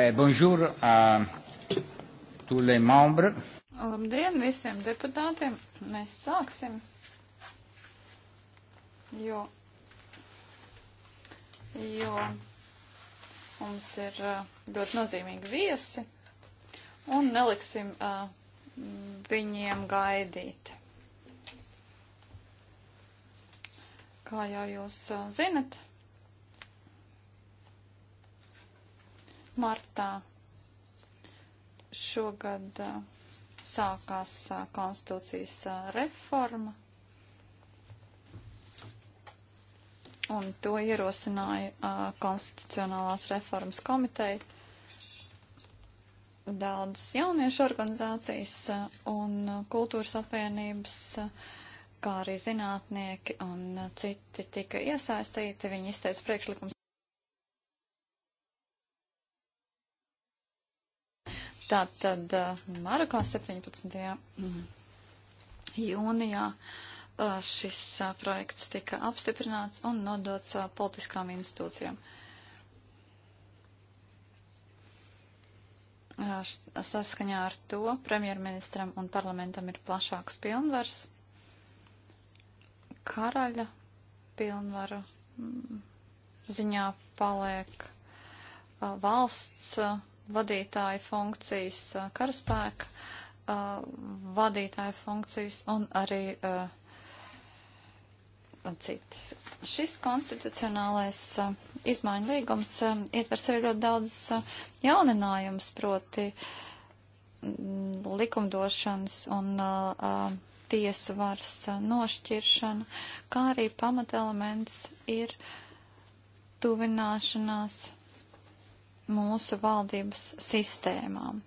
Eh, bonjour à tous les membres. Labdien visiem deputātiem. Mēs sāksim, jo, jo mums ir eh, ļoti nozīmīgi viesi un neliksim uh, viņiem gaidīt. Kā jau jūs uh, zinat, Martā šogad uh, sākās uh, konstitūcijas uh, reforma, un to ierosināja konstitucionālās reformas komiteja daudzas jauniešu organizācijas un kultūras apvienības, kā arī zinātnieki un citi tika iesaistīti. Viņi izteica priekšlikums. Tā tad uh, Marokā 17. jūnijā uh, šis uh, projekts tika apstiprināts un nodots politiskām institūcijām. Saskaņā ar to premjerministram un parlamentam ir plašāks pilnvars, karaļa pilnvaru mm, ziņā paliek valsts vadītāja funkcijas, uh, karaspēka uh, vadītāja funkcijas un arī uh, citas. Šis konstitucionālais uh, izmaiņu līgums uh, um, ietvers arī ļoti daudz uh, jauninājumus, proti mm, likumdošanas un uh, uh, tiesu varas uh, nošķiršana, kā arī pamatelements ir tuvināšanās mūsu valdības sistēmām,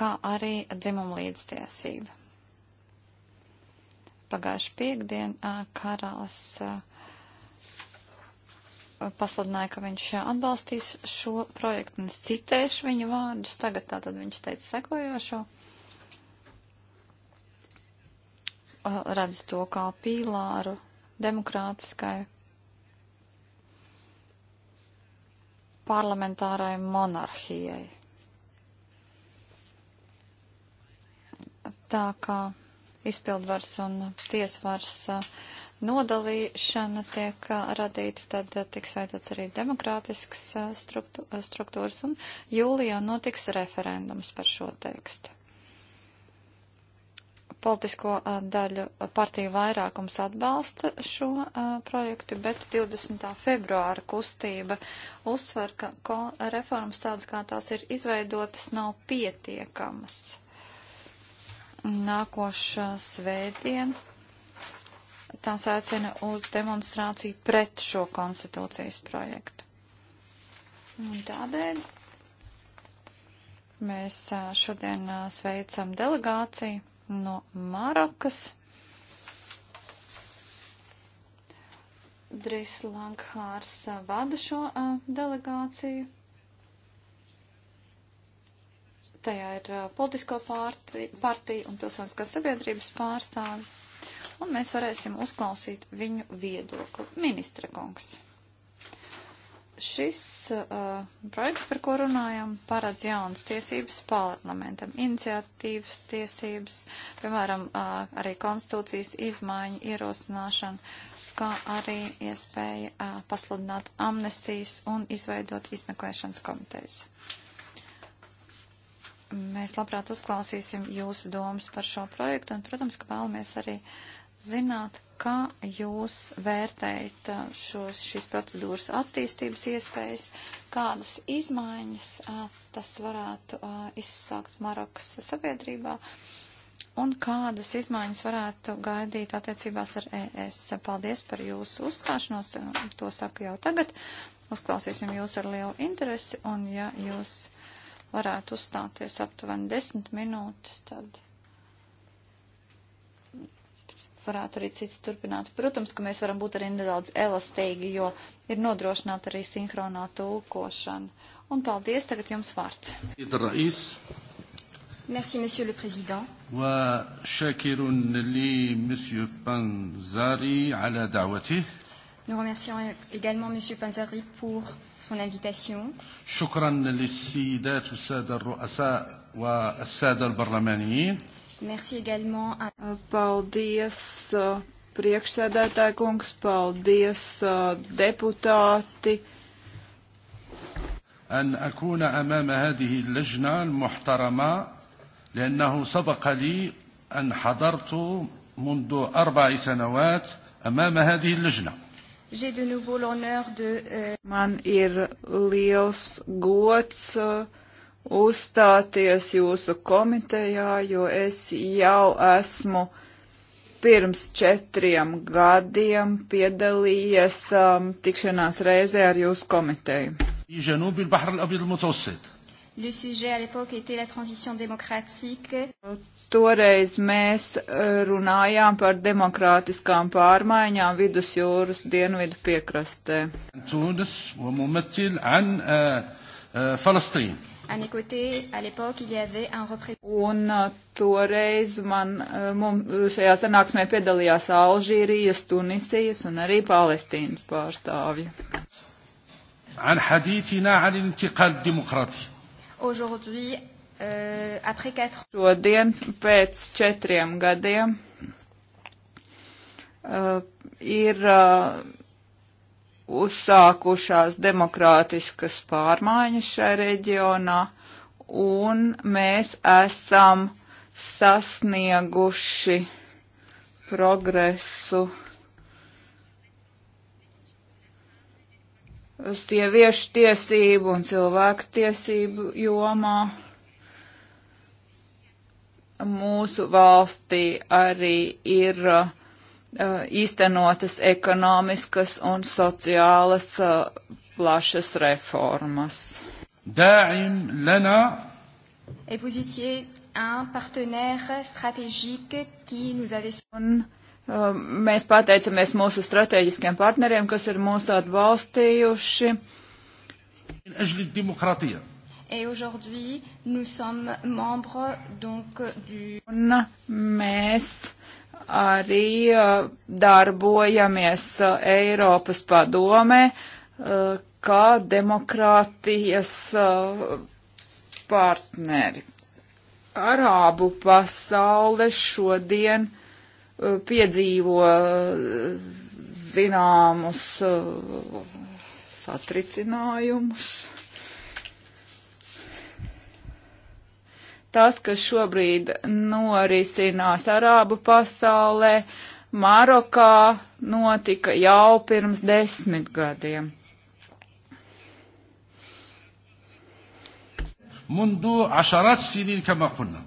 kā arī dzimumlīdztiesība. Pagājuši piekdien karalis pasludināja, ka viņš atbalstīs šo projektu, un es citēšu viņa vārdus. Tagad tātad viņš teica sekojošo. Redz to kā pīlāru demokrātiskai parlamentārai monarhijai. Tā kā izpildvars un tiesvars nodalīšana tiek radīta, tad tiks veidots arī demokrātisks struktūras, un jūlijā notiks referendums par šo tekstu. Politisko daļu partiju vairākums atbalsta šo uh, projektu, bet 20. februāra kustība uzsver, ka reformas tādas, kā tās ir izveidotas, nav pietiekamas. Nākošā svētdien tās aicina uz demonstrāciju pret šo konstitūcijas projektu. Un tādēļ mēs šodien sveicam delegāciju no Marokas. Dris Langhārs uh, vada šo uh, delegāciju. Tajā ir uh, politisko pārti, partiju un pilsoniskās sabiedrības pārstāvi. Un mēs varēsim uzklausīt viņu viedokli. Ministra kungs. Šis uh, projekts, par ko runājam, paredz jaunas tiesības parlamentam, iniciatīvas tiesības, piemēram, uh, arī konstitūcijas izmaiņu ierosināšanu, kā arī iespēja uh, pasludināt amnestijas un izveidot izmeklēšanas komitejas mēs labprāt uzklausīsim jūsu domas par šo projektu, un, protams, ka vēlamies arī zināt, kā jūs vērtējat uh, šos, šīs procedūras attīstības iespējas, kādas izmaiņas a, uh, tas varētu a, uh, izsākt Marokas sabiedrībā un kādas izmaiņas varētu gaidīt attiecībās ar ES. Paldies par jūsu uzstāšanos, to saku jau tagad. Uzklausīsim jūs ar lielu interesi un ja jūs varētu uzstāties aptuveni desmit minūtes, tad varētu arī citi turpināt. Protams, ka mēs varam būt arī nedaudz elastīgi, jo ir nodrošināta arī sinhronā tulkošana. Un paldies, tagad jums vārds. Merci, monsieur le président. وشاكر لمسيو بانزاري على دعوته. Nous remercions également monsieur Panzari pour son invitation. شكرا للسيدات والسادة الرؤساء والسادة البرلمانيين. Merci également. Paldies, uh, priekšsēdētāji kungs, paldies, uh, deputāti. أن أكون أمام هذه اللجنة المحترمة لأنه سبق لي أن حضرت منذ أربع سنوات أمام هذه اللجنة. Man ir liels gods uh, uzstāties jūsu komitejā, jo es jau esmu pirms četriem gadiem piedalījies um, tikšanās reizē ar jūsu komiteju. Toreiz mēs uh, runājām par demokrātiskām pārmaiņām vidusjūras dienvidu piekrastē. Tunis, Un uh, toreiz man uh, mums uh, šajā sanāksmē piedalījās Alžīrijas, Tunisijas un arī Palestīnas pārstāvji. Aujourd'hui, euh, après quatre... Šodien pēc četriem gadiem uh, ir uh, uzsākušās demokrātiskas pārmaiņas šajā reģionā, un mēs esam sasnieguši progresu sieviešu tiesību un cilvēku tiesību jomā. Mūsu valstī arī ir uh, īstenotas ekonomiskas un sociālas plašas reformas. داعم لنا Et vous étiez un partenaire stratégique qui nous avait un, uh, Mēs pateicamies mūsu strateģiskiem partneriem, kas ir mūs atbalstījuši. Et aujourd'hui, nous sommes membres donc du. Un, mēs arī darbojamies Eiropas padomē kā demokrātijas partneri. Arābu pasaule šodien piedzīvo zināmus satricinājumus. Tas, kas šobrīd norisinās Arābu pasaulē, Marokā notika jau pirms desmit gadiem. منذ عشرات السنين كما قلنا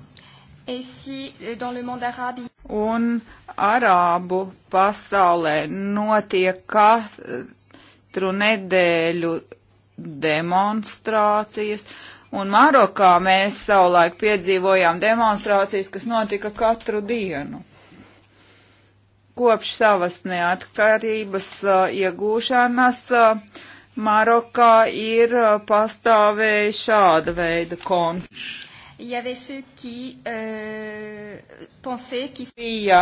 Un arābu pasaulē notiek katru nedēļu demonstrācijas, Un Marokā mēs savulaik piedzīvojām demonstrācijas, kas notika katru dienu. Kopš savas neatkarības uh, iegūšanas uh, Marokā ir uh, pastāvēja šāda veida konflikts. Euh, Bija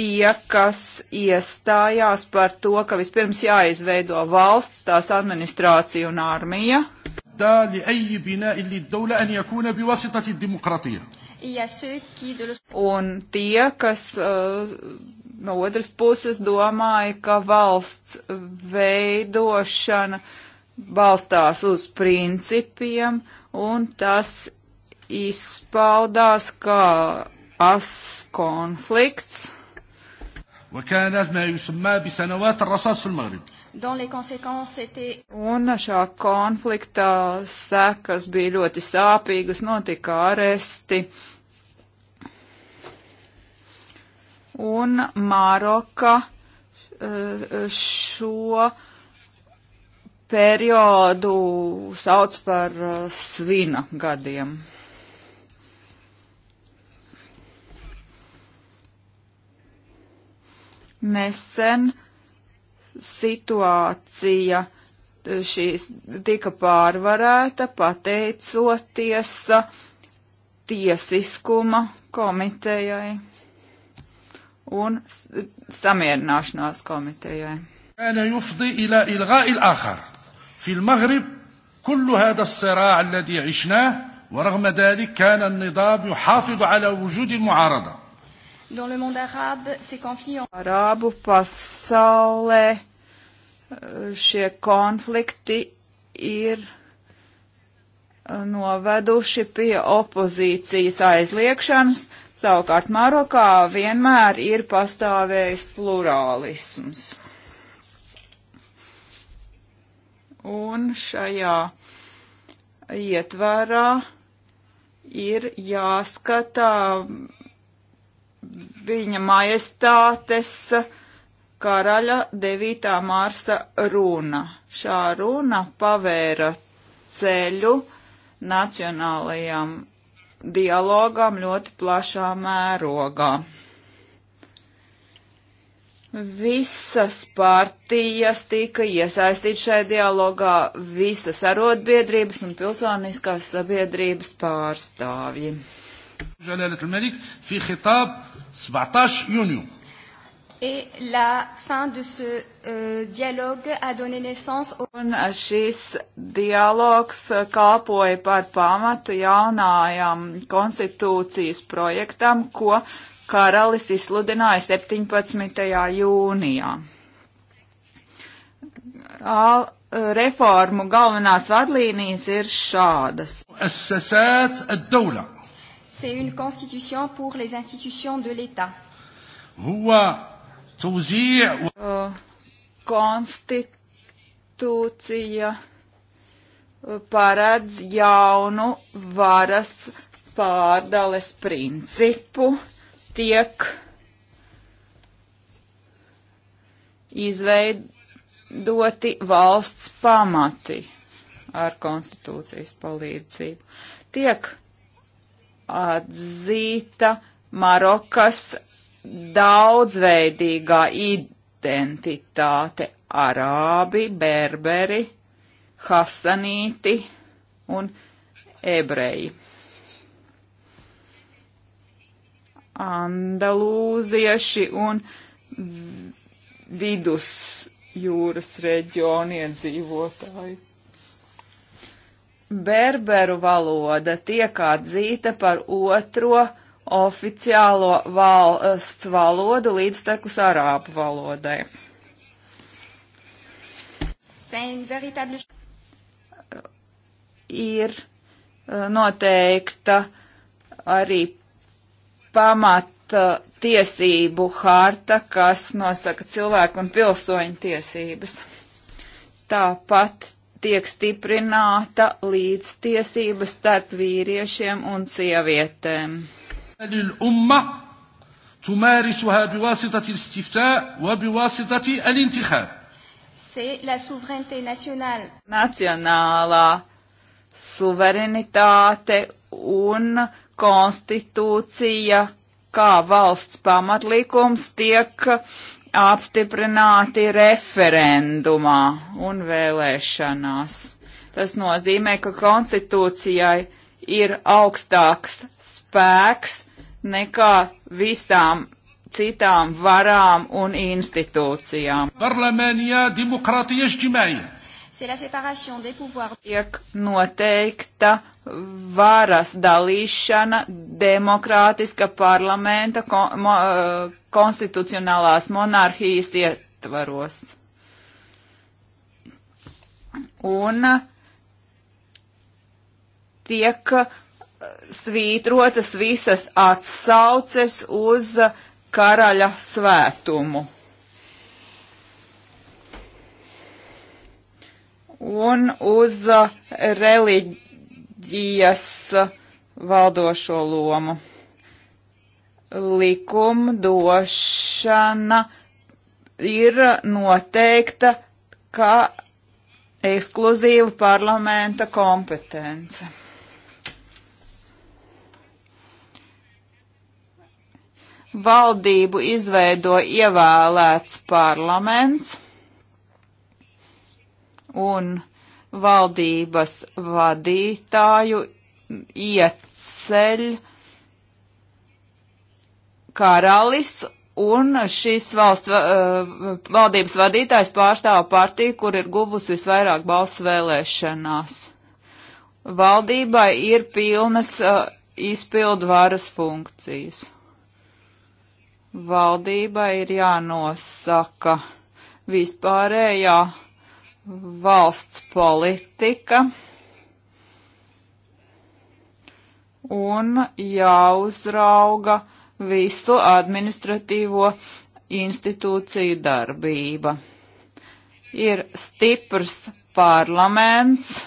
tie, kas iestājās par to, ka vispirms jāizveido valsts, tās administrācija un armija. لأي بناء للدولة أن يكون بواسطة الديمقراطية. Un tie, kas uh, no otras puses domāja, ka valsts veidošana balstās uz principiem, un tas izpaudās kā as konflikts. وكانت ما يسمى بسنوات الرصاص في المغرب. Un šā konflikta sekas bija ļoti sāpīgas, notika aresti. Un Maroka eh, šo periodu sauc par eh, svina gadiem. Nesen situācija šīs tika pārvarēta pateicoties tiesiskuma komitejai un samierināšanās komitejai. في المغرب كل هذا الصراع الذي عشناه ورغم ذلك كان النظام يحافظ على وجود المعارضه Dans le monde arabe, ces conflits ont... Arābu pasaulē eh, šie konflikti ir eh, noveduši pie opozīcijas aizliekšanas, savukārt Marokā vienmēr ir pastāvējis plurālisms. Un šajā ietvarā ir jāskatā viņa majestātes karaļa 9. mārsa runa. Šā runa pavēra ceļu nacionālajam dialogam ļoti plašā mērogā. Visas partijas tika iesaistīts šajā dialogā, visas arotbiedrības un pilsoniskās sabiedrības pārstāvji. Žalēl Elmelik, fi khitāb 17 יוניו. Et la fin de ce euh, dialogue a donné naissance au... Un šis dialogs kalpoja par pamatu jaunājam konstitūcijas projektam, ko karalis izsludināja 17. jūnijā. Al reformu galvenās vadlīnijas ir šādas. SSR, c'est une constitution pour les institutions de l'État. Euh, euh, Konstitūcija euh, paredz jaunu varas pārdales principu, tiek izveidoti valsts pamati ar konstitūcijas palīdzību. Tiek atzīta Marokas daudzveidīgā identitāte - arābi, berberi, hasanīti un ebreji. Andalūzieši un vidusjūras reģiona iedzīvotāji berberu valoda tiek atzīta par otro oficiālo valsts valodu līdz tekus arābu valodai. Véritable... Ir eh, noteikta arī pamata tiesību harta, kas nosaka cilvēku un pilsoņu tiesības. Tāpat tiek stiprināta līdztiesība starp vīriešiem un sievietēm. تمارسها بواسطة الاستفتاء وبواسطة الانتخاب. Nacionālā suverenitāte un konstitūcija kā valsts pamatlīkums tiek uh, apstiprināti referendumā un vēlēšanās. Tas nozīmē, ka konstitūcijai ir augstāks spēks nekā visām citām varām un institūcijām. Tiek noteikta varas dalīšana, demokrātiska parlamenta kon, mo, eh, konstitucionālās monarhijas ietvaros. Un tiek svītrotas visas atsauces uz karaļa svētumu. Un uz reliģiju reliģijas valdošo lomu. Likumdošana ir noteikta kā ekskluzīva parlamenta kompetence. Valdību izveido ievēlēts parlaments un valdības vadītāju ieceļ karalis un šis valsts uh, valdības vadītājs pārstāv partiju, kur ir guvusi visvairāk balsu vēlēšanās. Valdībai ir pilnas uh, eh, izpildu varas funkcijas. Valdībai ir jānosaka vispārējā valsts politika un jāuzrauga visu administratīvo institūciju darbība. Ir stiprs parlaments.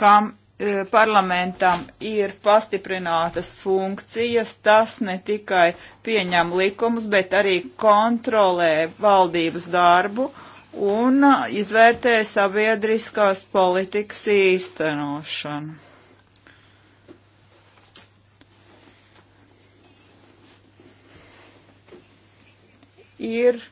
kam E, parlamentam ir pastiprinātas funkcijas, tas ne tikai pieņem likumus, bet arī kontrolē valdības darbu un e, izvērtē sabiedriskās politikas īstenošanu. Ir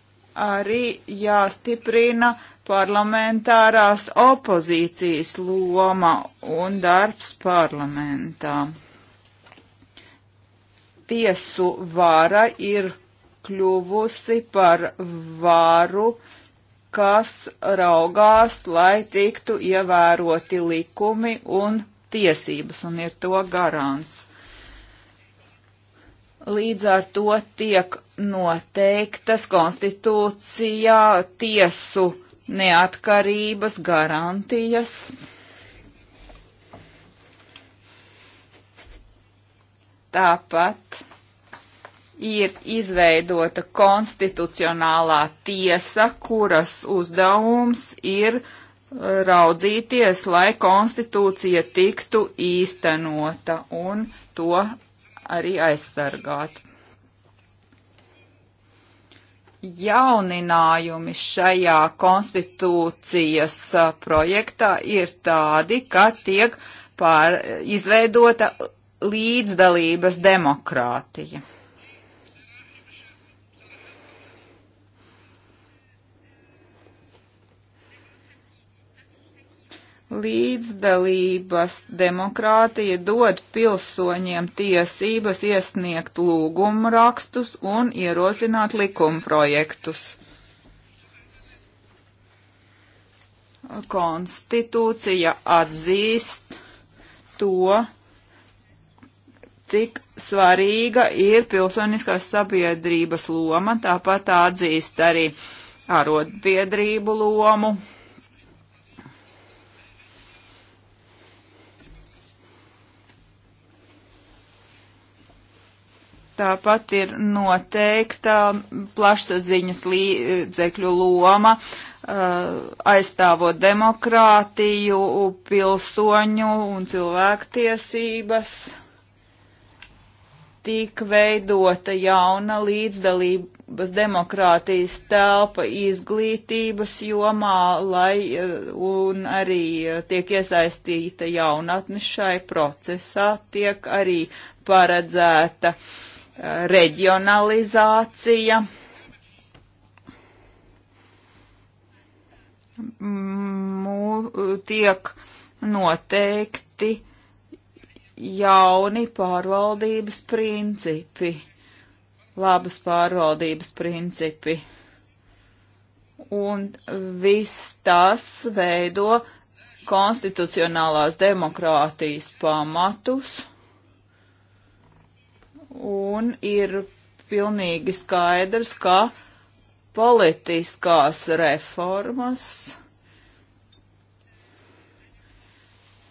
arī jāstiprina parlamentārās opozīcijas loma un darbs parlamentā. Tiesu vara ir kļuvusi par varu, kas raugās, lai tiktu ievēroti likumi un tiesības, un ir to garants. Līdz ar to tiek noteiktas konstitūcijā tiesu neatkarības garantijas. Tāpat ir izveidota konstitucionālā tiesa, kuras uzdevums ir raudzīties, lai konstitūcija tiktu īstenota un to arī aizsargāt jauninājumi šajā konstitūcijas projektā ir tādi, ka tiek pār, izveidota līdzdalības demokrātija. Līdzdalības demokrātija dod pilsoņiem tiesības iesniegt lūgumu rakstus un ierosināt likumprojektus. Konstitūcija atzīst to, cik svarīga ir pilsoniskās sabiedrības loma, tāpat atzīst arī arotbiedrību lomu Tāpat ir noteikta plašsaziņas līdzekļu loma uh, aizstāvot demokrātiju, pilsoņu un cilvēktiesības. Tik veidota jauna līdzdalības demokrātijas telpa izglītības jomā, lai uh, un arī uh, tiek iesaistīta jaunatne šai procesā, tiek arī paredzēta uh, reģionalizācija. Mū, tiek noteikti jauni pārvaldības principi, labas pārvaldības principi. Un viss tas veido konstitucionālās demokrātijas pamatus un ir pilnīgi skaidrs, ka politiskās reformas,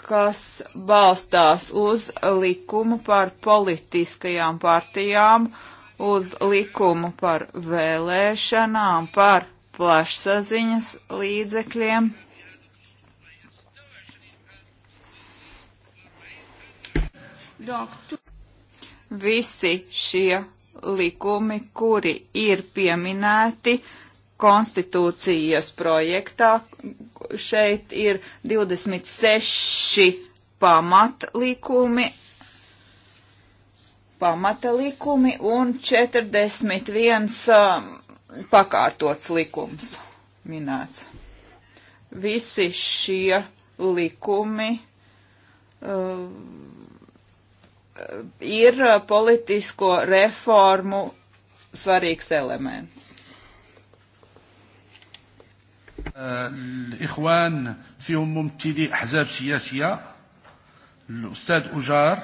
kas balstās uz likumu par politiskajām partijām, uz likumu par vēlēšanām, par plašsaziņas līdzekļiem. Donc, tout visi šie likumi, kuri ir pieminēti konstitūcijas projektā. Šeit ir 26 pamatlikumi, pamatalikumi un 41 um, pakārtots likums minēts. Visi šie likumi uh, ir uh, politisko reformu svarīgs elements. الإخوان فيهم ممثلي أحزاب سياسية الأستاذ أجار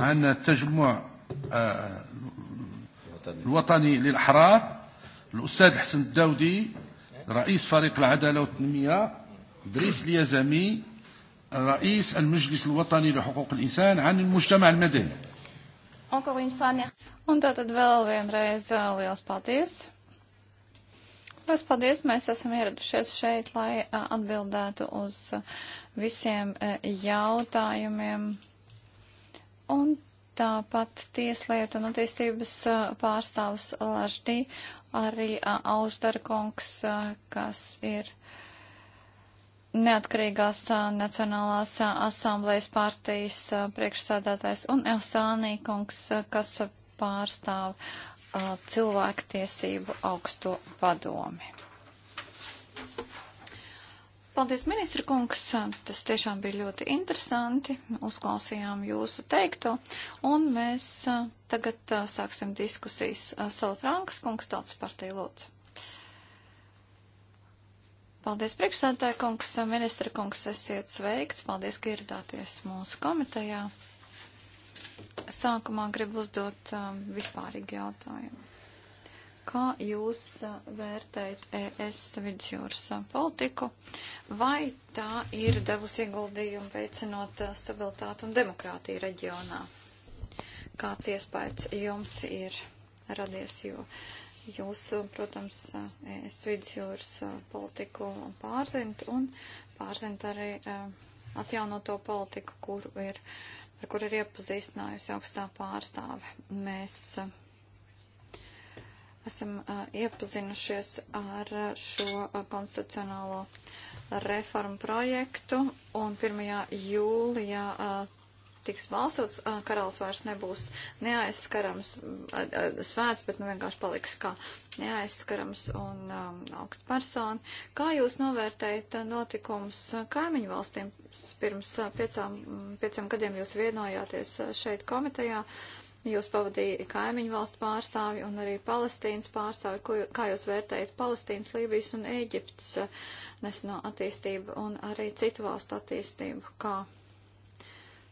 عن تجمع الوطني للأحرار الأستاذ حسن الداودي رئيس فريق العدالة والتنمية دريس اليزمي رئيس المجلس الوطني لحقوق الإنسان عن المجتمع المدني. Un tātad vēl vienreiz liels paldies. Liels paldies, mēs esam ieradušies šeit, lai atbildētu uz visiem jautājumiem. Un tāpat tieslietu un attīstības pārstāvs Laždī, arī Ausdarkungs, kas ir neatkarīgās Nacionālās asamblējas partijas priekšsādātājs un Elsānīkungs, kas pārstāv cilvēktiesību augsto padomi. Paldies, ministra kungs. Tas tiešām bija ļoti interesanti. Uzklausījām jūsu teikto. Un mēs tagad sāksim diskusijas. Sala Frankas kungs, tautas partija lūdzu. Paldies, priekšsēdētāja kungs, ministra kungs, esiet sveikts. Paldies, ka ieradāties mūsu komitejā. Sākumā gribu uzdot um, vispārīgu jautājumu. Kā jūs uh, vērtējat ES vidusjūras uh, politiku? Vai tā ir devusi ieguldījumu veicinot uh, stabilitātu un demokrātiju reģionā? Kāds iespējas jums ir radies, jo Jūsu, eh, protams, eh, es vidusjūras eh, politiku pārzint un pārzint arī atjaunoto politiku, kuru ir, ar kuru ir iepazīstinājusi augstā pārstāve. Mēs esam iepazinušies ar šo konstitucionālo reformu projektu un 1. jūlijā tiks balsots, karalis vairs nebūs neaizskarams, svēts, bet nu vienkārši paliks kā neaizskarams un um, augsts persona. Kā jūs novērtējat notikums kaimiņu valstīm? Pirms piecām, pieciem gadiem jūs vienojāties šeit komitejā. Jūs pavadīja kaimiņu valstu pārstāvi un arī Palestīnas pārstāvi. Ko, kā jūs vērtējat Palestīnas, Lībijas un Ēģiptes neseno attīstību un arī citu valstu attīstību? Kā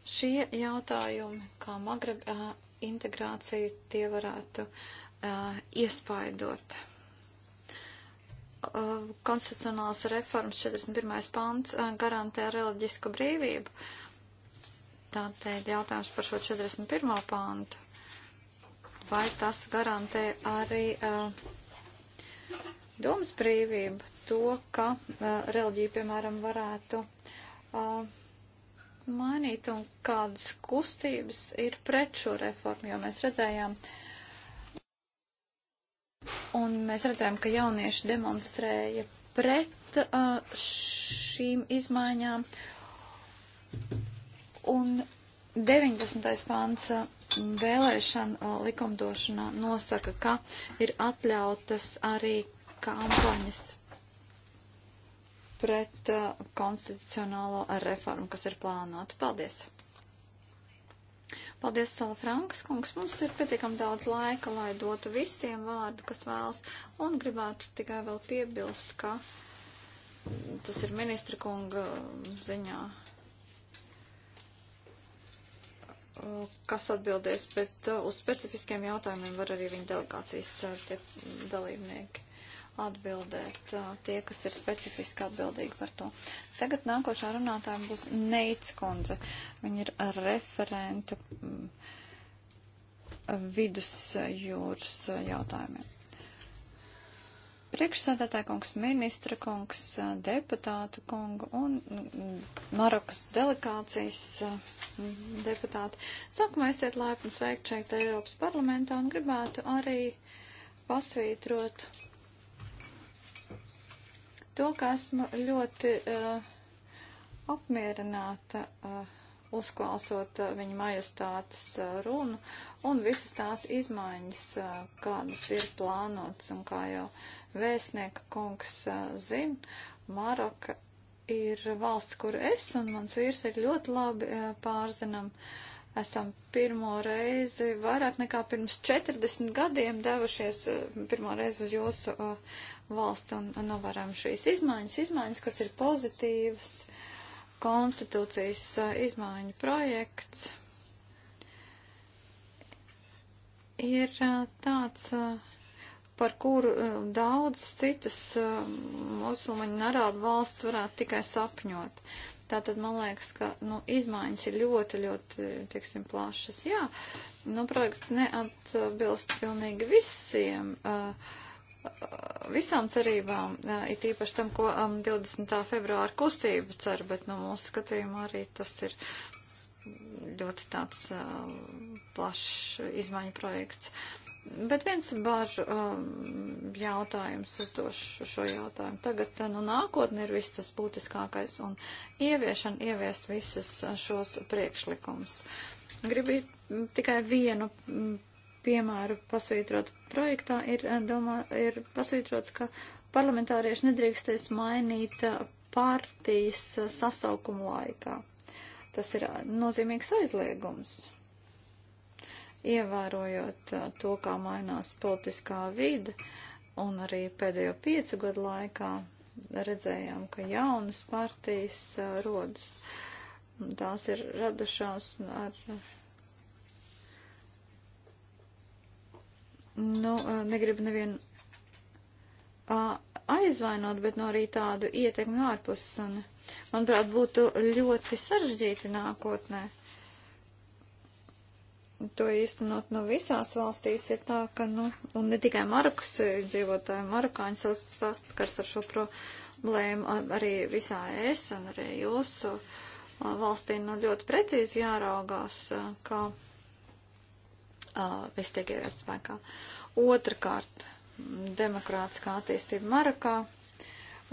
Šie jautājumi, kā Magreb integrācija, tie varētu iespaidot konstitucionālās reformas 41. pants garantē reliģisku brīvību. Tātad jautājums par šo 41. pantu. Vai tas garantē arī uh, domas brīvību, to, ka uh, reliģija, piemēram, varētu uh, mainīt un kādas kustības ir pret šo reformu, jo mēs redzējām, un mēs redzējām, ka jaunieši demonstrēja pret uh, šīm izmaiņām, un 90. pāns uh, vēlēšana uh, likumdošanā nosaka, ka ir atļautas arī kampaņas pret uh, konstitucionālo reformu, kas ir plānota. Paldies! Paldies, Sala Frankas kungs. Mums ir pietiekam daudz laika, lai dotu visiem vārdu, kas vēlas, un gribētu tikai vēl piebilst, ka tas ir ministra kunga ziņā, uh, kas atbildēs, bet uh, uz specifiskiem jautājumiem var arī viņa delegācijas uh, tie dalībnieki atbildēt tie, kas ir specifiski atbildīgi par to. Tagad nākošā runātāja būs Neits Konze. Viņa ir referenta mm, vidusjūras jautājumiem. Priekšsēdētāja kungs, ministra kungs, deputātu kungu un mm, Marokas delegācijas mm, deputāti. Sākumā esiet laipni sveikt šeit Eiropas parlamentā un gribētu arī pasvītrot to, ka esmu ļoti uh, apmierināta uh, uzklausot uh, viņa majestātes uh, runu un visas tās izmaiņas, uh, kādas ir plānotas un kā jau vēstnieka kungs uh, zina, Maroka ir valsts, kur es un mans vīrs ir ļoti labi uh, pārzinam. Uh, esam pirmo reizi, vairāk nekā pirms 40 gadiem devušies pirmo reizi uz jūsu uh, valstu un novaram šīs izmaiņas, izmaiņas, kas ir pozitīvas, konstitūcijas uh, izmaiņu projekts ir uh, tāds, uh, par kuru daudzas citas musulmaņu un arābu valsts varētu tikai sapņot. Tātad man liekas, ka nu, izmaiņas ir ļoti, ļoti, teiksim, plašas. Jā, nu, projekts neatbilst pilnīgi visiem. Uh, visām cerībām, it īpaši tam, ko 20. februāra kustība cer, bet no nu, mūsu skatījuma arī tas ir ļoti tāds plašs izmaiņu projekts. Bet viens bažu jautājums uzdošu šo jautājumu. Tagad, nu, nākotnē ir viss tas būtiskākais un ieviešana, ieviest visus šos priekšlikumus. Gribu tikai vienu piemēru pasvītrot projektā ir, eh, domā, ir pasvītrots, ka parlamentārieši nedrīkstēs mainīt eh, partijas eh, sasaukuma laikā. Tas ir nozīmīgs aizliegums. Ievērojot to, kā mainās politiskā vide, un arī pēdējo piecu gadu laikā redzējām, ka jaunas partijas rodas. Tās ir radušās ar nu, negribu nevienu aizvainot, bet no nu arī tādu ietekmi ārpus. Un, manuprāt, būtu ļoti sarežģīti nākotnē. To īstenot no nu, visās valstīs ir tā, ka, nu, un ne tikai Marokas dzīvotāji, Marokāņi saskars ar šo problēmu, arī visā es un arī jūsu valstī, nu, ļoti precīzi jāraugās, kā. Ka uh, viss tiek ieviests spēkā. Otrakārt, demokrātiskā attīstība Marakā.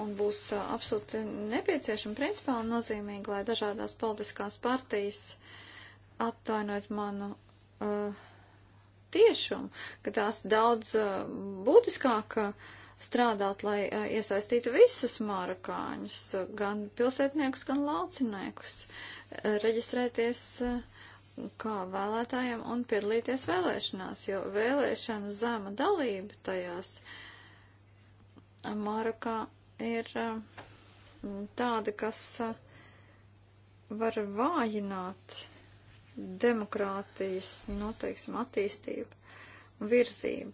Un būs uh, absolūti nepieciešama principāli nozīmīgi, lai dažādās politiskās partijas atvainojot manu uh, tiešumu, ka tās daudz uh, būtiskāk uh, strādāt, lai uh, iesaistītu visus marakāņus, gan pilsētniekus, gan lauciniekus, uh, reģistrēties uh, kā vēlētājiem un piedalīties vēlēšanās, jo vēlēšanu zema dalība tajās Marokā ir mm, tāda, kas mm, var vājināt demokrātijas, noteiksim, nu, attīstību, virzību.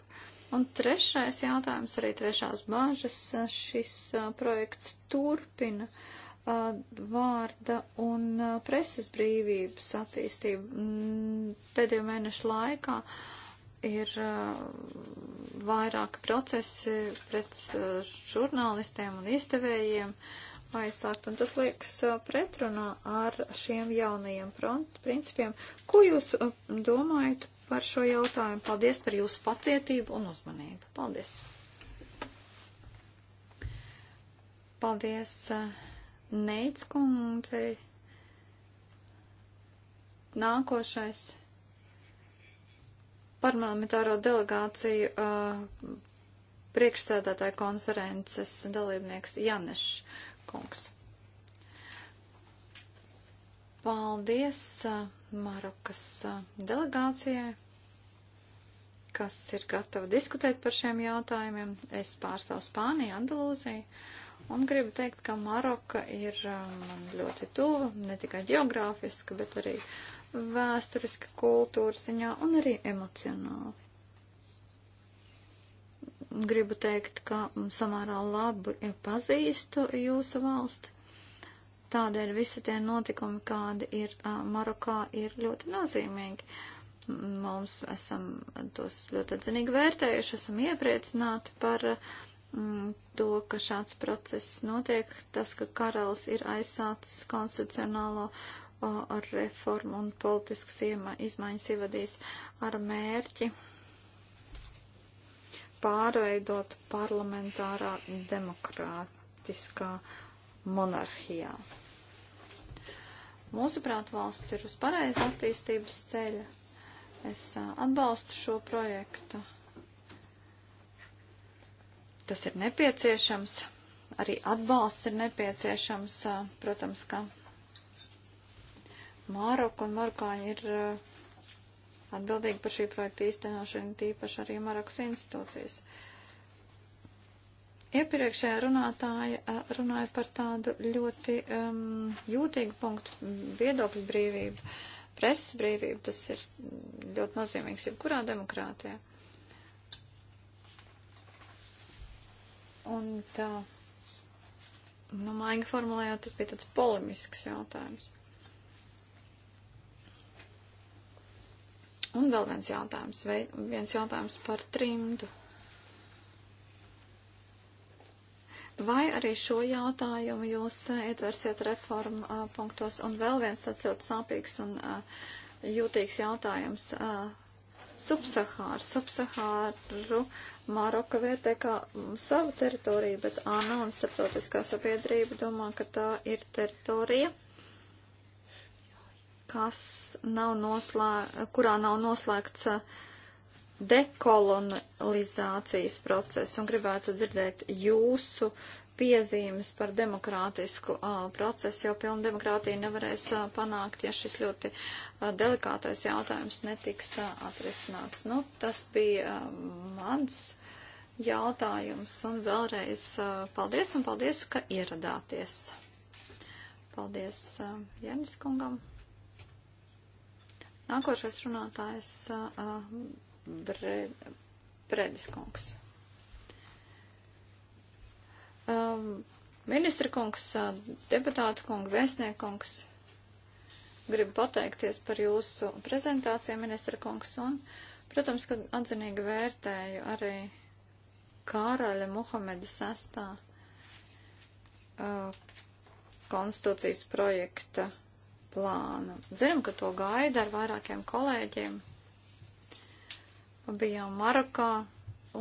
Un trešais jautājums, arī trešās bāžas, šis mm, projekts turpina uh, Uh, vārda un uh, preses brīvības attīstība mm, pēdējo mēnešu laikā ir uh, vairāki procesi pret žurnālistiem un izdevējiem aizsākt, un tas liekas pretrunā ar šiem jaunajiem principiem. Ko jūs domājat par šo jautājumu? Paldies par jūsu pacietību un uzmanību. Paldies! Paldies! Uh, Neits kundzei. Nākošais parlamentāro delegāciju uh, priekšsēdētāja konferences dalībnieks Janešs Kungs. Paldies uh, Marokas uh, delegācijai, kas ir gatava diskutēt par šiem jautājumiem. Es pārstāvu Spāniju, Andalūziju. Un gribu teikt, ka Maroka ir uh, man ļoti tuva, ne tikai geogrāfiski, bet arī vēsturiski, kultūras ziņā un arī emocionāli. Gribu teikt, ka samērā labi pazīstu jūsu valsti. Tādēļ visi tie notikumi, kādi ir uh, Marokā, ir ļoti nozīmīgi. Mums esam tos ļoti atzinīgi vērtējuši, esam iepriecināti par uh, Mm, to, ka šāds process notiek, tas, ka karalis ir aizsācis konstitucionālo reformu un politiskas izmaiņas ievadīs ar mērķi pārveidot parlamentārā demokrātiskā monarhijā. Mūsuprāt, valsts ir uz pareizu attīstības ceļa. Es atbalstu šo projektu tas ir nepieciešams, arī atbalsts ir nepieciešams, protams, ka Māroka un Marokāņi ir atbildīgi par šī projekta īstenošanu, tīpaši arī Marokas institūcijas. Iepriekšējā runātāja runāja par tādu ļoti um, jūtīgu punktu - viedokļu brīvību, presas brīvību. Tas ir ļoti nozīmīgs jebkurā demokrātijā. Uh, Un tā, nu, maigi formulējot, tas bija tāds polemisks jautājums. Un vēl viens jautājums, vai viens jautājums par trimdu. Vai arī šo jautājumu jūs eh, ietversiet reformu a, eh, punktos? Un vēl viens tāds ļoti sāpīgs un a, eh, jūtīgs jautājums. A, subsahāru, subsahāru Maroka vērtē kā mm, savu teritoriju, bet ANO un starptautiskā sabiedrība domā, ka tā ir teritorija, kas nav noslē, kurā nav noslēgts uh, dekolonizācijas process un gribētu dzirdēt jūsu piezīmes par demokrātisku uh, procesu, jo pilna demokrātija nevarēs uh, panākt, ja šis ļoti uh, delikātais jautājums netiks uh, atrisināts. Nu, tas bija uh, mans jautājums. Un vēlreiz uh, paldies un paldies, ka ieradāties. Paldies uh, Janis kungam. Nākošais runātājs uh, Bredis kungs. Um, ministra kungs, deputāta kunga, vēstnieka kungs, gribu pateikties par jūsu prezentāciju, ministra kungs, un, protams, ka atzinīgi vērtēju arī Kāraļa Muhameda sestā uh, konstitūcijas projekta plānu. Zinām, ka to gaida ar vairākiem kolēģiem. Bijām Marokā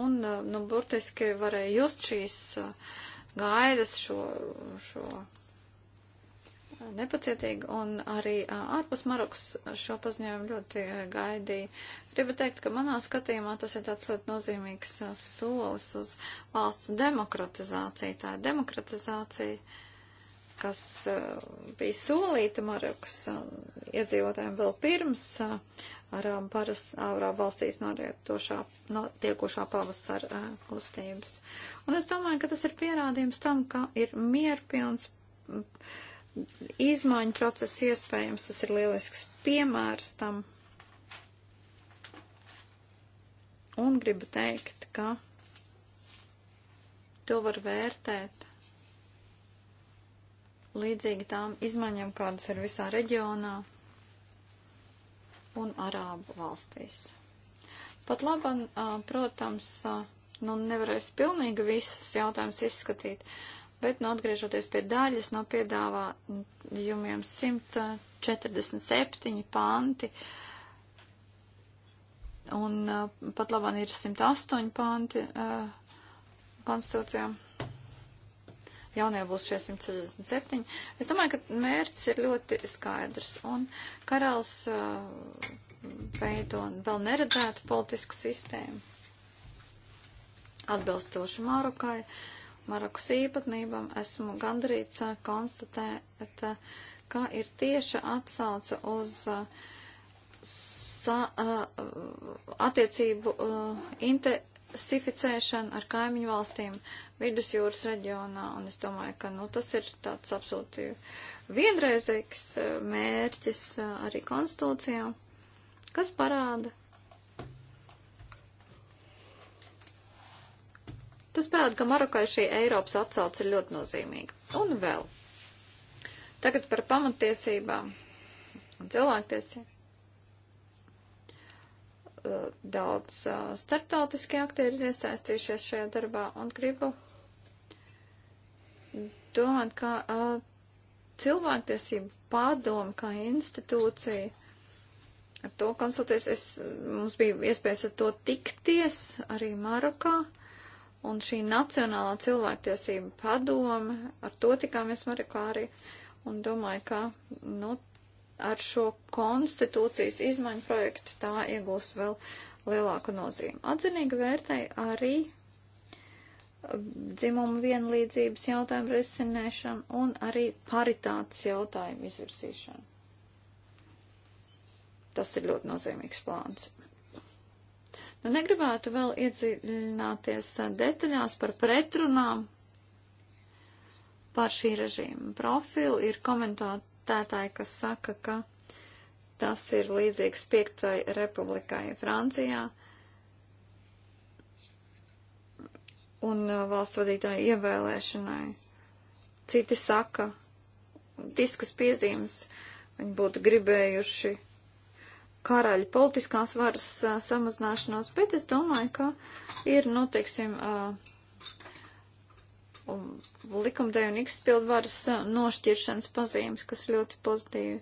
un, uh, nu, burtiski varēja just šīs uh, gaidas, šo, šo nepacietīgi, un arī ārpus Marokas šo paziņojumu ļoti gaidīja. Gribu teikt, ka manā skatījumā tas ir tāds ļoti nozīmīgs solis uz valsts demokratizāciju. Tā ir demokratizācija, kas bija solīta Marokas iedzīvotājiem vēl pirms arām paras ārā valstīs norietošā, notiekošā pavasara kustības. Un es domāju, ka tas ir pierādījums tam, ka ir mierpilns. pilns izmaiņu process iespējams, tas ir lielisks piemērs tam. Un gribu teikt, ka to var vērtēt līdzīgi tām izmaiņām, kādas ir visā reģionā un Arābu valstīs. Pat labam, protams, nu nevarēs pilnīgi visus jautājumus izskatīt, uh, Bet, nu, atgriežoties pie daļas, no piedāvājumiem 147 panti, un uh, pat labāk ir 108 panti uh, konstitūcijām. Jaunie būs šie 167. Es domāju, ka mērķis ir ļoti skaidrs, un karals uh, veido vēl neredzētu politisku sistēmu atbilstošu Marokai. Uh, Marokas īpatnībām, esmu gandrīz eh, konstatēt, ka ir tieša atsauce uz eh, sa, eh, attiecību intensificēšanu ar kaimiņu valstīm vidusjūras reģionā, un es domāju, ka nu, tas ir tāds absolūti vienreizīgs mērķis arī konstitūcijā, kas parāda, Tas parāda, ka Marokai šī Eiropas atsauce ir ļoti nozīmīga. Un vēl. Tagad par pamatiesībām un cilvēktiesībām uh, daudz uh, starptautiski aktieri ir iesaistījušies šajā darbā un gribu domāt, kā uh, cilvēktiesību pārdomu, kā institūcija ar to konsultēs. Es, mums bija iespējas ar to tikties arī Marokā. Uh, Un šī Nacionālā cilvēktiesība padome, ar to tikāmies Marikārī, un domāju, ka, nu, ar šo konstitūcijas izmaiņu projektu tā iegūs vēl lielāku nozīmi. Atzinīgi vērtēja arī dzimumu vienlīdzības jautājumu risināšanu un arī paritātes jautājumu izvirsīšanu. Tas ir ļoti nozīmīgs plāns. Nu, negribētu vēl iedziļināties eh, detaļās par pretrunām par šī režīma profilu. Ir komentētāji, kas saka, ka tas ir līdzīgs piektai republikai Francijā. Un eh, valsts vadītāja ievēlēšanai. Citi saka, diskas piezīmes, viņi būtu gribējuši karaļa politiskās varas uh, samazināšanos, bet es domāju, ka ir, nu, teiksim, uh, um, likumdeja un izpildu varas uh, nošķiršanas pazīmes, kas ļoti pozitīvi.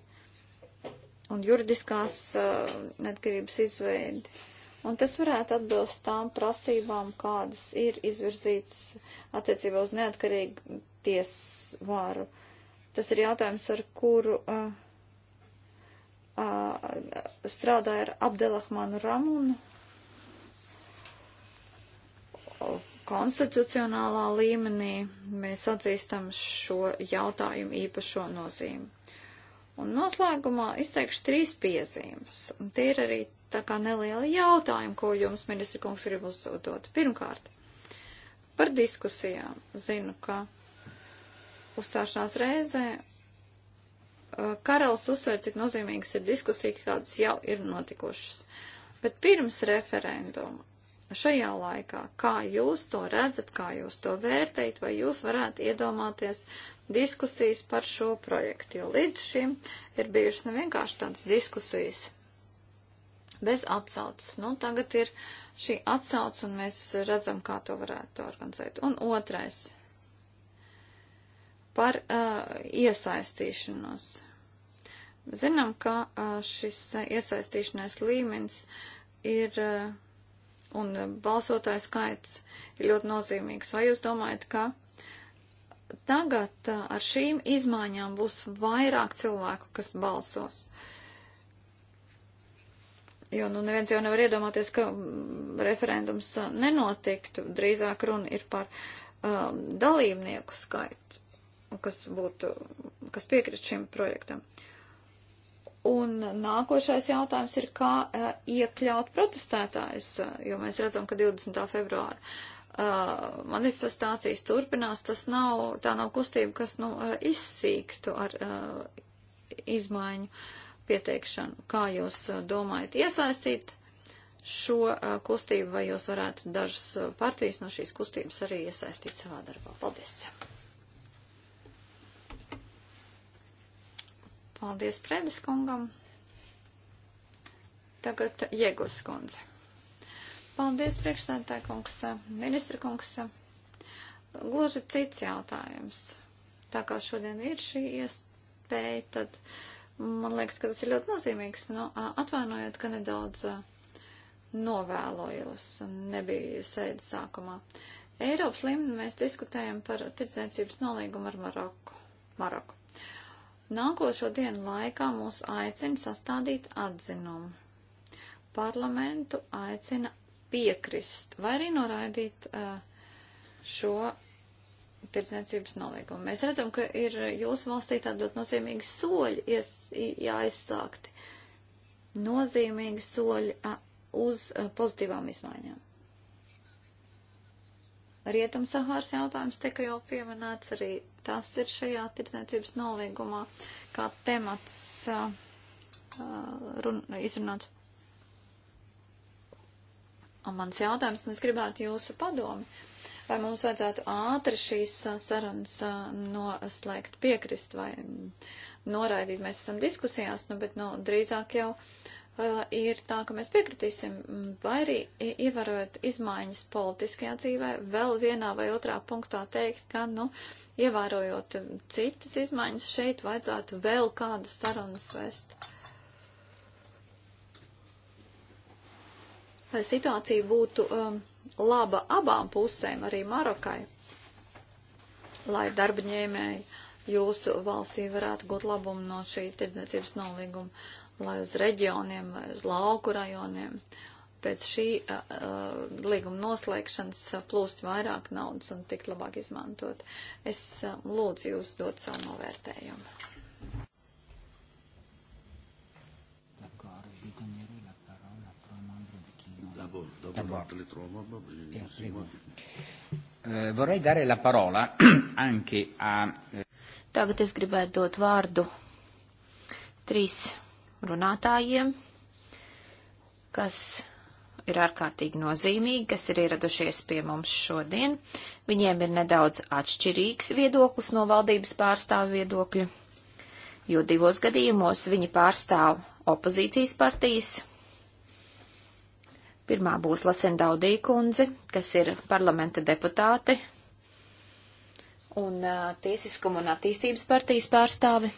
Un juridiskās uh, netkarības izveidi. Un tas varētu atbilst tām prasībām, kādas ir izvirzītas attiecībā uz neatkarīgu tiesvaru. Tas ir jautājums, ar kuru uh, strādāja ar Abdelahmanu Ramunu konstitucionālā līmenī. Mēs atzīstam šo jautājumu īpašo nozīmi. Un noslēgumā izteikšu trīs piezīmes. Tie ir arī tā kā neliela jautājuma, ko jums, ministra kungs, grib uzdot. Pirmkārt, par diskusijām. Zinu, ka uzstāšanās reizē Eh, Karels uzsver, cik nozīmīgas ir diskusijas, kādas jau ir notikušas. Bet pirms referenduma šajā laikā, kā jūs to redzat, kā jūs to vērtējat, vai jūs varētu iedomāties diskusijas par šo projektu, jo līdz šim ir bijušas nevienkārši tādas diskusijas bez atsaucas. Nu, tagad ir šī atsauca, un mēs redzam, kā to varētu organizēt. Un otrais par uh, iesaistīšanos. Zinām, ka uh, šis uh, iesaistīšanās līmenis ir uh, un balsotāju skaits ir ļoti nozīmīgs. Vai jūs domājat, ka tagad uh, ar šīm izmaiņām būs vairāk cilvēku, kas balsos? Jo, nu, neviens jau nevar iedomāties, ka mm, referendums uh, nenotiktu. Drīzāk runa ir par um, dalībnieku skaitu kas būtu, kas piekrist šim projektam. Un nākošais jautājums ir, kā uh, iekļaut protestētājus, e, jo mēs redzam, ka 20. februāra uh, manifestācijas turpinās, tas nav, tā nav kustība, kas, nu, uh, izsīktu ar izmaiņu pieteikšanu. Kā jūs domājat iesaistīt šo kustību, vai jūs varētu dažas partijas no šīs kustības arī iesaistīt savā darbā? Paldies! Paldies Predes kungam. Tagad Jēglas kundze. Paldies priekšsēdētāj kungs, ministra kungs. Gluži cits jautājums. Tā kā šodien ir šī iespēja, tad man liekas, ka tas ir ļoti nozīmīgs. Nu, atvainojot, ka nedaudz novēlojos un nebiju sēdes sākumā. Eiropas līmenī mēs diskutējam par tirdzniecības nolīgumu ar Maroku. Maroku. Nākošo dienu laikā mūs aicina sastādīt atzinumu. Parlamentu aicina piekrist vai arī noraidīt uh, šo tirdzniecības nolīgumu. Mēs redzam, ka ir jūsu valstī tādi ļoti nozīmīgi soļi ies, jāizsākti. Nozīmīgi soļi uh, uz uh, pozitīvām izmaiņām. Rietumsahāras jautājums tika jau pieminēts, arī tas ir šajā tirdzniecības nolīgumā kā temats uh, run, izrunāts. Un mans jautājums, un es gribētu jūsu padomi, vai mums vajadzētu ātri šīs sarunas uh, noslēgt piekrist vai noraidīt. Mēs esam diskusijās, nu, bet nu, drīzāk jau uh, Uh, ir tā, ka mēs piekritīsim, mm, vai arī ievērojot izmaiņas politiskajā dzīvē, vēl vienā vai otrā punktā teikt, ka, nu, ievērojot mm, citas izmaiņas, šeit vajadzētu vēl kādas sarunas vest. Lai situācija būtu um, laba abām pusēm, arī Marokai, lai darba ņēmēji jūsu valstī varētu būt labumu no šī tirdzniecības nolīguma lai uz reģioniem, lai uz lauku rajoniem pēc šī uh, līguma noslēgšanas plūst vairāk naudas un tik labāk izmantot. Es uh, lūdzu jūs dot savu novērtējumu. Vorrei dare la parola anche a. Eh, Tagad es gribētu dot vārdu trīs runātājiem, kas ir ārkārtīgi nozīmīgi, kas ir ieradušies pie mums šodien. Viņiem ir nedaudz atšķirīgs viedoklis no valdības pārstāvu viedokļa, jo divos gadījumos viņi pārstāv opozīcijas partijas. Pirmā būs Lasendaudī kundze, kas ir parlamenta deputāte un uh, tiesiskuma un attīstības partijas pārstāve.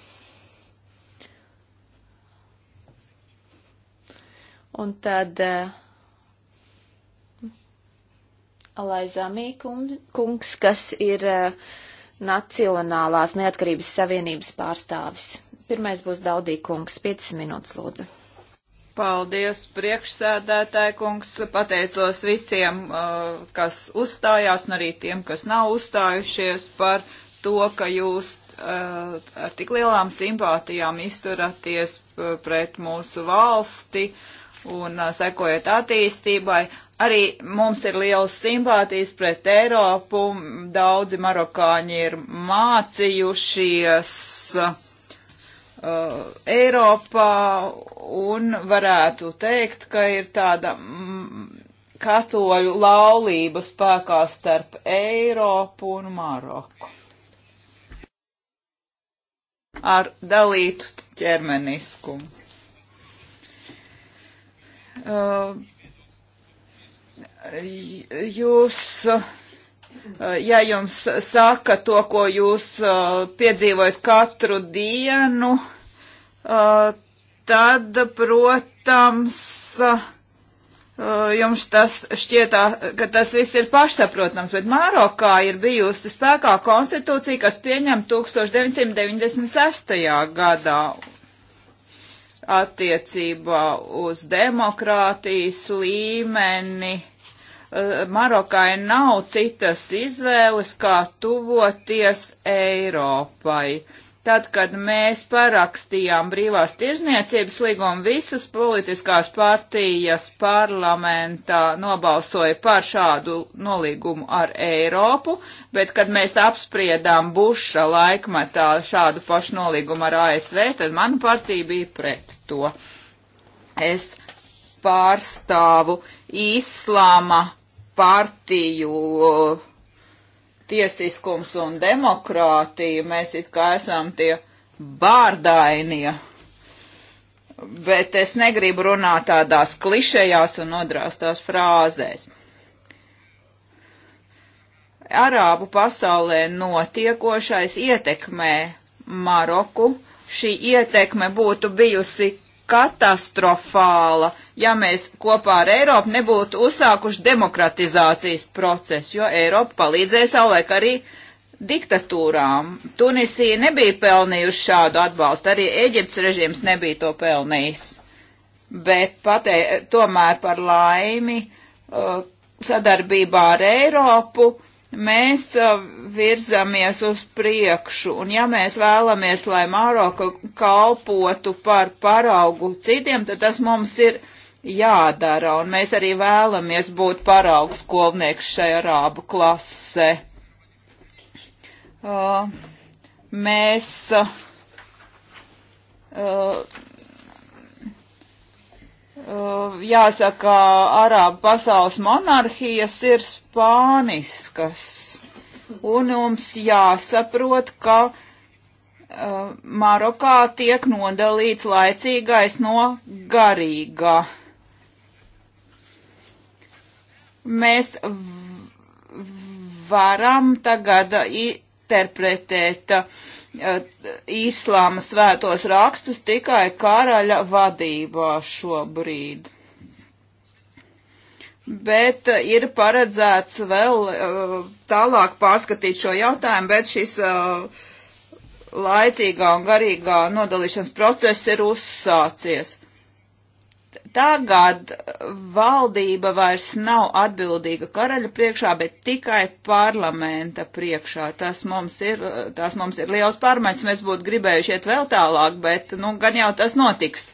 Un tad uh, eh, Alaizāmī kungs, kas ir uh, Nacionālās neatkarības savienības pārstāvis. Pirmais būs Daudī kungs, 5 minūtes lūdzu. Paldies, priekšsēdētāji kungs, pateicos visiem, uh, kas uzstājās, un arī tiem, kas nav uzstājušies par to, ka jūs uh, ar tik lielām simpātijām izturaties pret mūsu valsti. Uh, un sekojot attīstībai. Arī mums ir liels simpātijas pret Eiropu. Daudzi marokāņi ir mācījušies uh, Eiropā un varētu teikt, ka ir tāda mm, katoļu laulība spēkā starp Eiropu un Maroku. Ar dalītu ķermeniskumu. Uh, jūs, uh, ja jums saka to, ko jūs uh, piedzīvojat katru dienu, tad, protams, jums tas šķietā, ka tas viss ir pašsaprotams, bet Mārokā ir bijusi spēkā konstitūcija, kas pieņem 1996. gadā attiecībā uz demokrātijas līmeni. Eh, Marokai nav citas izvēles, kā tuvoties Eiropai. Uh, Tad, kad mēs parakstījām brīvās tirzniecības līgumu, visas politiskās partijas parlamentā nobalsoja par šādu nolīgumu ar Eiropu, bet, kad mēs apspriedām Buša laikmetā šādu pašu nolīgumu ar ASV, tad mana partija bija pret to. Es pārstāvu Īslāma partiju tiesiskums un demokrātija, mēs it kā esam tie bārdainie. Bet es negribu runāt tādās klišejās un nodrāstās frāzēs. Arābu pasaulē notiekošais ietekmē Maroku. Šī ietekme būtu bijusi katastrofāla, ja mēs kopā ar Eiropu nebūtu uzsākuši demokratizācijas procesu, jo Eiropa palīdzēja savulaik arī diktatūrām. Tunisija nebija pelnījusi šādu atbalstu, arī Eģiptes režīms nebija to pelnījis. Bet patē, tomēr par laimi uh, sadarbībā ar Eiropu mēs virzamies uz priekšu, un ja mēs vēlamies, lai Māroka kalpotu par paraugu citiem, tad tas mums ir jādara, un mēs arī vēlamies būt paraugu skolnieks šajā rābu klasē. Uh, mēs uh, Uh, jāsaka, arābu pasaules monarhijas ir spāniskas. Un mums jāsaprot, ka uh, Marokā tiek nodalīts laicīgais no garīgā. Mēs varam tagad interpretēt uh, īslāma svētos rakstus tikai karaļa vadībā šobrīd. Bet uh, ir paredzēts vēl uh, tālāk pārskatīt šo jautājumu, bet šis uh, laicīgā un garīgā nodalīšanas process ir uzsācies tagad valdība vairs nav atbildīga karaļa priekšā, bet tikai parlamenta priekšā. Tas mums ir, tas mums ir liels pārmaiņas, mēs būtu gribējuši iet vēl tālāk, bet, nu, gan jau tas notiks.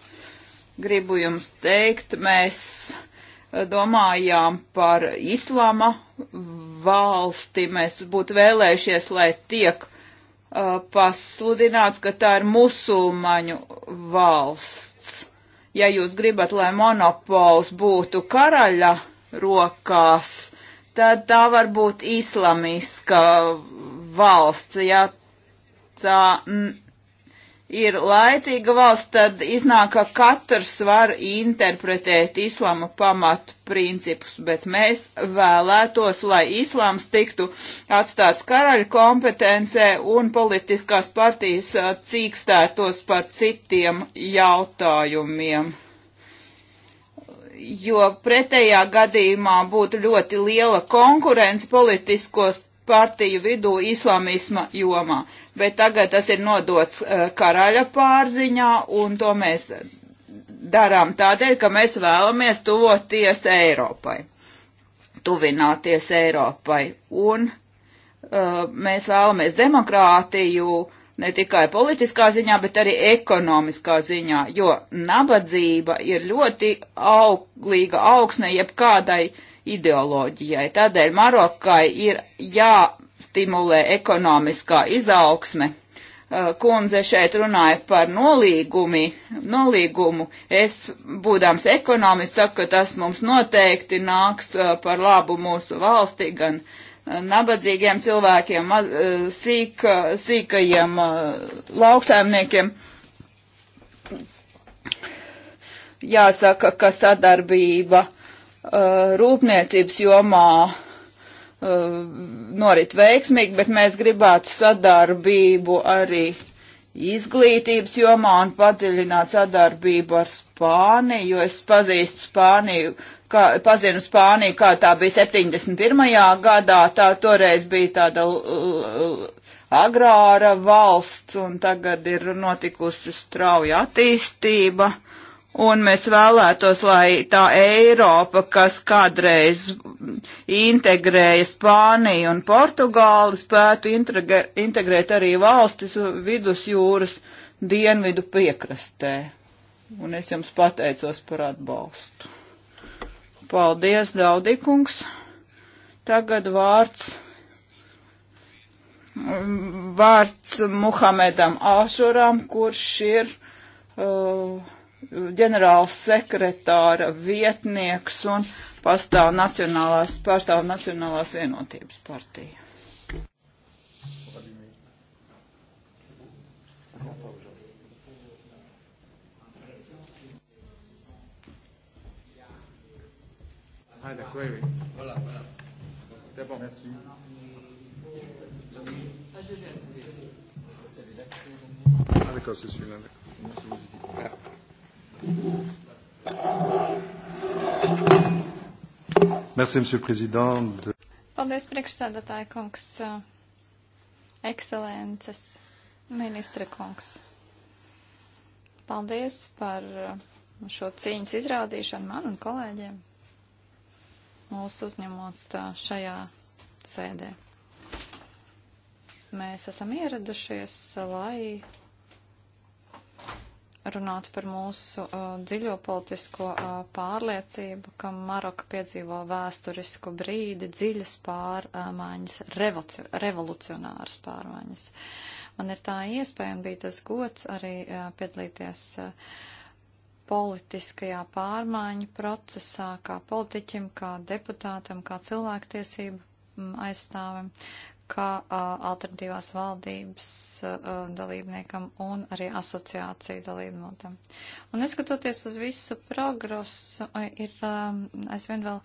Gribu jums teikt, mēs eh, domājām par islama valsti, mēs būtu vēlējušies, lai tiek uh, pasludināts, ka tā ir musulmaņu valsts ja jūs gribat, lai monopols būtu karaļa rokās, tad tā var būt islamiska valsts, ja tā ir laicīga valsts, tad iznāk, ka katrs var interpretēt islāma pamatu principus, bet mēs vēlētos, lai islāms tiktu atstāts karaļa kompetencē un politiskās partijas uh, cīkstētos par citiem jautājumiem jo pretējā gadījumā būtu ļoti liela konkurence politiskos partiju vidū islamisma jomā. Bet tagad tas ir nodots uh, karaļa pārziņā, un to mēs darām tādēļ, ka mēs vēlamies tuvoties Eiropai, tuvināties Eiropai. Un uh, mēs vēlamies demokrātiju ne tikai politiskā ziņā, bet arī ekonomiskā ziņā, jo nabadzība ir ļoti auglīga augsne jebkādai uh, ideoloģijai. Tādēļ Marokai ir jāstimulē ekonomiskā izaugsme. Uh, kundze šeit runāja par nolīgumi, nolīgumu. Es, būdams ekonomists, saku, ka tas mums noteikti nāks uh, par labu mūsu valstī, gan uh, nabadzīgiem cilvēkiem, sīk, sīkajiem lauksaimniekiem jāsaka, ka sadarbība Uh, rūpniecības jomā uh, norit veiksmīgi, bet mēs gribētu sadarbību arī izglītības jomā un padziļināt sadarbību ar Spāniju, jo es pazīstu Spāniju, kā, pazinu Spāniju, kā tā bija 71. gadā, tā toreiz bija tāda uh, agrāra valsts un tagad ir notikusi strauja attīstība. Uh, Un mēs vēlētos, lai tā Eiropa, kas kādreiz integrēja Spāniju un Portugāli, spētu integrēt arī valstis vidusjūras dienvidu piekrastē. Un es jums pateicos par atbalstu. Paldies, Daudikungs. Tagad vārds. Vārds Muhamedam Ašuram, kurš ir. Uh, ģenerāla sekretāra vietnieks un pastāv nacionālās, pārstāv Nacionālās vienotības partija. Ah, d'accord, oui, oui. Voilà, voilà. D'abord, merci. Ah, d'accord, c'est celui-là. Merci, vous dites. Ah. Merci, Monsieur le Président. Paldies, priekšsēdētāja kungs, ekscelences, ministra kungs. Paldies par šo cīņas izrādīšanu man un kolēģiem mūs uzņemot šajā sēdē. Mēs esam ieradušies, lai runāt par mūsu uh, dziļo politisko uh, pārliecību, ka Maroka piedzīvo vēsturisku brīdi dziļas pārmaiņas, revoluci revolucionāras pārmaiņas. Man ir tā iespēja un bija tas gods arī uh, piedalīties. Uh, politiskajā pārmaiņu procesā, kā politiķim, kā deputātam, kā cilvēktiesību mm, aizstāvim, kā alternatīvās valdības dalībniekam un arī asociāciju dalībnotam. Un neskatoties uz visu progresu, ir aizvien vēl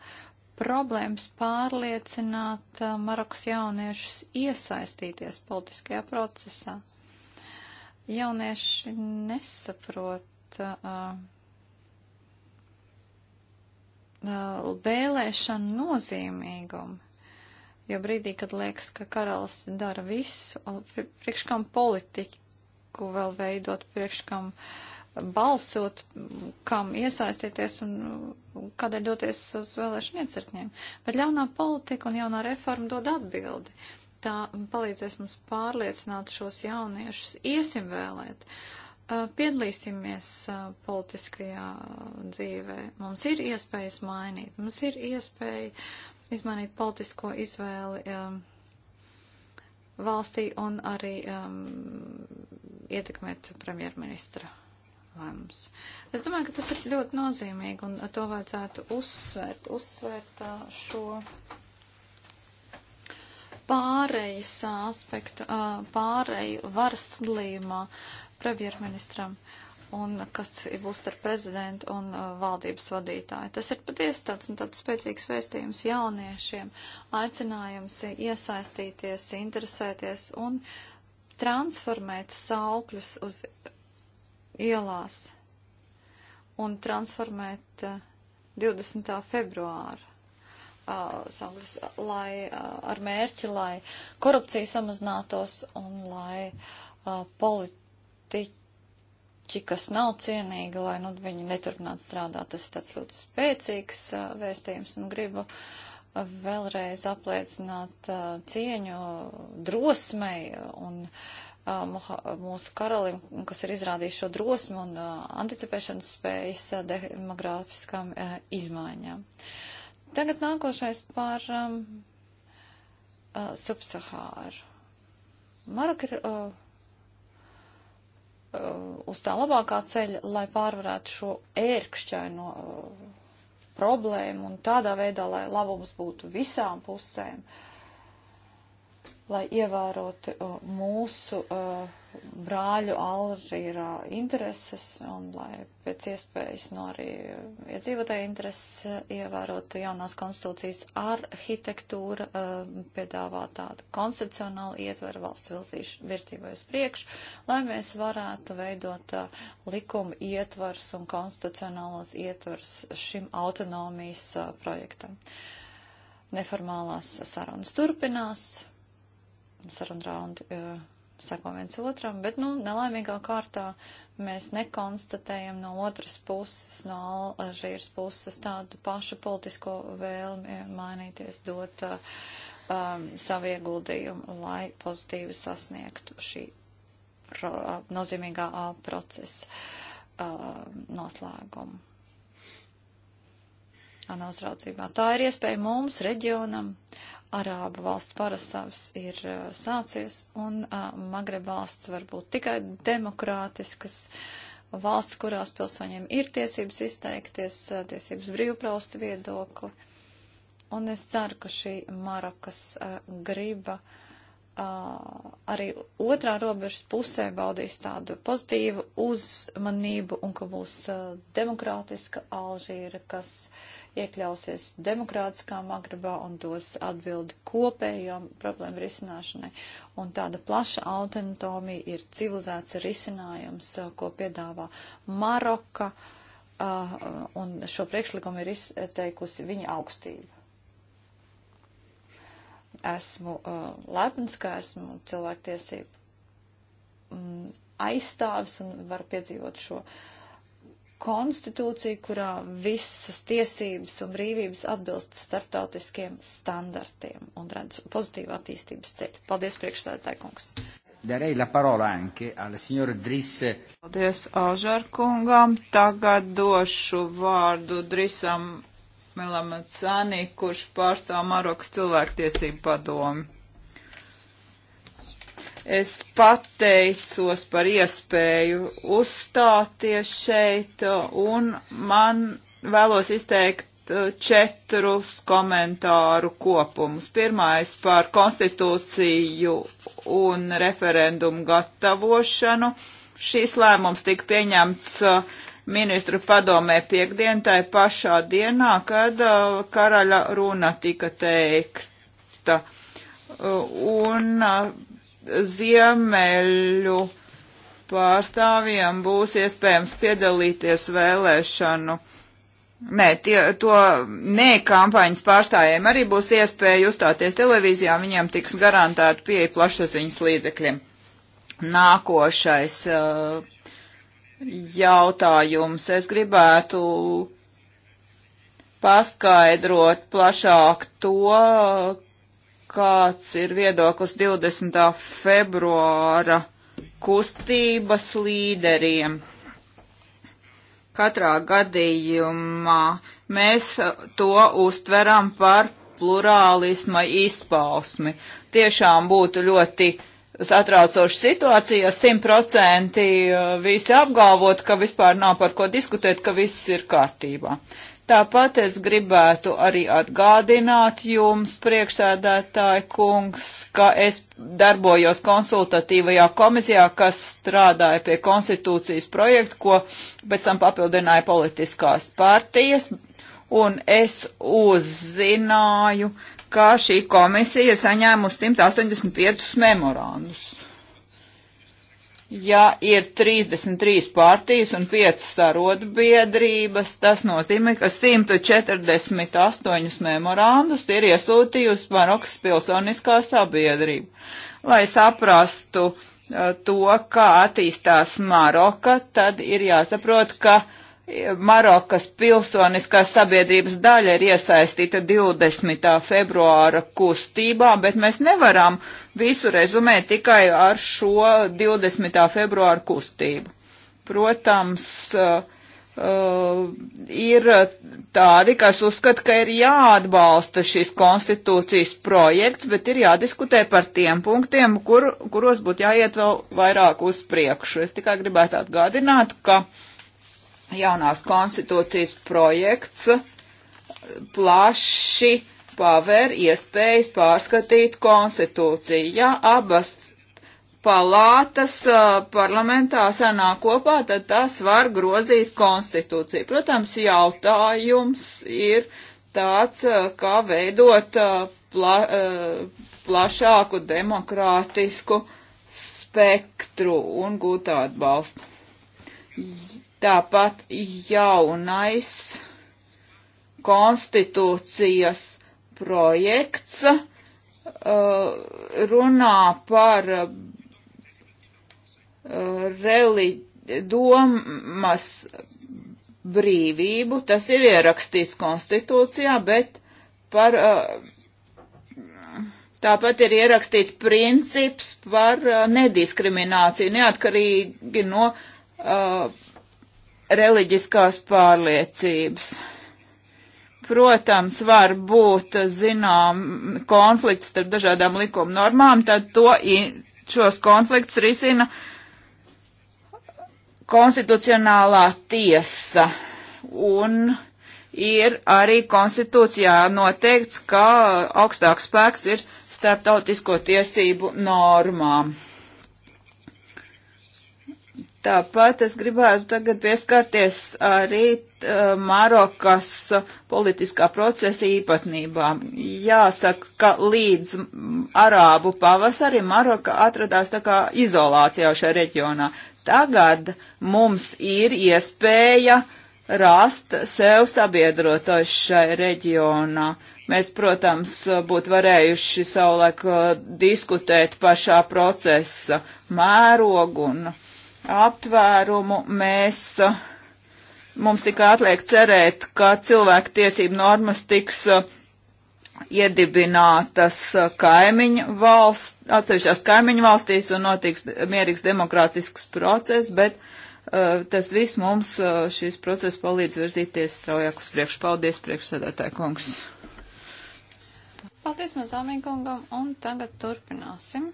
problēmas pārliecināt Marokas jauniešus iesaistīties politiskajā procesā. Jaunieši nesaprot uh, vēlēšanu nozīmīgumu. Jo brīdī, kad liekas, ka karalis dara visu, priekš kam politiku vēl veidot, priekš kam balsot, kam iesaistīties un kādēļ doties uz vēlēšanu iecirkņiem. Bet ļaunā politika un jaunā reforma dod atbildi. Tā palīdzēs mums pārliecināt šos jauniešus, iesim vēlēt. Piedalīsimies politiskajā dzīvē. Mums ir iespējas mainīt, mums ir iespēja uh, izmainīt politisko izvēli um, valstī un arī um, ietekmēt premjerministra lēmums. Es domāju, ka tas ir ļoti nozīmīgi un to vajadzētu uzsvērt, uzsvērt uh, šo pārejas aspektu, uh, pāreju varas dalījumā premjerministram un kas būs starp prezidentu un uh, valdības vadītāju. Tas ir patiesi tāds, nu, tāds spēcīgs vēstījums jauniešiem, aicinājums iesaistīties, interesēties un transformēt saukļus uz ielās un transformēt uh, 20. februāra uh, sauklis, lai uh, ar mērķi, lai korupcija samazinātos un lai uh, politiķi politiķi, kas nav cienīgi, lai nu, viņi neturpinātu strādāt. Tas ir tāds ļoti spēcīgs vēstījums un gribu vēlreiz apliecināt cieņu drosmei un mūsu karalim, kas ir izrādījis šo drosmu un anticipēšanas spējas demografiskām izmaiņām. Tagad nākošais par um, subsahāru. Marok ir uh, Uh, uz tā labākā ceļa, lai pārvarētu šo ērkšķaino uh, problēmu un tādā veidā, lai labums būtu visām pusēm, lai ievērotu uh, mūsu uh, brāļu Alžīrā intereses un lai pēc iespējas no arī iedzīvotāju intereses ievērotu jaunās konstitūcijas arhitektūra, eh, piedāvā tādu konstitucionālu ietveru valsts virzībai uz priekšu, lai mēs varētu veidot eh, likuma ietvars un konstitucionālos ietvars šim autonomijas eh, projektam. Neformālās sarunas turpinās, sarunraundi. Uh, seko viens otram, bet, nu, nelaimīgā kārtā mēs nekonstatējam no otras puses, no Alžīras puses tādu pašu politisko vēlmi mainīties, dot uh, um, savu ieguldījumu, lai pozitīvi sasniegtu šī pro, nozīmīgā uh, procesa uh, noslēgumu. Ana uzraudzībā. Tā ir iespēja mums, reģionam, uh, Arābu valstu parasavs ir uh, sācies, un uh, Magreb valsts var būt tikai demokrātiskas valsts, kurās pilsoņiem ir tiesības izteikties, uh, tiesības brīvprausta viedokli. Un es ceru, ka šī Marokas griba arī otrā robežas pusē baudīs tādu pozitīvu uzmanību un ka būs demokrātiska Alžīra, kas uh, iekļausies demokrātiskā Magrebā un dos atbildi kopējām problēmu risināšanai. Un tāda plaša autonomija ir civilizēts risinājums, ko piedāvā Maroka, un šo priekšlikumu ir izteikusi viņa augstība. Esmu lepns, ka esmu cilvēktiesību aizstāvis un varu piedzīvot šo uh, konstitūciju, kurā visas tiesības un brīvības atbilst starptautiskiem standartiem un redz pozitīvu attīstības ceļu. Paldies, priekšsēdētāji kungs! Darei la parola anche al signor Drisse. Paldies Alžar kungam. Tagad došu vārdu Drisam Melamacani, kurš pārstāv Marokas cilvēktiesību padomi. Es pateicos par iespēju uzstāties šeit un man vēlos izteikt uh, četrus komentāru kopumus. Pirmais par konstitūciju un referendumu gatavošanu. Šis lēmums tika pieņemts uh, ministru padomē piekdien, tai pašā dienā, kad uh, karaļa runa tika teikta. Un ziemeļu pārstāvjiem būs iespējams piedalīties vēlēšanu. Nē, tie, to nē kampaņas pārstājiem arī būs iespēja uzstāties televīzijā, viņiem tiks garantēta pieeja plašsaziņas līdzekļiem. Nākošais uh, jautājums. Es gribētu paskaidrot plašāk to, kāds ir viedoklis 20. februāra kustības līderiem. Katrā gadījumā mēs to uztveram par plurālisma izpausmi. Tiešām būtu ļoti satraucoša situācija, ja simtprocentīgi uh, visi apgalvot, ka vispār nav par ko diskutēt, ka viss ir kārtībā. Uh, Tāpat es gribētu arī atgādināt jums, priekšsēdētāji kungs, ka es darbojos konsultatīvajā komisijā, kas strādāja pie konstitūcijas projekta, ko pēc tam papildināja politiskās partijas, un es uzzināju, ka šī komisija ir saņēmusi 185 memorandus ja ir 33 partijas un 5 sarotbiedrības, tas nozīmē, ka 148 memorandus ir iesūtījusi Marokas pilsoniskā sabiedrība. Lai saprastu uh, to, kā attīstās Maroka, tad ir jāsaprot, ka uh, Marokas pilsoniskās sabiedrības daļa ir iesaistīta 20. februāra kustībā, bet mēs nevaram visu rezumēt tikai ar šo 20. februāra kustību. Protams, uh, uh, ir tādi, kas uzskata, ka ir jāatbalsta šīs konstitūcijas projekts, bet ir jādiskutē par tiem punktiem, kur, kuros būtu jāiet vēl vairāk uz priekšu. Es tikai gribētu atgādināt, ka uh, jaunās konstitūcijas projekts plaši paver iespējas pārskatīt konstitūciju. Ja abas palātas parlamentā sanāk kopā, tad tas var grozīt konstitūciju. Protams, jautājums ir tāds, kā veidot pla, plašāku demokrātisku spektru un gūt atbalstu. Tāpat jaunais konstitūcijas projekts uh, runā par uh, reliģiomas brīvību, tas ir ierakstīts konstitūcijā, bet par, uh, tāpat ir ierakstīts princips par uh, nediskrimināciju, neatkarīgi no uh, reliģiskās pārliecības. Protams, var būt, zinām, konflikts starp dažādām likuma normām, tad to, šos konfliktus risina konstitucionālā tiesa. Un ir arī konstitūcijā noteikts, ka augstāks spēks ir starptautisko tiesību normām. Tāpat es gribētu tagad pieskarties arī Marokas politiskā procesa īpatnībām. Jāsaka, ka līdz Arābu pavasarim Maroka atradās tā kā izolācijā šajā reģionā. Tagad mums ir iespēja rast sev sabiedrotos šai reģionā. Mēs, protams, būtu varējuši savulaik diskutēt par šā procesa mērogu un aptvērumu mēs, mums tikai atliek cerēt, ka cilvēku tiesību normas tiks uh, iedibinātas uh, kaimiņu valsts, atsevišķās kaimiņu valstīs un notiks mierīgs demokrātisks process, bet uh, tas viss mums uh, šis process palīdz virzīties straujāk uz priekšu. Paldies, priekšsēdētāji kungs! Paldies mazāmīgungam un tagad turpināsim.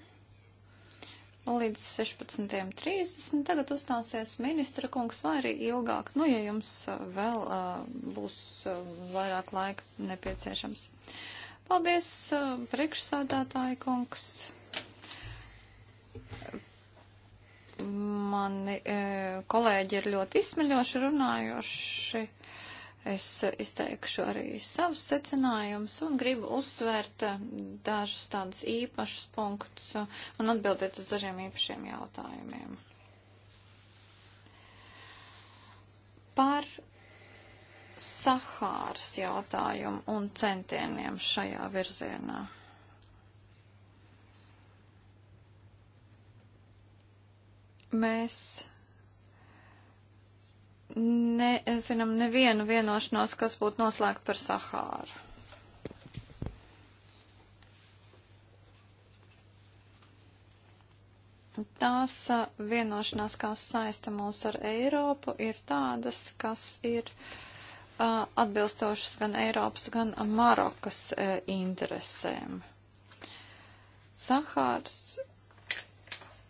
Nu, līdz 16.30. Tagad uzstāsies ministra kungs vai arī ilgāk, nu, ja jums uh, vēl uh, būs uh, vairāk laika nepieciešams. Paldies, uh, priekšsādātāji kungs. Mani uh, kolēģi ir ļoti izsmeļoši runājoši. Uh, Es izteikšu arī savus secinājumus un gribu uzsvērt eh, dažus tādus īpašus punktus un atbildēt uz dažiem īpašiem jautājumiem. Par Sahāras jautājumu un centieniem šajā virzienā. Mēs nezinām nevienu vienošanos, kas būtu noslēgta par Sahāru. Tās vienošanās, kas saista mūs ar Eiropu, ir tādas, kas ir uh, atbilstošas gan Eiropas, gan Marokas uh, interesēm. Sahāras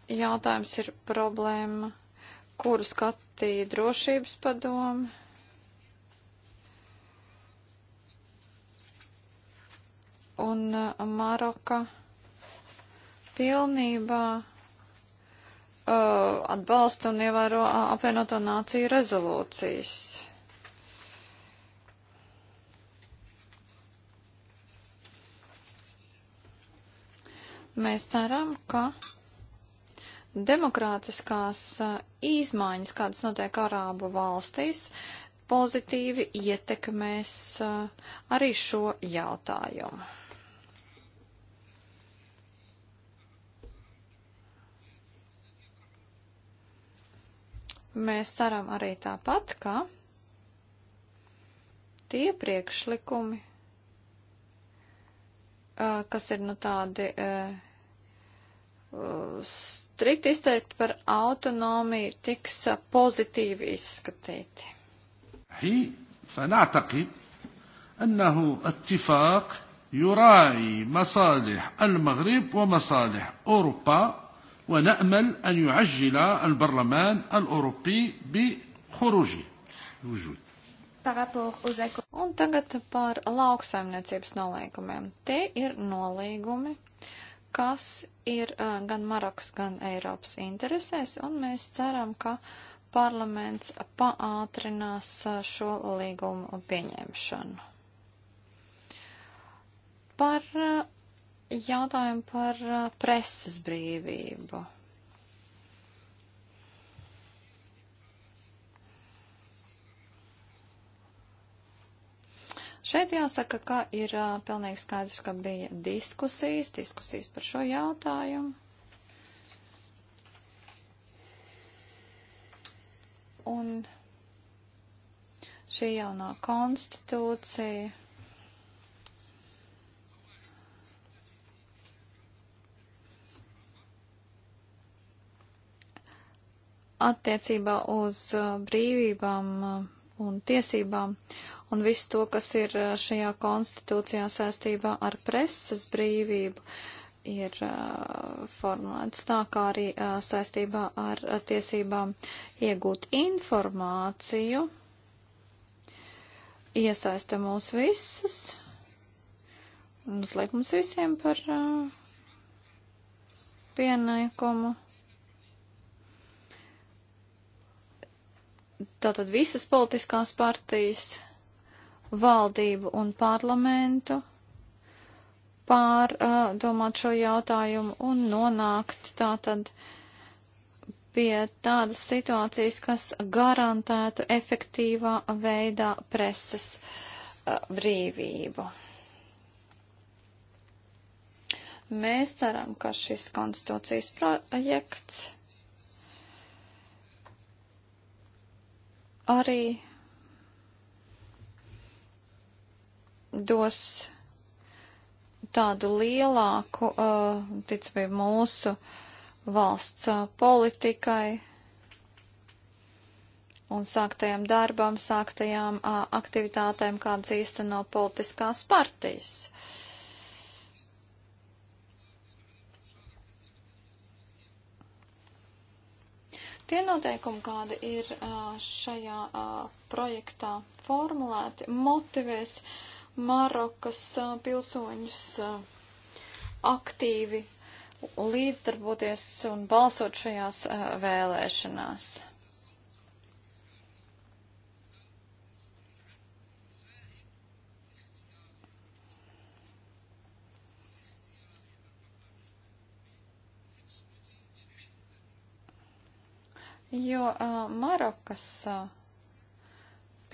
jautājums ir problēma kuru skatīja drošības padomi. Un uh, Maroka pilnībā uh, atbalsta un ievēro uh, apvienoto nāciju rezolūcijas. Mēs ceram, ka Demokrātiskās eh, izmaiņas, kādas notiek Arābu valstīs, pozitīvi ietekmēs eh, arī šo jautājumu. Mēs ceram arī tāpat, ka tie priekšlikumi, eh, kas ir nu tādi Uh, strikt izteikti par autonomiju tiks uh, pozitīvi izskatīti. هي فنعتقد أنه اتفاق يراعي مصالح المغرب ومصالح أوروبا ونأمل أن يعجل البرلمان الأوروبي بخروجه الوجود Un tagad par lauksaimniecības nolīgumiem. Tie ir nolīgumi, kas ir uh, gan Marokas, gan Eiropas interesēs, un mēs ceram, ka parlaments paātrinās šo līgumu pieņemšanu. Par jautājumu par presas brīvību. Šeit jāsaka, ka ir uh, pilnīgi skaidrs, ka bija diskusijas, diskusijas par šo jautājumu. Un šī jaunā konstitūcija attiecībā uz brīvībām un tiesībām un visu to, kas ir šajā konstitūcijā saistībā ar preses brīvību, ir uh, formulēts tā, kā arī uh, saistībā ar uh, tiesībām iegūt informāciju. Iesaista mūs visus, uzliek mums visiem par pienākumu. Tātad visas politiskās partijas valdību un parlamentu pārdomāt šo jautājumu un nonākt tātad pie tādas situācijas, kas garantētu efektīvā veidā preses brīvību. Mēs ceram, ka šis konstitūcijas projekts arī dos tādu lielāku, uh, ticamību mūsu valsts uh, politikai un sāktajām darbām, sāktajām uh, aktivitātēm, kādas īsteno politiskās partijas. Tie noteikumi, kādi ir uh, šajā uh, projektā formulēti, motivēs uh, Marokas pilsoņus aktīvi līdzdarboties un balsot šajās vēlēšanās. Jo uh, Marokas uh,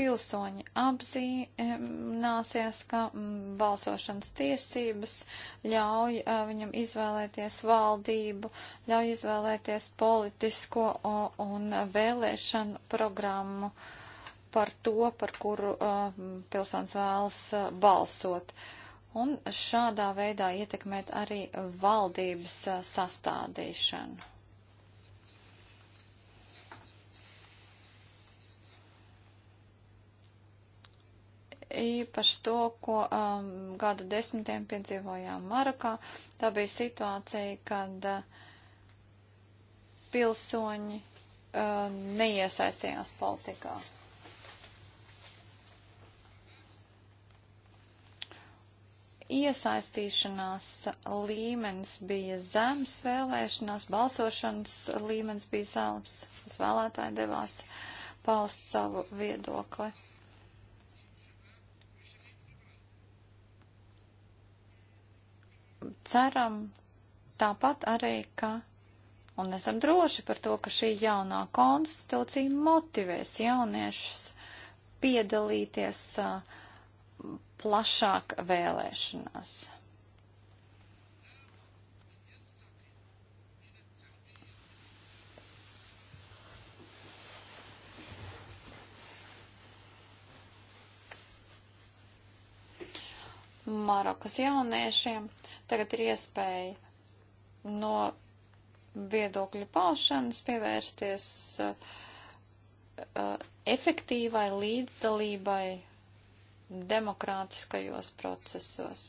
pilsoņi apzināsies, ka mm, balsošanas tiesības ļauj viņam izvēlēties valdību, ļauj izvēlēties politisko un vēlēšanu programmu par to, par kuru pilsons vēlas balsot. Un šādā veidā ietekmēt arī valdības sastādīšanu. īpaši to, ko um, gadu desmitiem piedzīvojām Marokā. Tā bija situācija, kad uh, pilsoņi uh, neiesaistījās politikā. Iesaistīšanās līmenis bija zems, vēlēšanās balsošanas līmenis bija zems, uz vēlētāji devās paust savu viedokli. ceram tāpat arī, ka, un esam droši par to, ka šī jaunā konstitūcija motivēs jauniešus piedalīties uh, plašāk vēlēšanās. Marokas jauniešiem Tagad ir iespēja no viedokļu paušanas pievērsties uh, uh, efektīvai līdzdalībai demokrātiskajos procesos.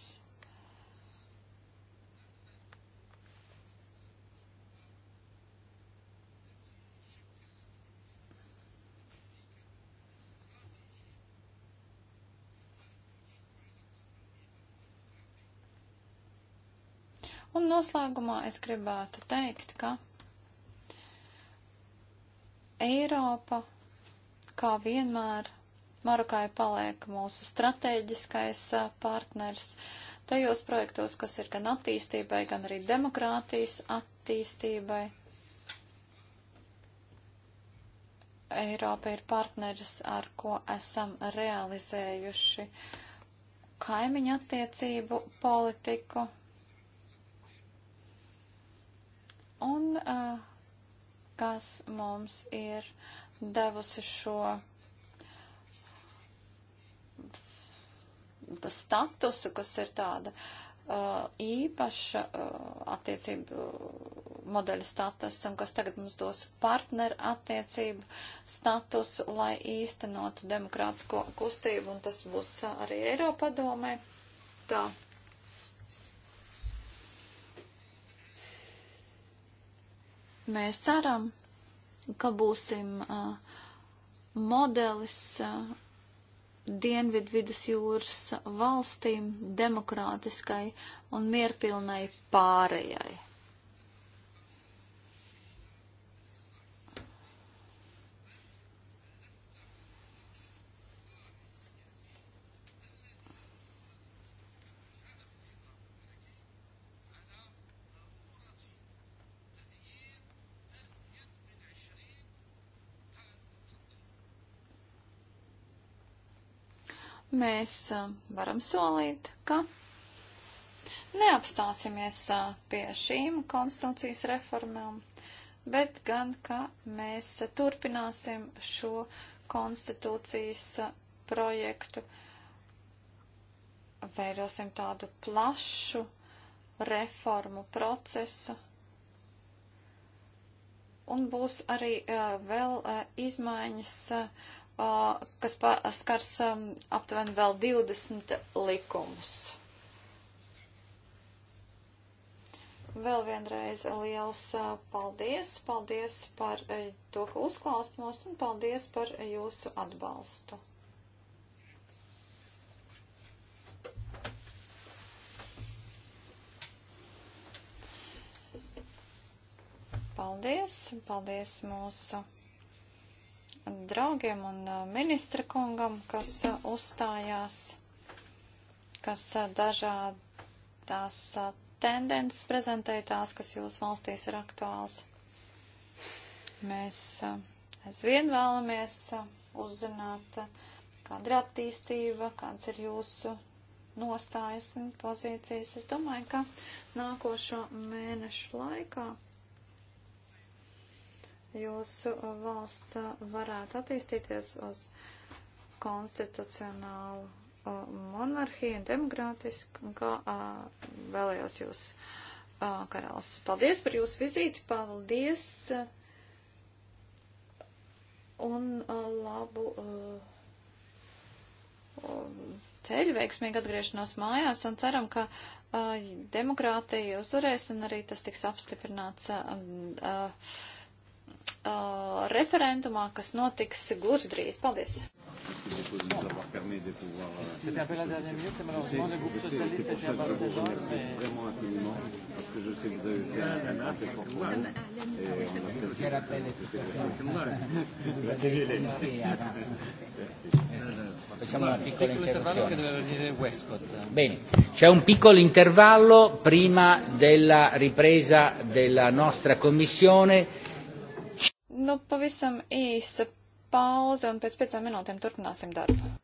Un noslēgumā es gribētu teikt, ka Eiropa, kā vienmēr, Marokai paliek mūsu strateģiskais partners tajos projektos, kas ir gan attīstībai, gan arī demokrātijas attīstībai. Eiropa ir partneris, ar ko esam realizējuši kaimiņu attiecību politiku, un uh, kas mums ir devusi šo statusu, kas ir tāda uh, īpaša uh, attiecību modeļa status un kas tagad mums dos partneru attiecību statusu, lai īstenotu demokrātisko kustību, un tas būs arī Eiropadomē. Tā Mēs ceram, ka būsim uh, modelis uh, Dienvidu vidusjūras valstīm demokrātiskai un mierpilnai pārējai. Mēs varam solīt, ka neapstāsimies pie šīm konstitūcijas reformām, bet gan, ka mēs turpināsim šo konstitūcijas projektu, veidosim tādu plašu reformu procesu, un būs arī uh, vēl uh, izmaiņas uh, kas skars um, aptuveni vēl 20 likumus. Vēl vienreiz liels uh, paldies, paldies par uh, to, ka uzklaust mūs un paldies par jūsu atbalstu. Paldies, paldies mūsu draugiem un uh, ministra kungam, kas uh, uzstājās, kas uh, dažādās tendences prezentēja tās, kas jūsu valstīs ir aktuāls. Mēs aizvien vēlamies uzzināt, kāda ir attīstība, kāds ir jūsu nostājas un pozīcijas. Es domāju, ka nākošo mēnešu laikā jūsu valsts varētu attīstīties uz konstitucionālu uh, monarhiju un demokrātisku, kā uh, vēlējos jūs, uh, karalis. Paldies par jūsu vizīti, paldies un labu um, ceļu veiksmīgi atgriešanos mājās un ceram, ka demokrātija uzvarēs un arī tas tiks apstiprināts. Uh, um, uh, uh, referendumā, kas notiks gluži drīz. Paldies! C'était un peu la dernière minute, et malheureusement, le groupe socialiste était à Barcelone. Mais... Vraiment infiniment, parce que je sais que vous avez fait un grand effort pour nous. Et on apprécie. Quel appel est La télé, elle est là. Facciamo una piccola interruzione. Bene, c'è un piccolo intervallo prima della ripresa della nostra commissione nu, pavisam īsa pauze un pēc piecām minūtēm turpināsim darbu.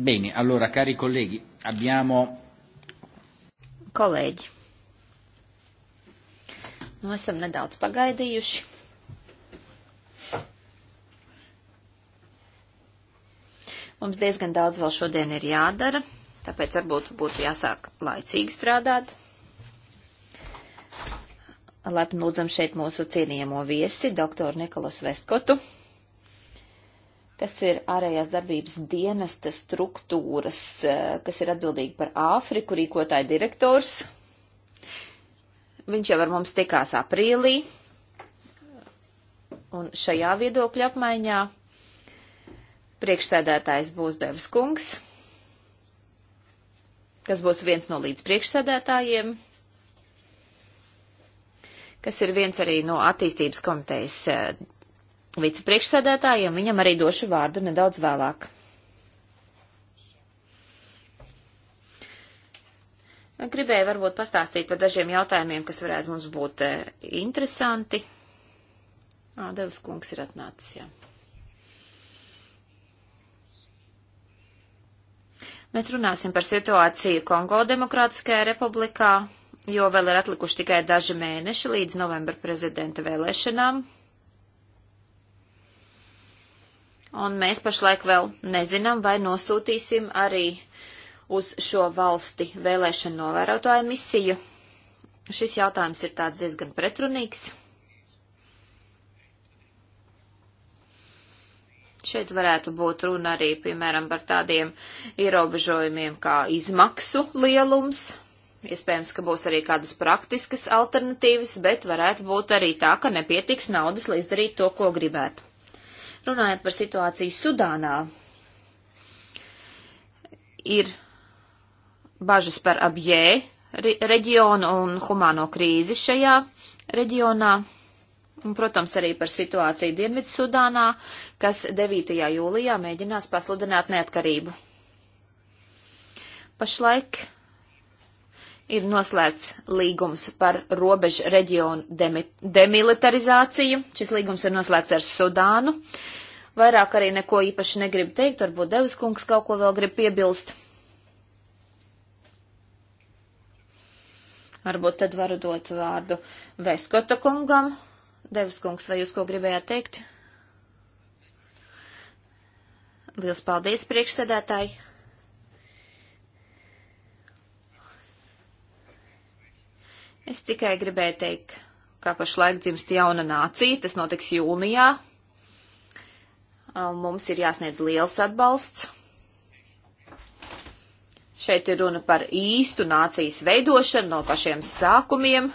Bene, allora cari colleghi, abbiamo. Kolēģi, nu esam nedaudz pagaidījuši. Mums diezgan daudz vēl šodien ir jādara, tāpēc varbūt būtu jāsāk laicīgi strādāt. Laipni lūdzam šeit mūsu cienījamo viesi, doktoru Nikolasu Vestkotu kas ir ārējās darbības dienesta struktūras, eh, kas ir atbildīgi par Āfriku, rīkotāja direktors. Viņš jau ar mums tikās aprīlī, un šajā viedokļa apmaiņā priekšsēdētājs būs Devas kungs, kas būs viens no līdzpriekšsēdētājiem, kas ir viens arī no attīstības komitejas eh, vicepriekšsēdētājiem, viņam arī došu vārdu nedaudz vēlāk. Gribēju varbūt pastāstīt par dažiem jautājumiem, kas varētu mums būt e, interesanti. Ā, Devas kungs ir atnācis, jā. Mēs runāsim par situāciju Kongo Demokrātiskajā republikā, jo vēl ir atlikuši tikai daži mēneši līdz novembra prezidenta vēlēšanām. un mēs pašlaik vēl nezinām, vai nosūtīsim arī uz šo valsti vēlēšanu novērotāju misiju. Šis jautājums ir tāds diezgan pretrunīgs. Šeit varētu būt runa arī, piemēram, par tādiem ierobežojumiem kā izmaksu lielums. Iespējams, ka būs arī kādas praktiskas alternatīvas, bet varētu būt arī tā, ka nepietiks naudas, lai izdarītu to, ko gribētu. Runājot par situāciju Sudānā, ir bažas par abjē reģionu un humāno krīzi šajā reģionā. Un, protams, arī par situāciju Dienvidu Sudānā, kas 9. jūlijā mēģinās pasludināt neatkarību. Pašlaik ir noslēgts līgums par robežu reģionu demi demilitarizāciju. Šis līgums ir noslēgts ar Sudānu. Uh, Vairāk arī neko īpaši negribu teikt, varbūt Devis kungs kaut ko vēl grib piebilst. Varbūt tad varu dot vārdu Veskota kungam. Devis kungs, vai jūs ko gribējāt teikt? Liels paldies, priekšsēdētāji! Es tikai gribēju teikt, ka pašlaik dzimst jauna nācija, tas notiks jūnijā, Um, mums ir jāsniedz liels atbalsts. Šeit ir runa par īstu nācijas veidošanu no pašiem sākumiem.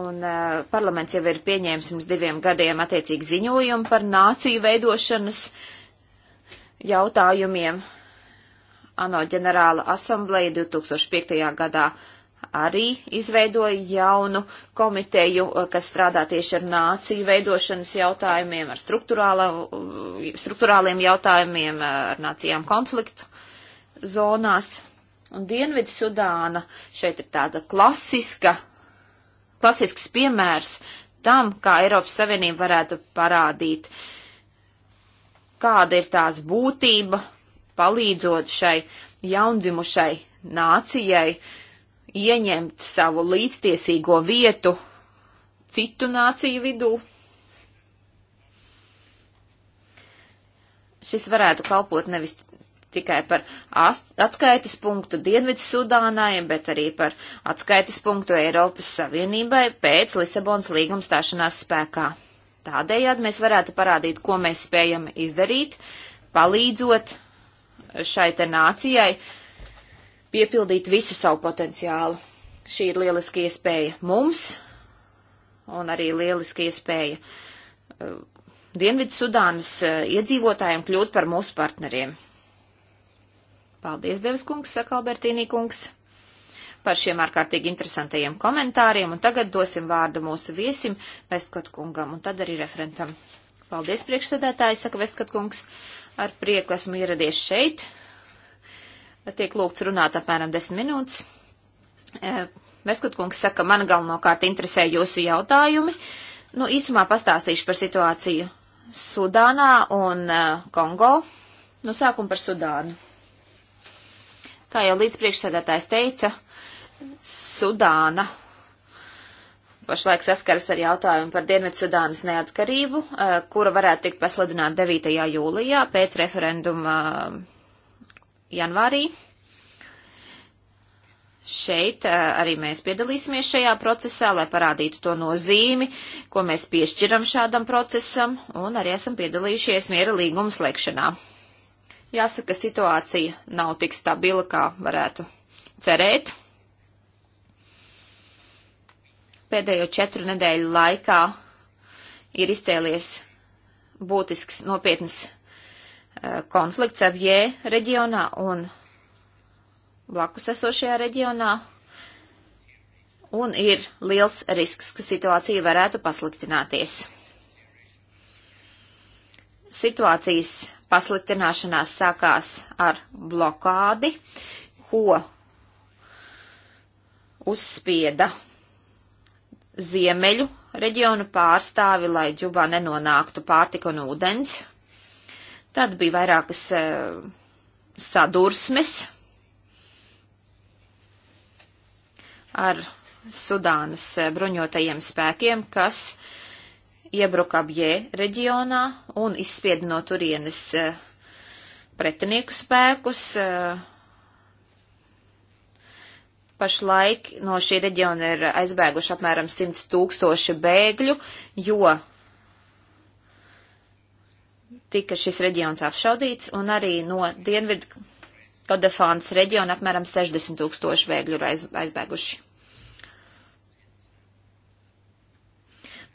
Un uh, parlaments jau ir pieņēmis pirms diviem gadiem attiecīgi ziņojumu par nāciju veidošanas jautājumiem. ANO ģenerāla asambleja 2005. gadā arī izveidoja jaunu komiteju, eh, kas strādā tieši ar nāciju veidošanas jautājumiem, ar eh, struktūrāliem jautājumiem, eh, ar nācijām konfliktu zonās. Un Dienvidu Sudāna šeit ir tāda klasiska, klasisks piemērs tam, kā Eiropas Savienība varētu parādīt, kāda ir tās būtība, palīdzot šai jaundzimušai nācijai uh, ieņemt savu līdztiesīgo vietu citu nāciju vidū. Šis varētu kalpot nevis tikai par atskaites punktu Dienvidu Sudānai, bet arī par atskaites punktu Eiropas Savienībai pēc Lisabonas līguma stāšanās spēkā. Tādējādi mēs varētu parādīt, ko mēs spējam izdarīt, palīdzot šai te nācijai uh, piepildīt visu savu potenciālu. Šī ir lieliski iespēja mums un arī lieliski iespēja uh, Dienvidu Sudānas uh, iedzīvotājiem kļūt par mūsu partneriem. Paldies, Devas kungs, saka Albertīnī kungs, par šiem ārkārtīgi interesantajiem komentāriem, un tagad dosim vārdu mūsu viesim Vestkot kungam, un tad arī referentam. Paldies, priekšsēdētāji, saka Vestkot kungs, ar prieku esmu ieradies šeit, tiek lūgts runāt apmēram 10 minūtes. E, Veskutkungs saka, man galvenokārt interesē jūsu jautājumi. Nu, īsumā pastāstīšu par situāciju Sudānā un e, Kongo. Nu, sākumu par Sudānu. Kā jau līdz priekšsēdētājs teica, Sudāna pašlaik saskaras ar jautājumu par Dienvidsudānas neatkarību, e, kura varētu tikt pasludināta 9. jūlijā pēc referenduma janvārī. Šeit eh, arī mēs piedalīsimies šajā procesā, lai parādītu to nozīmi, ko mēs piešķiram šādam procesam, un arī esam piedalījušies miera līguma slēgšanā. Jāsaka, situācija nav tik stabila, kā varētu cerēt. Pēdējo četru nedēļu laikā ir izcēlies būtisks nopietnas konflikts ap Jē reģionā un blakus esošajā reģionā. Un ir liels risks, ka situācija varētu pasliktināties. Situācijas pasliktināšanās sākās ar blokādi, ko uzspieda ziemeļu reģionu pārstāvi, lai džubā nenonāktu pārtika un ūdens, Tad bija vairākas eh, sadursmes ar Sudānas eh, bruņotajiem spēkiem, kas iebruka Bjē reģionā un izspieda no turienes eh, pretinieku spēkus. Pašlaik no šī reģiona ir aizbēguši apmēram 100 tūkstoši bēgļu, jo tika šis reģions apšaudīts, un arī no Dienvidu Kodafānas reģiona apmēram 60 tūkstoši bēgļu ir aiz, aizbēguši.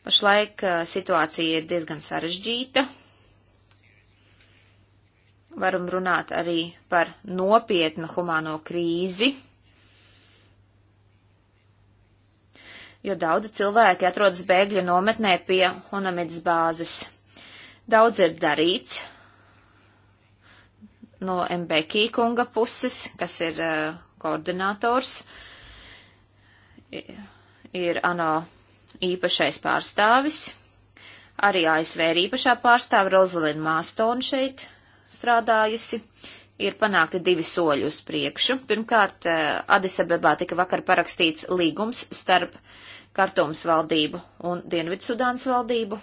Pašlaik uh, situācija ir diezgan sarežģīta. Varam runāt arī par nopietnu humāno krīzi, jo daudzi cilvēki atrodas bēgļu nometnē pie Honamidas bāzes. Daudz ir darīts no MBK kunga puses, kas ir uh, koordinators, ir ANO īpašais pārstāvis, arī ASV ir īpašā pārstāva Rozalina Māstona šeit strādājusi. Ir panākti divi soļi uz priekšu. Pirmkārt, uh, Adisabebā tika vakar parakstīts līgums starp Kartums valdību un Dienvidsudānas valdību,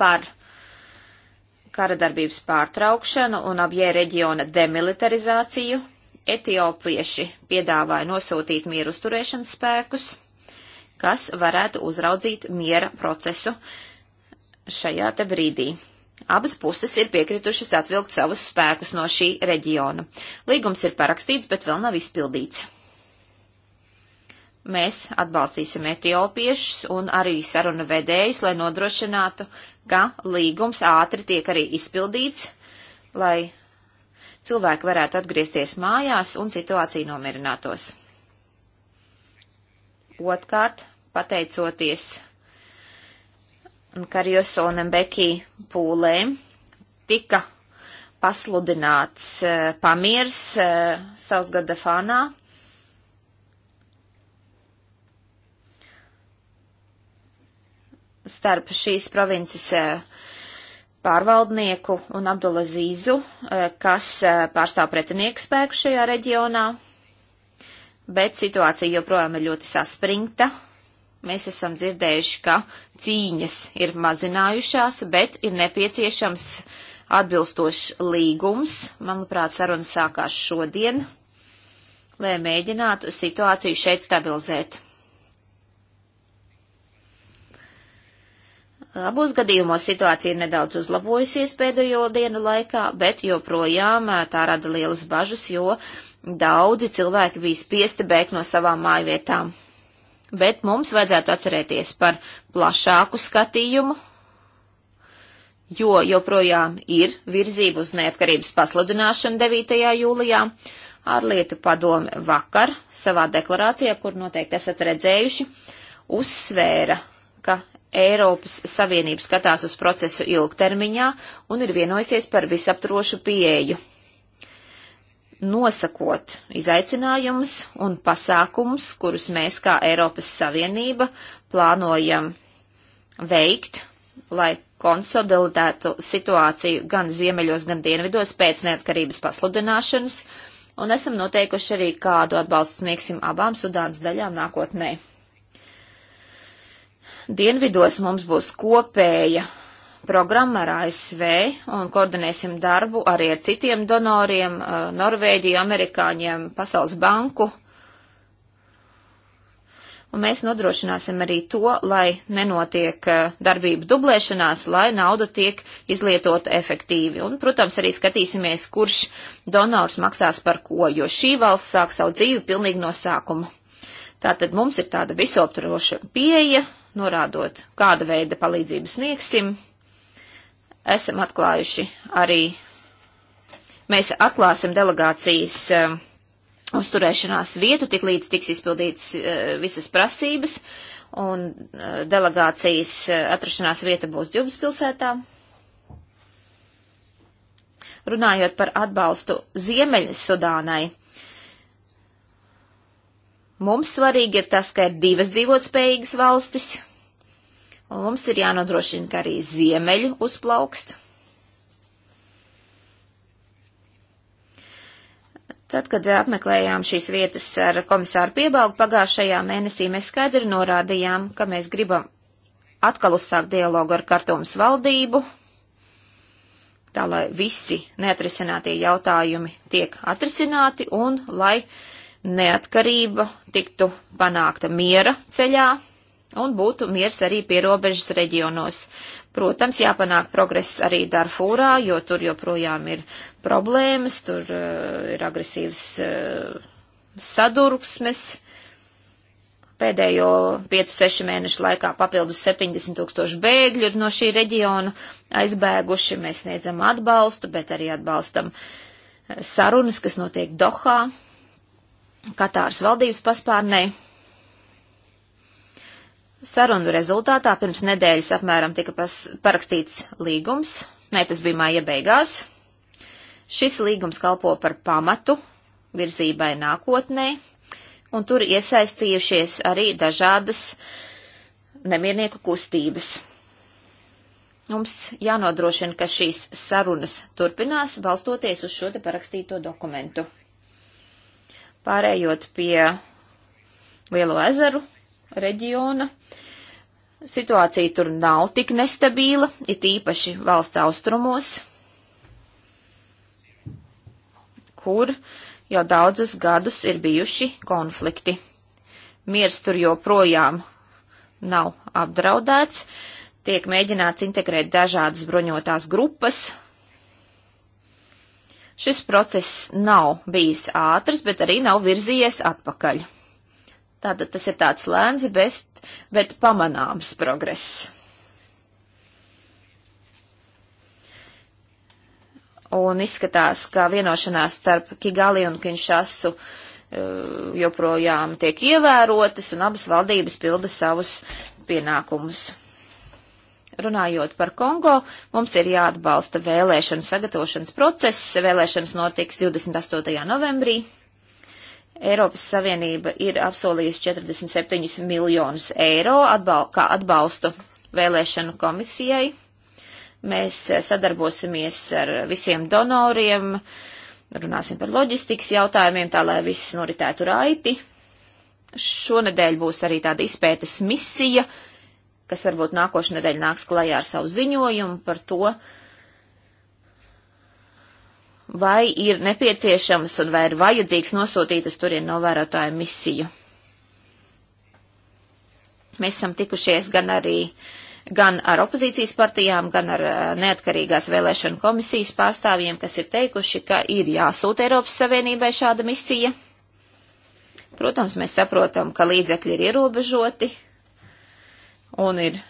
par kara darbības pārtraukšanu un abie reģiona demilitarizāciju. Etiopieši piedāvāja nosūtīt mieru uzturēšanas spēkus, kas varētu uzraudzīt miera procesu šajā te brīdī. Abas puses ir piekritušas atvilkt savus spēkus no šī reģiona. Līgums ir parakstīts, bet vēl nav izpildīts. Mēs atbalstīsim etiopiešus un arī saruna vedējus, lai nodrošinātu, ka līgums ātri tiek arī izpildīts, lai cilvēki varētu atgriezties mājās un situācija nomierinātos. Otkārt, pateicoties Karjoso un Beki pūlēm, tika pasludināts uh, pamiers uh, eh, Sausgada fānā starp šīs provinces eh, pārvaldnieku un Abdula Zīzu, eh, kas eh, pārstāv pretinieku spēku šajā reģionā, bet situācija joprojām ir ļoti saspringta. Mēs esam dzirdējuši, ka cīņas ir mazinājušās, bet ir nepieciešams atbilstošs līgums. Manuprāt, saruna sākās šodien, lai mēģinātu situāciju šeit stabilizēt. Abos gadījumos situācija ir nedaudz uzlabojusies pēdējo dienu laikā, bet joprojām eh, tā rada lielas bažas, jo daudzi cilvēki bija spiesti bēgt no savām mājvietām. Bet mums vajadzētu atcerēties par plašāku skatījumu, jo joprojām ir virzība uz neatkarības pasludināšanu 9. jūlijā. Ārlietu padome vakar savā deklarācijā, kur noteikti esat redzējuši, uzsvēra ka Eiropas Savienība skatās uz procesu ilgtermiņā un ir vienojusies par visaptrošu pieeju, nosakot izaicinājumus un pasākumus, kurus mēs kā Eiropas Savienība plānojam veikt, lai konsolidētu situāciju gan ziemeļos, gan dienvidos pēc neatkarības pasludināšanas, un esam noteikuši arī kādu atbalstu sniegsim abām Sudānas daļām nākotnē. Dienvidos mums būs kopēja programma ar ASV un koordinēsim darbu arī ar citiem donoriem, uh, Norvēģiju, Amerikāņiem, Pasaules banku. Un mēs nodrošināsim arī to, lai nenotiek uh, darbību dublēšanās, lai nauda tiek izlietota efektīvi. Un, protams, arī skatīsimies, kurš donors maksās par ko, jo šī valsts sāk savu dzīvi pilnīgi no sākuma. Tātad mums ir tāda visoptaroša pieeja, norādot, kāda veida palīdzību sniegsim. Esam atklājuši arī, mēs atklāsim delegācijas uh, uzturēšanās vietu, tik līdz tiks izpildīts uh, visas prasības, un uh, delegācijas uh, atrašanās vieta būs Džubas pilsētā. Runājot par atbalstu Ziemeļsudānai, Mums svarīgi ir tas, ka ir divas dzīvotspējīgas valstis, un mums ir jānodrošina, ka arī ziemeļu uzplaukst. Tad, kad apmeklējām šīs vietas ar komisāru piebalgu pagājušajā mēnesī, mēs skaidri norādījām, ka mēs gribam atkal uzsākt dialogu ar Kartums valdību, tā lai visi neatrisinātie jautājumi tiek atrisināti un lai uh, neatkarība tiktu panākta miera ceļā un būtu miers arī pierobežas reģionos. Protams, jāpanāk progress arī Darfūrā, jo tur joprojām ir problēmas, tur uh, ir agresīvas uh, eh, sadurksmes. Pēdējo 5-6 mēnešu laikā papildus 70 tūkstoši bēgļu ir no šī reģiona aizbēguši. Mēs sniedzam atbalstu, bet arī atbalstam eh, sarunas, kas notiek Dohā, Katāras valdības paspārnē. Sarunu rezultātā pirms nedēļas apmēram tika parakstīts līgums, nē, tas bija māja beigās. Šis līgums kalpo par pamatu virzībai nākotnē, un tur iesaistījušies arī dažādas nemiernieku kustības. Mums jānodrošina, ka šīs sarunas turpinās, balstoties uz šo te parakstīto dokumentu. Pārējot pie Lielo ezeru reģiona, situācija tur nav tik nestabila, it īpaši valsts austrumos, kur jau daudzus gadus ir bijuši konflikti. Miers tur joprojām nav apdraudēts, tiek mēģināts integrēt dažādas bruņotās grupas, Šis process nav bijis ātrs, bet arī nav virzījies atpakaļ. Tātad tas ir tāds lēns, best, bet pamanāms progress. Un izskatās, ka vienošanās starp Kigali un Kinšasu eh, joprojām tiek ievērotas un abas valdības pilda savus pienākumus. Runājot par Kongo, mums ir jāatbalsta vēlēšanu sagatavošanas process. Vēlēšanas notiks 28. novembrī. Eiropas Savienība ir apsolījusi 47 miljonus eiro atbal kā atbalstu vēlēšanu komisijai. Mēs eh, sadarbosimies ar visiem donoriem, runāsim par loģistikas jautājumiem, tā lai viss noritētu raiti. Šonedēļ būs arī tāda izpētes misija kas varbūt nākošais nedēļa nāks klajā ar savu ziņojumu par to, vai ir nepieciešams un vai ir vajadzīgs nosūtīt uz turien novērotāju misiju. Mēs esam tikušies gan arī gan ar opozīcijas partijām, gan ar eh, neatkarīgās vēlēšana komisijas pārstāvjiem, kas ir teikuši, ka ir jāsūta Eiropas Savienībai šāda misija. Protams, mēs saprotam, ka līdzekļi ir ierobežoti, un ir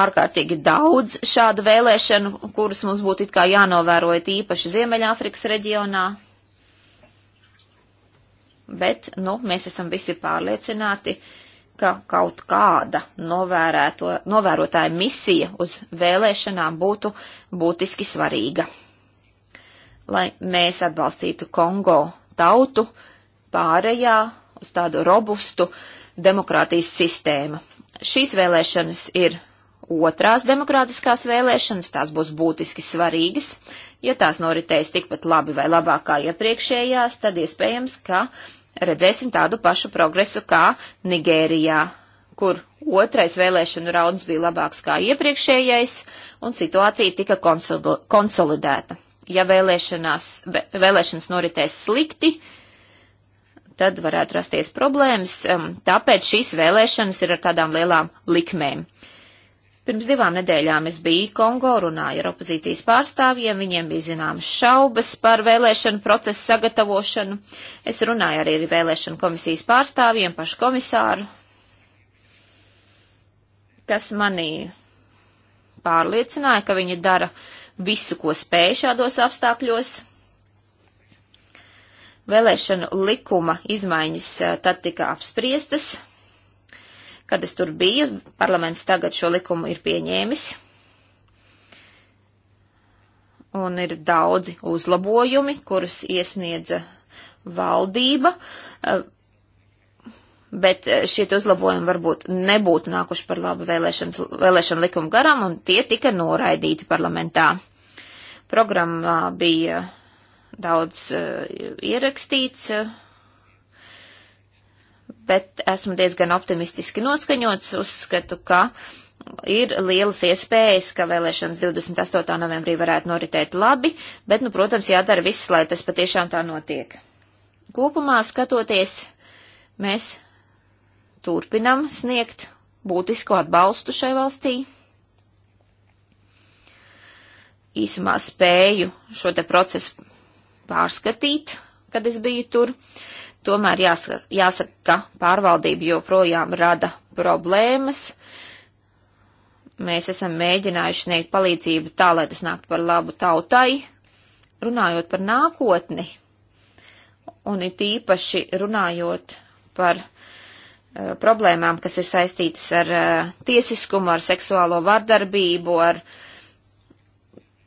ārkārtīgi daudz šādu vēlēšanu, kuras mums būtu it kā jānovērojot īpaši Ziemeļāfrikas reģionā. Bet, nu, mēs esam visi pārliecināti, ka kaut kāda novērēto, novērotāja misija uz vēlēšanām būtu būtiski svarīga. Lai mēs atbalstītu Kongo tautu pārējā uz tādu robustu demokrātijas sistēmu. Šīs vēlēšanas ir otrās demokrātiskās vēlēšanas, tās būs būtiski svarīgas. Ja tās noritēs tikpat labi vai labāk kā iepriekšējās, tad iespējams, ka redzēsim tādu pašu progresu kā Nigērijā, kur otrais vēlēšanu rauns bija labāks kā iepriekšējais un situācija tika konsolidēta. Ja vēlēšanās, vēlēšanas noritēs slikti, tad varētu rasties problēmas, um, tāpēc šīs vēlēšanas ir ar tādām lielām likmēm. Pirms divām nedēļām es biju Kongo, runāju ar opozīcijas pārstāvjiem, viņiem bija zināmas šaubas par vēlēšanu procesu sagatavošanu. Es runāju arī ar vēlēšanu komisijas pārstāvjiem, pašu komisāru, kas manī pārliecināja, ka viņi dara visu, ko spēj šādos apstākļos, Vēlēšanu likuma izmaiņas tad tika apspriestas. Kad es tur biju, parlaments tagad šo likumu ir pieņēmis. Un ir daudzi uzlabojumi, kurus iesniedza valdība bet šie uzlabojumi varbūt nebūtu nākuši par labu vēlēšanu likumu garam, un tie tika noraidīti parlamentā. Programmā bija daudz uh, ierakstīts, eh, bet esmu diezgan optimistiski noskaņots, uzskatu, ka ir lielas iespējas, ka vēlēšanas 28. novembrī varētu noritēt labi, bet, nu, protams, jādara viss, lai tas patiešām tā notiek. Kopumā skatoties, mēs turpinam sniegt būtisku atbalstu šai valstī. Īsumā spēju šo te procesu pārskatīt, kad es biju tur. Tomēr jāsaka, jāsaka ka pārvaldība joprojām rada problēmas. Mēs esam mēģinājuši sniegt palīdzību tā, lai tas nāktu par labu tautai, runājot par nākotni, un it īpaši runājot par uh, problēmām, kas ir saistītas ar uh, tiesiskumu, ar seksuālo vardarbību, ar uh,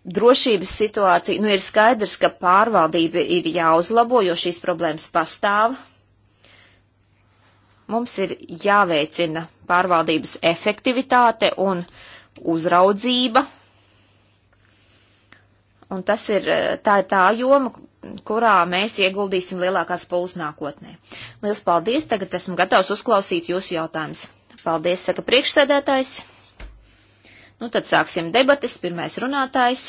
drošības situācija, nu ir skaidrs, ka pārvaldība ir jāuzlabo, jo šīs problēmas pastāv. Mums ir jāveicina pārvaldības efektivitāte un uzraudzība. Un tas ir tā, ir tā joma, kurā mēs ieguldīsim lielākās pulas nākotnē. Lielas paldies, tagad esmu gatavs uzklausīt jūsu jautājumus. Paldies, saka priekšsēdētājs. Nu tad sāksim debatas. Pirmais runātājs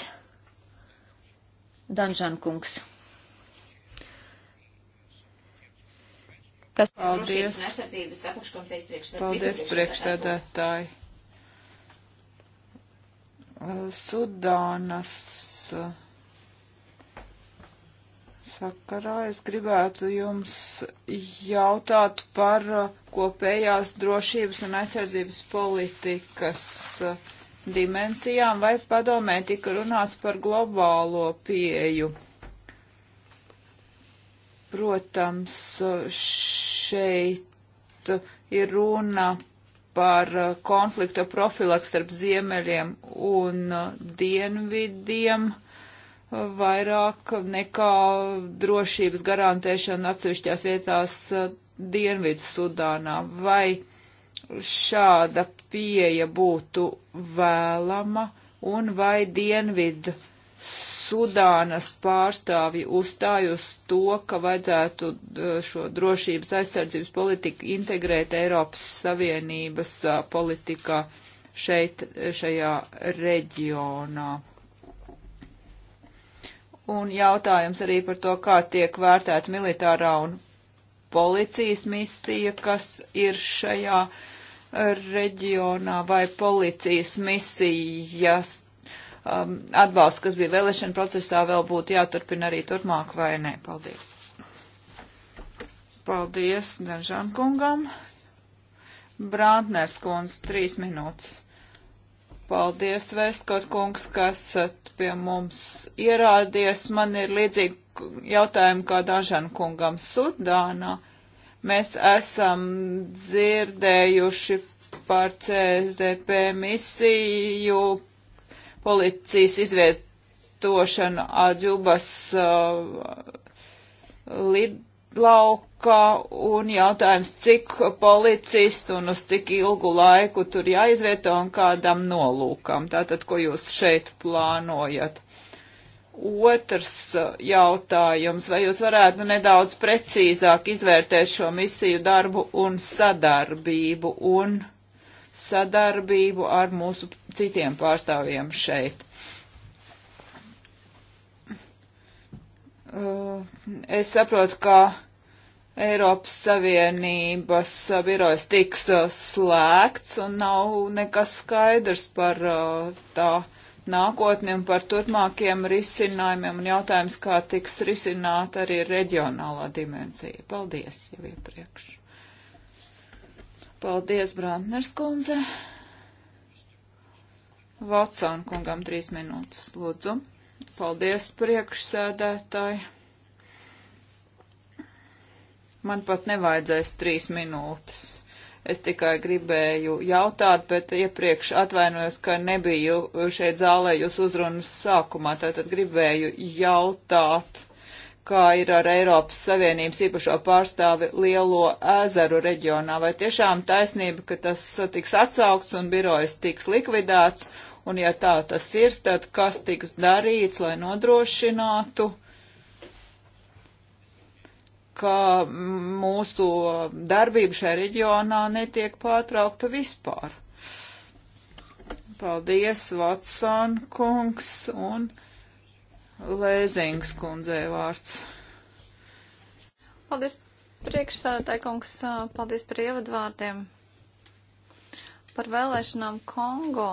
- Danžan kungs. Kas Paldies. Paldies, priekšsēdētāji. Sudānas eh, sakarā es gribētu jums jautāt par eh, kopējās drošības un aizsardzības politikas uh, dimensijām, vai padomē tika runāts par globālo pieju. Protams, šeit ir runa par konflikta profilaks starp ziemeļiem un dienvidiem vairāk nekā drošības garantēšana atsevišķās vietās Dienvidu Sudānā. Vai šāda pieeja būtu vēlama un vai Dienvidu Sudānas pārstāvji uzstāj uz to, ka vajadzētu uh, šo drošības aizsardzības politiku integrēt Eiropas Savienības uh, politikā šeit, uh, šajā reģionā. Un jautājums arī par to, kā tiek vērtēta militārā un policijas misija, kas ir šajā reģionā reģionā vai policijas misijas um, atbalsts, kas bija vēlēšana procesā, vēl būtu jāturpina arī turpmāk vai nē. Paldies. Paldies Danžan kungam. Brāntners kundz, trīs minūtes. Paldies, Vēskot kungs, kas pie mums ierādies. Man ir līdzīgi jautājumi kā Danžan kungam Sudānā. Uh, Mēs esam dzirdējuši par CSDP misiju policijas izvietošanu Aģubas uh, lidlaukā un jautājums, cik policistu un uz cik ilgu laiku tur jāizvieto un kādam nolūkam. Tātad, ko jūs šeit plānojat? Otrs uh, jautājums, vai jūs varētu nu, nedaudz precīzāk izvērtēt šo misiju darbu un sadarbību un sadarbību ar mūsu citiem pārstāvjiem šeit? Uh, es saprotu, ka Eiropas Savienības birojas tiks uh, slēgts un nav nekas skaidrs par tā nākotni un par turpmākiem risinājumiem un jautājums, kā tiks risināta arī reģionālā dimensija. Paldies jau iepriekš. Paldies, Brantners kundze. Vatsāna kungam trīs minūtes, lūdzu. Paldies, priekšsēdētāji. Man pat nevajadzēs trīs minūtes. Es tikai gribēju jautāt, bet iepriekš atvainojos, ka nebiju šeit zālē jūs uzrunas sākumā, tātad gribēju jautāt, kā ir ar Eiropas Savienības īpašo pārstāvi Lielo ezeru reģionā. Vai tiešām taisnība, ka tas tiks atsaukts un birojas tiks likvidēts? Un ja tā tas ir, tad kas tiks darīts, lai nodrošinātu? ka mūsu darbība šajā reģionā netiek pārtraukta vispār. Paldies, Vatsan kungs un Lēzings kundzei vārds. Paldies, priekšsēdētāji kungs, paldies par ievadvārdiem. Par vēlēšanām Kongo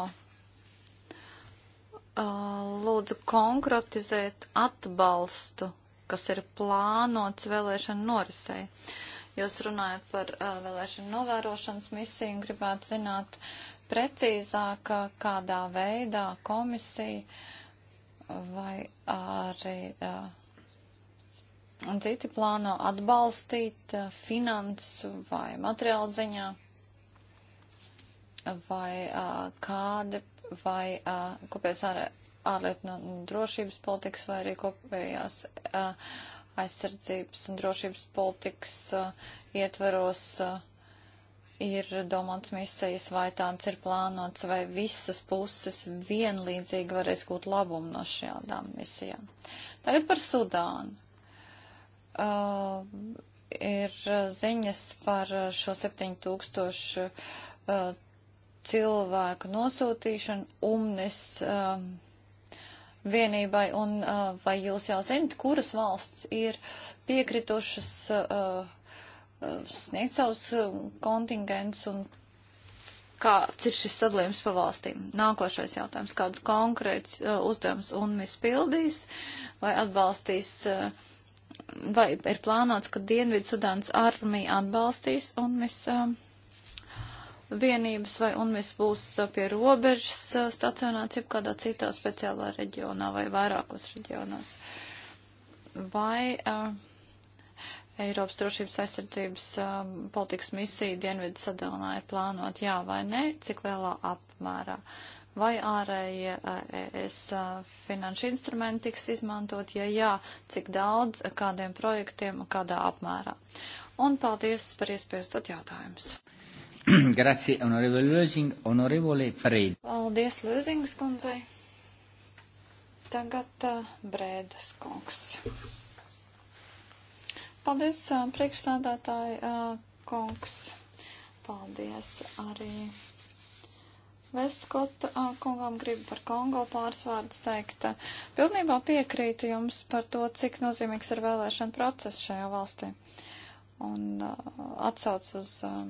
lūdzu konkretizēt atbalstu kas ir plānots vēlēšana norisei. Jūs runājat par uh, vēlēšanu novērošanas misiju un gribētu zināt precīzāk, kādā veidā komisija vai arī uh, un citi plāno atbalstīt uh, finansu vai materiālu ziņā vai uh, kādi vai uh, kopējas ārējās ārlietu no drošības politikas vai arī kopējās aizsardzības un drošības politikas ietveros ir domāts misijas, vai tāds ir plānots, vai visas puses vienlīdzīgi varēs gūt labumu no šādām misijām. Tagad par Sudānu. Uh, ir ziņas par šo 7000 uh, cilvēku nosūtīšanu. Umnes uh, vienībai, un uh, vai jūs jau zinat, kuras valsts ir piekritušas uh, uh sniegt savus uh, kontingents un kāds ir šis sadalījums pa valstīm. Nākošais jautājums, kāds konkrēts uh, uzdevums UNMIS pildīs vai atbalstīs, uh, vai ir plānots, ka Dienvidu Sudānas armija atbalstīs UNMIS uh, vienības vai UNMIS būs uh, pie robežas uh, stacionēts jau kādā citā speciālā reģionā vai vairākos reģionos. Vai uh, Eiropas drošības aizsardzības um, politikas misija Dienvidu sadalnā ir plānot jā vai nē, cik lielā apmērā. Vai ārējie uh, ES finanšu instrumenti tiks izmantot, ja jā, cik daudz, kādiem projektiem un kādā apmērā. Un paldies par iespēju stot jautājumus. Grazie, onorevole Lözing, onorevole Prēd. Paldies, Lözings kundzei. Tagad uh, Brēdas kungs. Paldies, uh, priekšsādātāji uh, kungs. Paldies arī Vestkota uh, kungam gribu par Kongo pāris vārdus teikt. Pilnībā piekrītu jums par to, cik nozīmīgs ir vēlēšana process šajā valstī. Un uh, atsauc uz. Uh,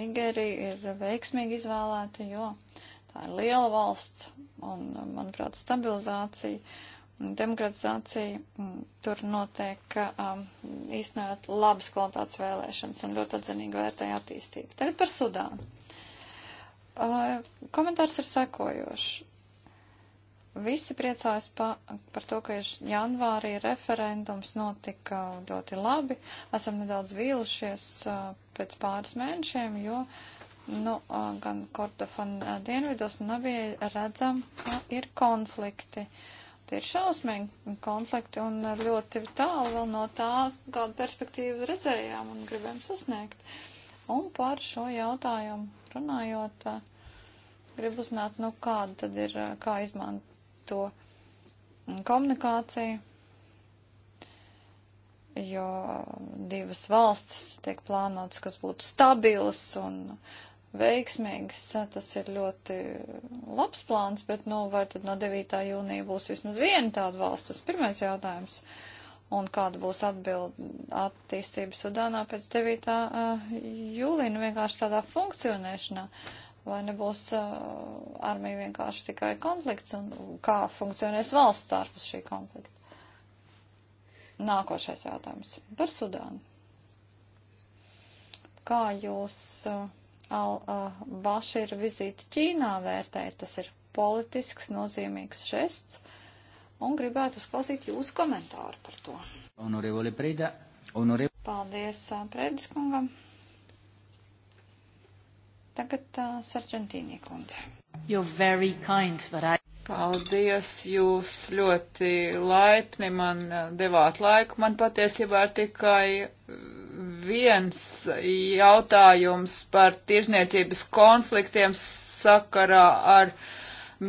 Nigerija ir veiksmīgi izvēlēta, jo tā ir liela valsts un, manuprāt, stabilizācija un demokratizācija m, tur notiek um, īstenojot labas kvalitātes vēlēšanas un ļoti atzinīgi vērtēja attīstību. Tagad par Sudānu. Uh, komentārs ir sekojošs. Visi priecājas pa, par to, ka janvārī referendums notika ļoti labi. Esam nedaudz vīlušies pēc pāris mēnešiem, jo nu, gan Kordofana dienvidos un abie redzam, ka ir konflikti. Tie ir šausmīgi konflikti un ļoti tālu vēl no tā, kādu perspektīvu redzējām un gribējām sasniegt. Un par šo jautājumu runājot, gribu zināt, nu kāda tad ir, kā izmantot to komunikāciju, jo divas valstis tiek plānotas, kas būtu stabilas un veiksmīgas. Tas ir ļoti labs plāns, bet, nu, vai tad no 9. jūnija būs vismaz viena tāda valsts? Tas pirmais jautājums. Un kāda būs atbild attīstība Sudānā pēc 9. jūlija, nu vienkārši tādā funkcionēšanā. Uh, Vai nebūs uh, armija vienkārši tikai konflikts un kā funkcionēs valsts ārpus šī konflikta? Nākošais jautājums par Sudānu. Kā jūs uh, Al-Bašīra uh, vizīti Ķīnā vērtējat? Tas ir politisks, nozīmīgs žests un gribētu uzklausīt jūsu komentāru par to. Honorevole Preda, honorevole. Paldies, Prēdiskungam. Uh, Tagad uh, Sargentīnie kundze. You're very kind, but I... Paldies, jūs ļoti laipni man devāt laiku. Man patiesībā ir tikai viens jautājums par tirzniecības konfliktiem sakarā ar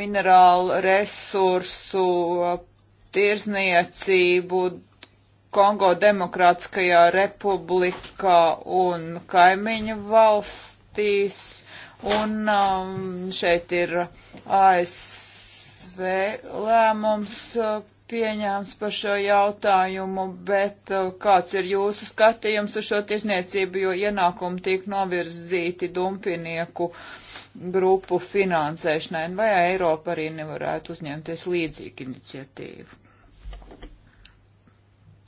minerālu resursu tirzniecību Kongo Demokrātiskajā republikā un kaimiņu valsts valstīs, un um, šeit ir ASV lēmums uh, pieņēms par šo jautājumu, bet uh, kāds ir jūsu skatījums uz šo tiesniecību, jo ienākumi tiek novirzīti dumpinieku grupu finansēšanai, vai Eiropa arī nevarētu uzņemties līdzīgu iniciatīvu?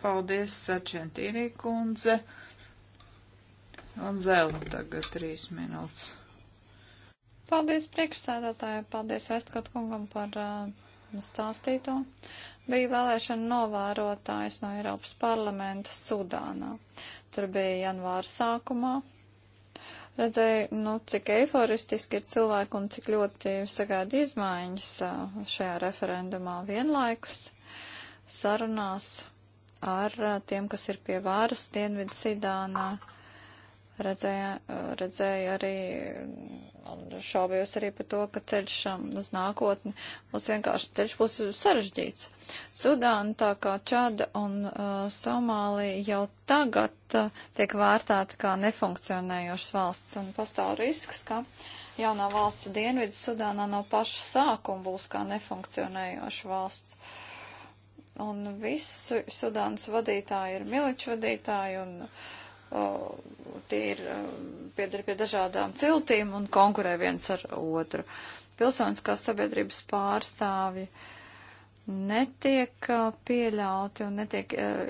Paldies, Sarčentīnī kundze. Un zēla tagad trīs minūtes. Paldies priekšsēdētāji, paldies Vestkot kungam par uh, stāstīto. Bija vēlēšana novērotājs no Eiropas parlamenta Sudānā. Tur bija janvāra sākumā. Redzēju, nu, cik eiforistiski ir cilvēki un cik ļoti sagaida izmaiņas uh, šajā referendumā vienlaikus sarunās ar uh, tiem, kas ir pie vāras Dienvidu Sidānā redzēja, redzēja arī un šaubījos arī par to, ka ceļš um, uz nākotni būs vienkārši ceļš būs sarežģīts. Sudāna, tā kā Čada un uh, Somālija jau tagad uh, tiek vērtēta kā nefunkcionējošas valsts un pastāv risks, ka jaunā valsts dienvidu Sudānā no paša sākuma būs kā nefunkcionējoša valsts. Uh, un visi Sudānas vadītāji ir miliču vadītāji un uh, Uh, tie ir um, piedar pie dažādām ciltīm un konkurē viens ar otru. Pilsoniskās sabiedrības pārstāvji netiek uh, pieļauti un netiek uh,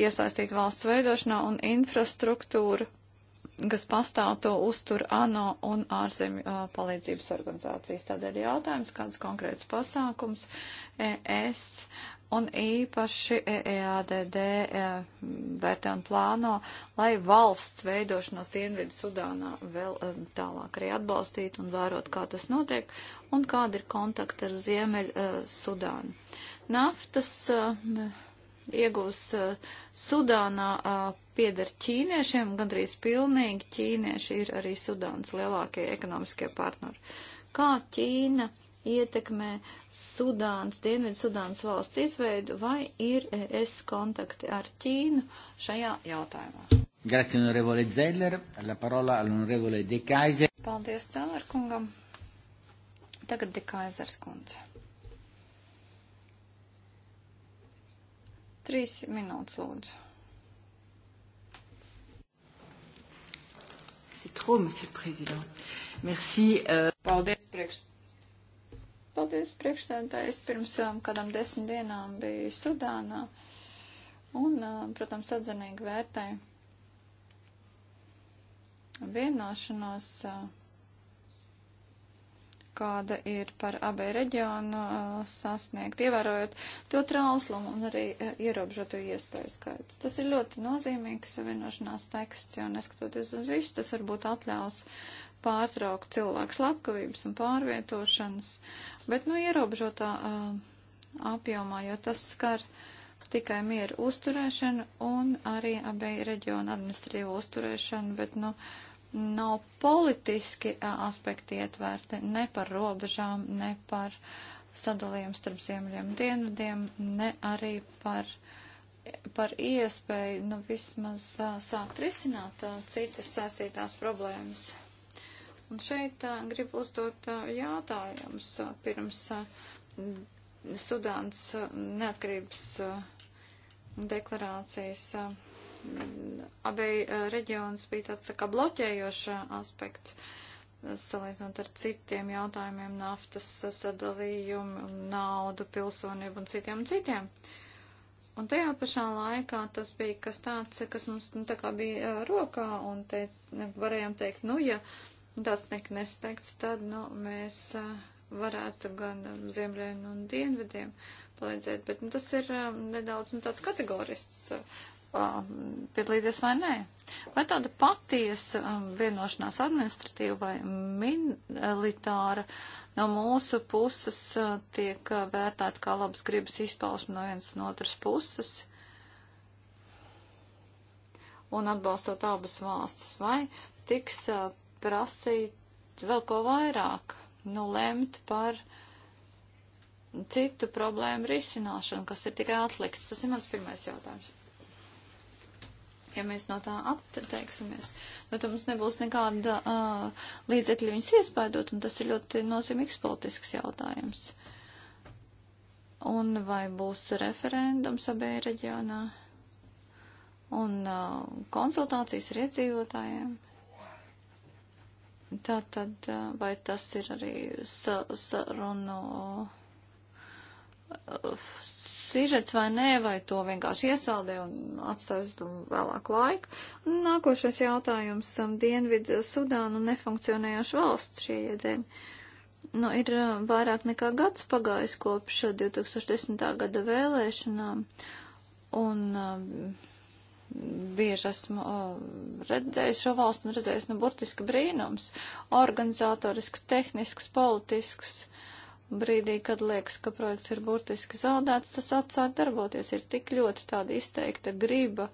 iesaistīti valsts veidošanā un infrastruktūra, kas pastāv to uztur ANO un ārzemju palīdzības organizācijas. Tādēļ jautājums, kāds konkrēts pasākums es un īpaši EADD e e, vērtē un plāno, lai valsts veidošanos Dienvidu Sudānā vēl e, tālāk arī atbalstītu un vērot, kā tas notiek un kāda ir kontakta ar Ziemeļu Sudānu. Naftas iegūs Sudānā pieder ķīniešiem, gandrīz pilnīgi ķīnieši ir arī Sudānas lielākie ekonomiskie partneri. Kā Ķīna ietekmē Sudāns, Dienvidsudāns valsts izveidu, vai ir es kontakti ar Ķīnu šajā jautājumā? Grazie, onorevole Zeller. La parola all'onorevole De Kaiser. Paldies, Zeller kungam. Tagad De Kaisers kundze. Trīs minūtes, lūdzu. C'est trop, monsieur le président. Merci. Euh... Paldies, priekšstādā. Paldies priekšstādātāji. Es pirms um, kādām desmit dienām biju Sudānā un, um, protams, atzinīgi vērtēju vienošanos, uh, kāda ir par abē reģionu uh, sasniegt, ievērojot to trauslumu un arī uh, ierobežotu iespēju skaits. Tas ir ļoti nozīmīgs vienošanās teksts, jo neskatoties uz visu, tas varbūt atļaus pārtraukt cilvēku slepkavības un pārvietošanas bet, nu, ierobežotā apjomā, jo tas skar tikai mieru uzturēšanu un arī abie reģionu administratīvo uzturēšanu, bet, nu, nav politiski aspekti ietvērti ne par robežām, ne par sadalījumu starp ziemeļiem dienvidiem, ne arī par, par iespēju, nu, vismaz sākt risināt citas saistītās problēmas. Un šeit uh, gribu uzdot uh, jautājumus uh, pirms uh, Sudāns uh, neatkarības uh, deklarācijas. Uh, Abei uh, reģions bija tāds tā kā bloķējošs uh, aspekts. Uh, salīdzinot ar citiem jautājumiem, naftas sadalījumu, naudu, pilsonību un citiem un citiem. Un tajā pašā laikā tas bija kas tāds, kas mums nu, tā kā bija rokā, un te varējām teikt, nu, ja un nu, tās tika nesniegts, tad, nu, mēs varētu gan ziemļiem un dienvidiem palīdzēt, bet, nu, tas ir nedaudz, nu, tāds kategorisks piedalīties vai nē. Vai tāda patiesa vienošanās administratīva vai militāra no mūsu puses tiek vērtēta kā labas gribas izpausme no vienas un otras puses? Un atbalstot abas valstis, vai tiks prasīt vēl ko vairāk, nu, lemt par citu problēmu risināšanu, kas ir tikai atlikts. Tas ir mans pirmais jautājums. Ja mēs no tā atteiksimies, nu, tad mums nebūs nekāda uh, līdzekļa viņus iespaidot, un tas ir ļoti nozīmīgs politisks jautājums. Un vai būs referendums abē reģionā? Un uh, konsultācijas ar iedzīvotājiem? Tā tad, vai tas ir arī sarunu sižets vai nē, vai to vienkārši iesaldē un atstājas vēlāk laiku. Nākošais jautājums - Dienvidu Sudānu nefunkcionējoša valsts šie iedēļi. Nu, ir vairāk nekā gads pagājis kopš 2010. gada vēlēšanām, un uh, bieži esmu redzējis šo valstu un redzējis, nu, burtiski brīnums - organizatorisks, tehnisks, politisks. Brīdī, kad liekas, ka projekts ir burtiski zaudēts, tas atsāk darboties. Ir tik ļoti tāda izteikta griba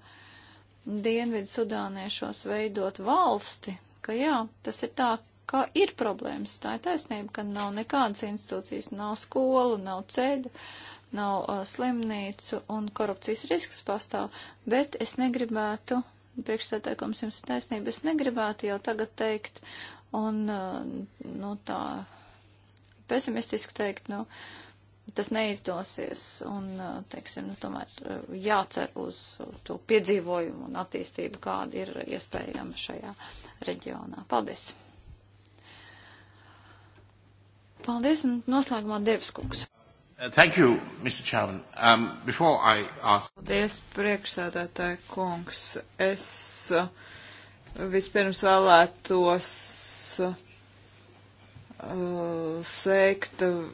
dienvidu sudāniešos veidot valsti, ka jā, tas ir tā, kā ir problēmas. Tā ir taisnība, ka nav nekādas institūcijas, nav skolu, nav ceļu. Uh, nav uh, slimnīcu un korupcijas risks pastāv, bet es negribētu, priekšstādākums jums ir taisnība, es negribētu jau tagad teikt un, uh, nu, tā pesimistiski teikt, nu, tas neizdosies un, uh, teiksim, nu, tomēr uh, jācer uz to piedzīvojumu un attīstību, kāda ir iespējama šajā reģionā. Paldies! Paldies un noslēgumā Dievs kungs! Uh, thank you, Mr. Chairman. Um, before I ask... Paldies, priekšsēdētāji kungs. Es uh, vispirms vēlētos uh, sveikt uh,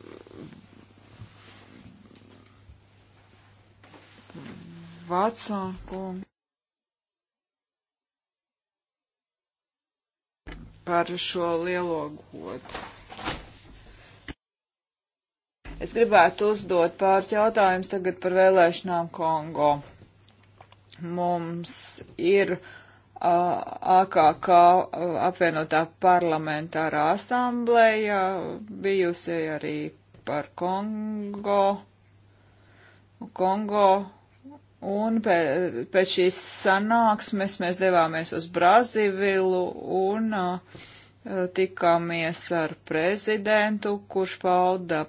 Vatsonu kungu. par šo lielo godu. Es gribētu uzdot pāris jautājumus tagad par vēlēšanām Kongo. Mums ir uh, AKK apvienotā parlamentārā asamblēja bijusi arī par Kongo. Kongo Un pēc, pēc šīs sanāksmes mēs devāmies uz Brazivilu un uh, tikāmies ar prezidentu, kurš pauda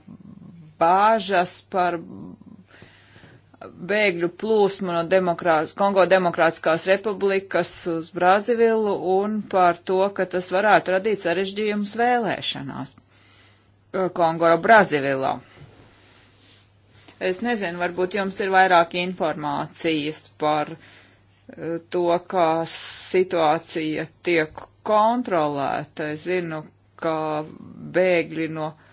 bāžas par bēgļu plūsmu no demokrāts, Kongo Demokrātiskās republikas uz Brazivilu un par to, ka tas varētu radīt sarežģījumus vēlēšanās eh, Kongo Brazivilā. Es nezinu, varbūt jums ir vairāk informācijas par eh, to, kā situācija tiek kontrolēta. Es zinu, ka bēgļi no. Uh,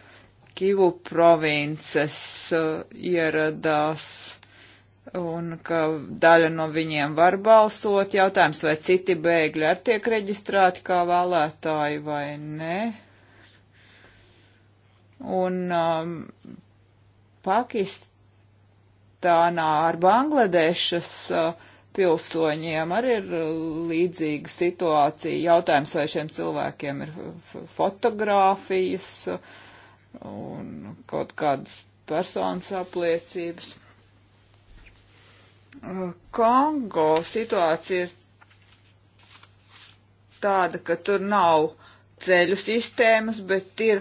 Kivu provinces uh, ieradās un ka daļa no viņiem var balsot. Jautājums, vai citi bēgļi ar tiek reģistrēti kā vēlētāji vai nē. Un um, Pakistānā ar Bangladešas uh, pilsoņiem arī ir uh, līdzīga situācija. Jautājums, vai šiem cilvēkiem ir fotogrāfijas. Uh, un kaut kādas personas apliecības. Uh, Kongo situācija ir tāda, ka tur nav ceļu sistēmas, bet ir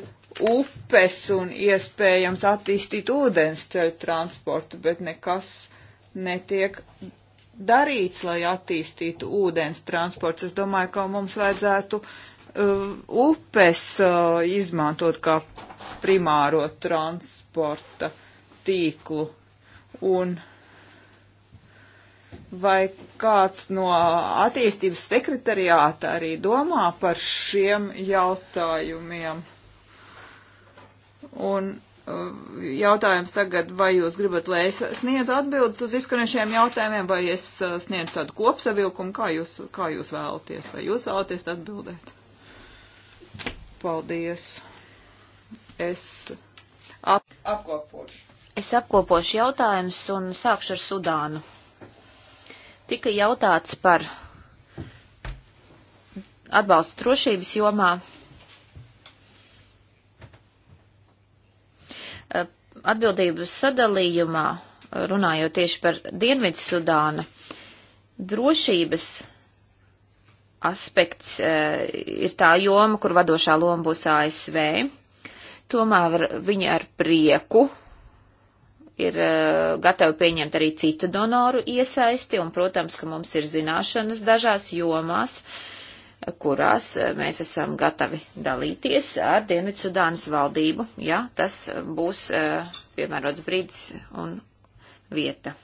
upes un iespējams attīstīt ūdens ceļu transportu, bet nekas netiek darīts, lai attīstītu ūdens transports. Es domāju, ka mums vajadzētu uh, upes uh, izmantot kā primāro transporta tīklu. Un vai kāds no attīstības sekretariāta arī domā par šiem jautājumiem? Un uh, jautājums tagad, vai jūs gribat, lai es sniedzu atbildes uz izskanējušiem jautājumiem, vai es uh, sniedzu tādu kopsavilkumu, kā jūs, kā jūs vēlaties, vai jūs vēlaties atbildēt? Paldies! Es ap apkopošu. Es apkopošu jautājumus un sākšu ar Sudānu. Tika jautāts par atbalstu drošības jomā. Atbildības sadalījumā, runājot tieši par Dienvidu Sudānu, drošības aspekts eh, ir tā joma, kur vadošā loma būs ASV Tomēr viņi ar prieku ir eh, gatavi pieņemt arī citu donoru iesaisti, un, protams, ka mums ir zināšanas dažās jomās, kurās eh, mēs esam gatavi dalīties ar Dienvidsudānas valdību, ja tas būs eh, piemērots brīdis un vieta.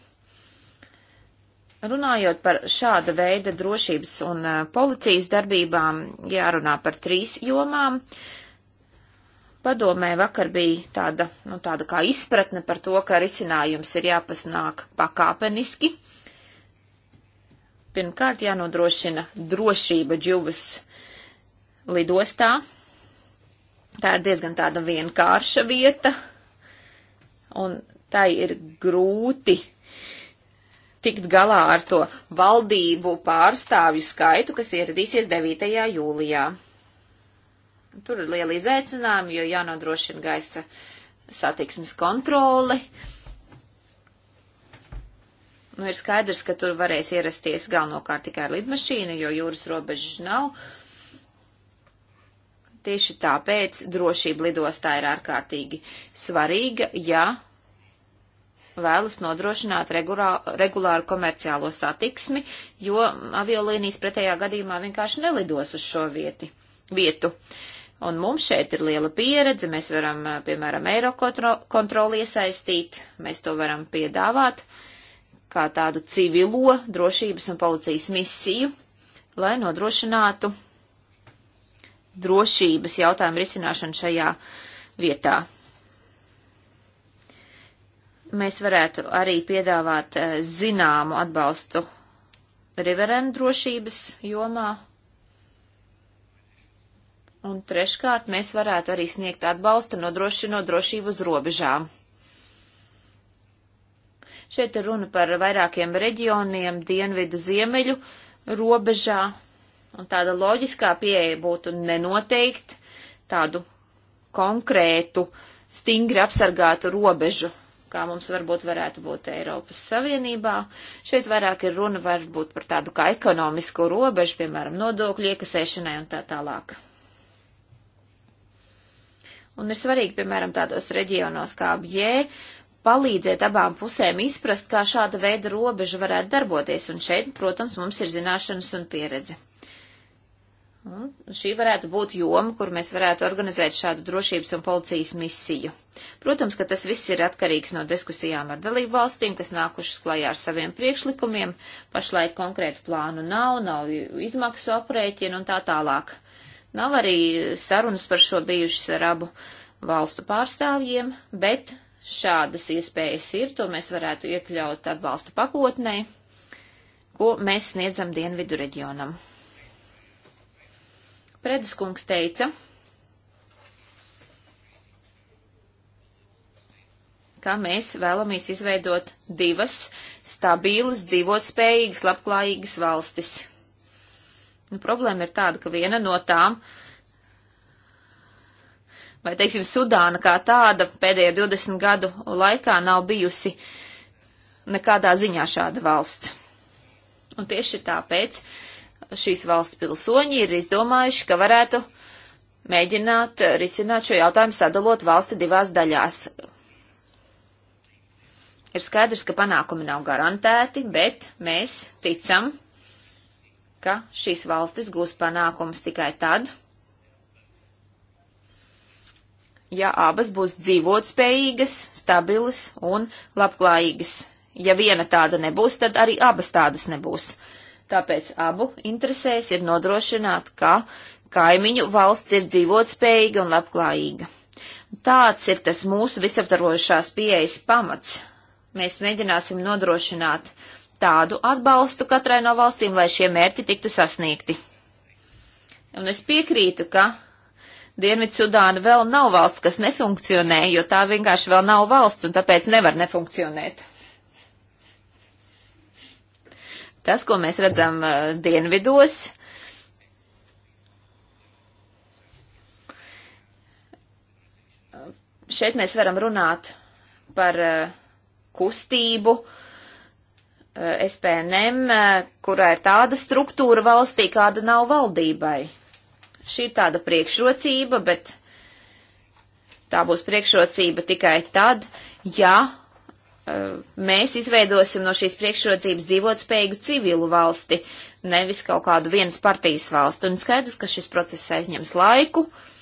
Runājot par šāda veida drošības un policijas darbībām, jārunā par trīs jomām. Uh, Padomē vakar bija tāda, nu, tāda kā izpratne par to, ka risinājums ir jāpasnāk pakāpeniski. Pirmkārt, jānodrošina drošība džuvas lidostā. Tā ir diezgan tāda vienkārša vieta, un tai ir grūti tikt galā ar to valdību pārstāvju skaitu, kas ieradīsies 9. jūlijā. Tur ir liela izaicinājuma, jo jānodrošina gaisa satiksmes kontroli. Nu, ir skaidrs, ka tur varēs ierasties galvenokārt tikai ar lidmašīnu, jo jūras robežas nav. Tieši tāpēc drošība lidostā ir ārkārtīgi svarīga, ja vēlas nodrošināt regulā, regulāru komerciālo satiksmi, jo aviolīnijas pretējā gadījumā vienkārši nelidos uz šo vieti, vietu. Uh, Un mums šeit ir liela pieredze, mēs varam, piemēram, Eirokontroli iesaistīt, mēs to varam piedāvāt kā tādu civilo drošības un policijas misiju, lai nodrošinātu drošības jautājumu risināšanu šajā vietā. Mēs varētu arī piedāvāt zināmu atbalstu riverēnu drošības jomā Un treškārt, mēs varētu arī sniegt atbalstu nodrošinot drošību uz robežām. Šeit ir runa par vairākiem reģioniem dienvidu ziemeļu robežā, un tāda loģiskā pieeja būtu nenoteikt tādu konkrētu, stingri apsargātu robežu, kā mums varbūt varētu būt Eiropas Savienībā. Šeit vairāk ir runa varbūt par tādu kā ekonomisko robežu, piemēram, nodokļu iekasēšanai un tā tālāk. Un ir svarīgi, piemēram, tādos reģionos kā Bjē, palīdzēt abām pusēm izprast, kā šāda veida robeža varētu darboties, un šeit, protams, mums ir zināšanas un pieredze. Un šī varētu būt joma, kur mēs varētu organizēt šādu drošības un policijas misiju. Protams, ka tas viss ir atkarīgs no diskusijām ar dalību valstīm, kas nākušas klajā ar saviem priekšlikumiem, pašlaik konkrētu plānu nav, nav izmaksu aprēķinu un tā tālāk. Nav arī sarunas par šo bijušas ar abu valstu pārstāvjiem, bet šādas iespējas ir, to mēs varētu iekļaut atbalsta pakotnē, ko mēs sniedzam Dienvidu reģionam. Predeskungs teica, ka mēs vēlamies izveidot divas stabilas, dzīvotspējīgas, labklājīgas valstis Nu, problēma ir tāda, ka viena no tām, vai teiksim, Sudāna kā tāda pēdējo 20 gadu laikā nav bijusi nekādā ziņā šāda valsts. Un tieši tāpēc šīs valsts pilsoņi ir izdomājuši, ka varētu mēģināt risināt šo jautājumu sadalot valsti divās daļās. Ir skaidrs, ka panākumi nav garantēti, bet mēs ticam, ka šīs valstis gūs panākumus tikai tad, ja abas būs dzīvotspējīgas, stabilas un labklājīgas. Ja viena tāda nebūs, tad arī abas tādas nebūs. Tāpēc abu interesēs ir nodrošināt, ka kaimiņu valsts ir dzīvotspējīga un labklājīga. Tāds ir tas mūsu visaptarojušās pieejas pamats. Mēs mēģināsim nodrošināt uh, tādu atbalstu katrai no valstīm, lai šie mērķi tiktu sasniegti. Un es piekrītu, ka Dienvidsudāna vēl nav valsts, kas nefunkcionē, jo tā vienkārši vēl nav valsts un tāpēc nevar nefunkcionēt. Tas, ko mēs redzam uh, dienvidos, šeit mēs varam runāt par uh, kustību, uh, Eh, SPNM, eh, kurā ir tāda struktūra valstī, kāda nav valdībai. Šī ir tāda priekšrocība, bet tā būs priekšrocība tikai tad, ja eh, mēs izveidosim no šīs priekšrocības dzīvotspējīgu civilu valsti, nevis kaut kādu vienas partijas valsti. Un skaidrs, ka šis process aizņems laiku. Uh,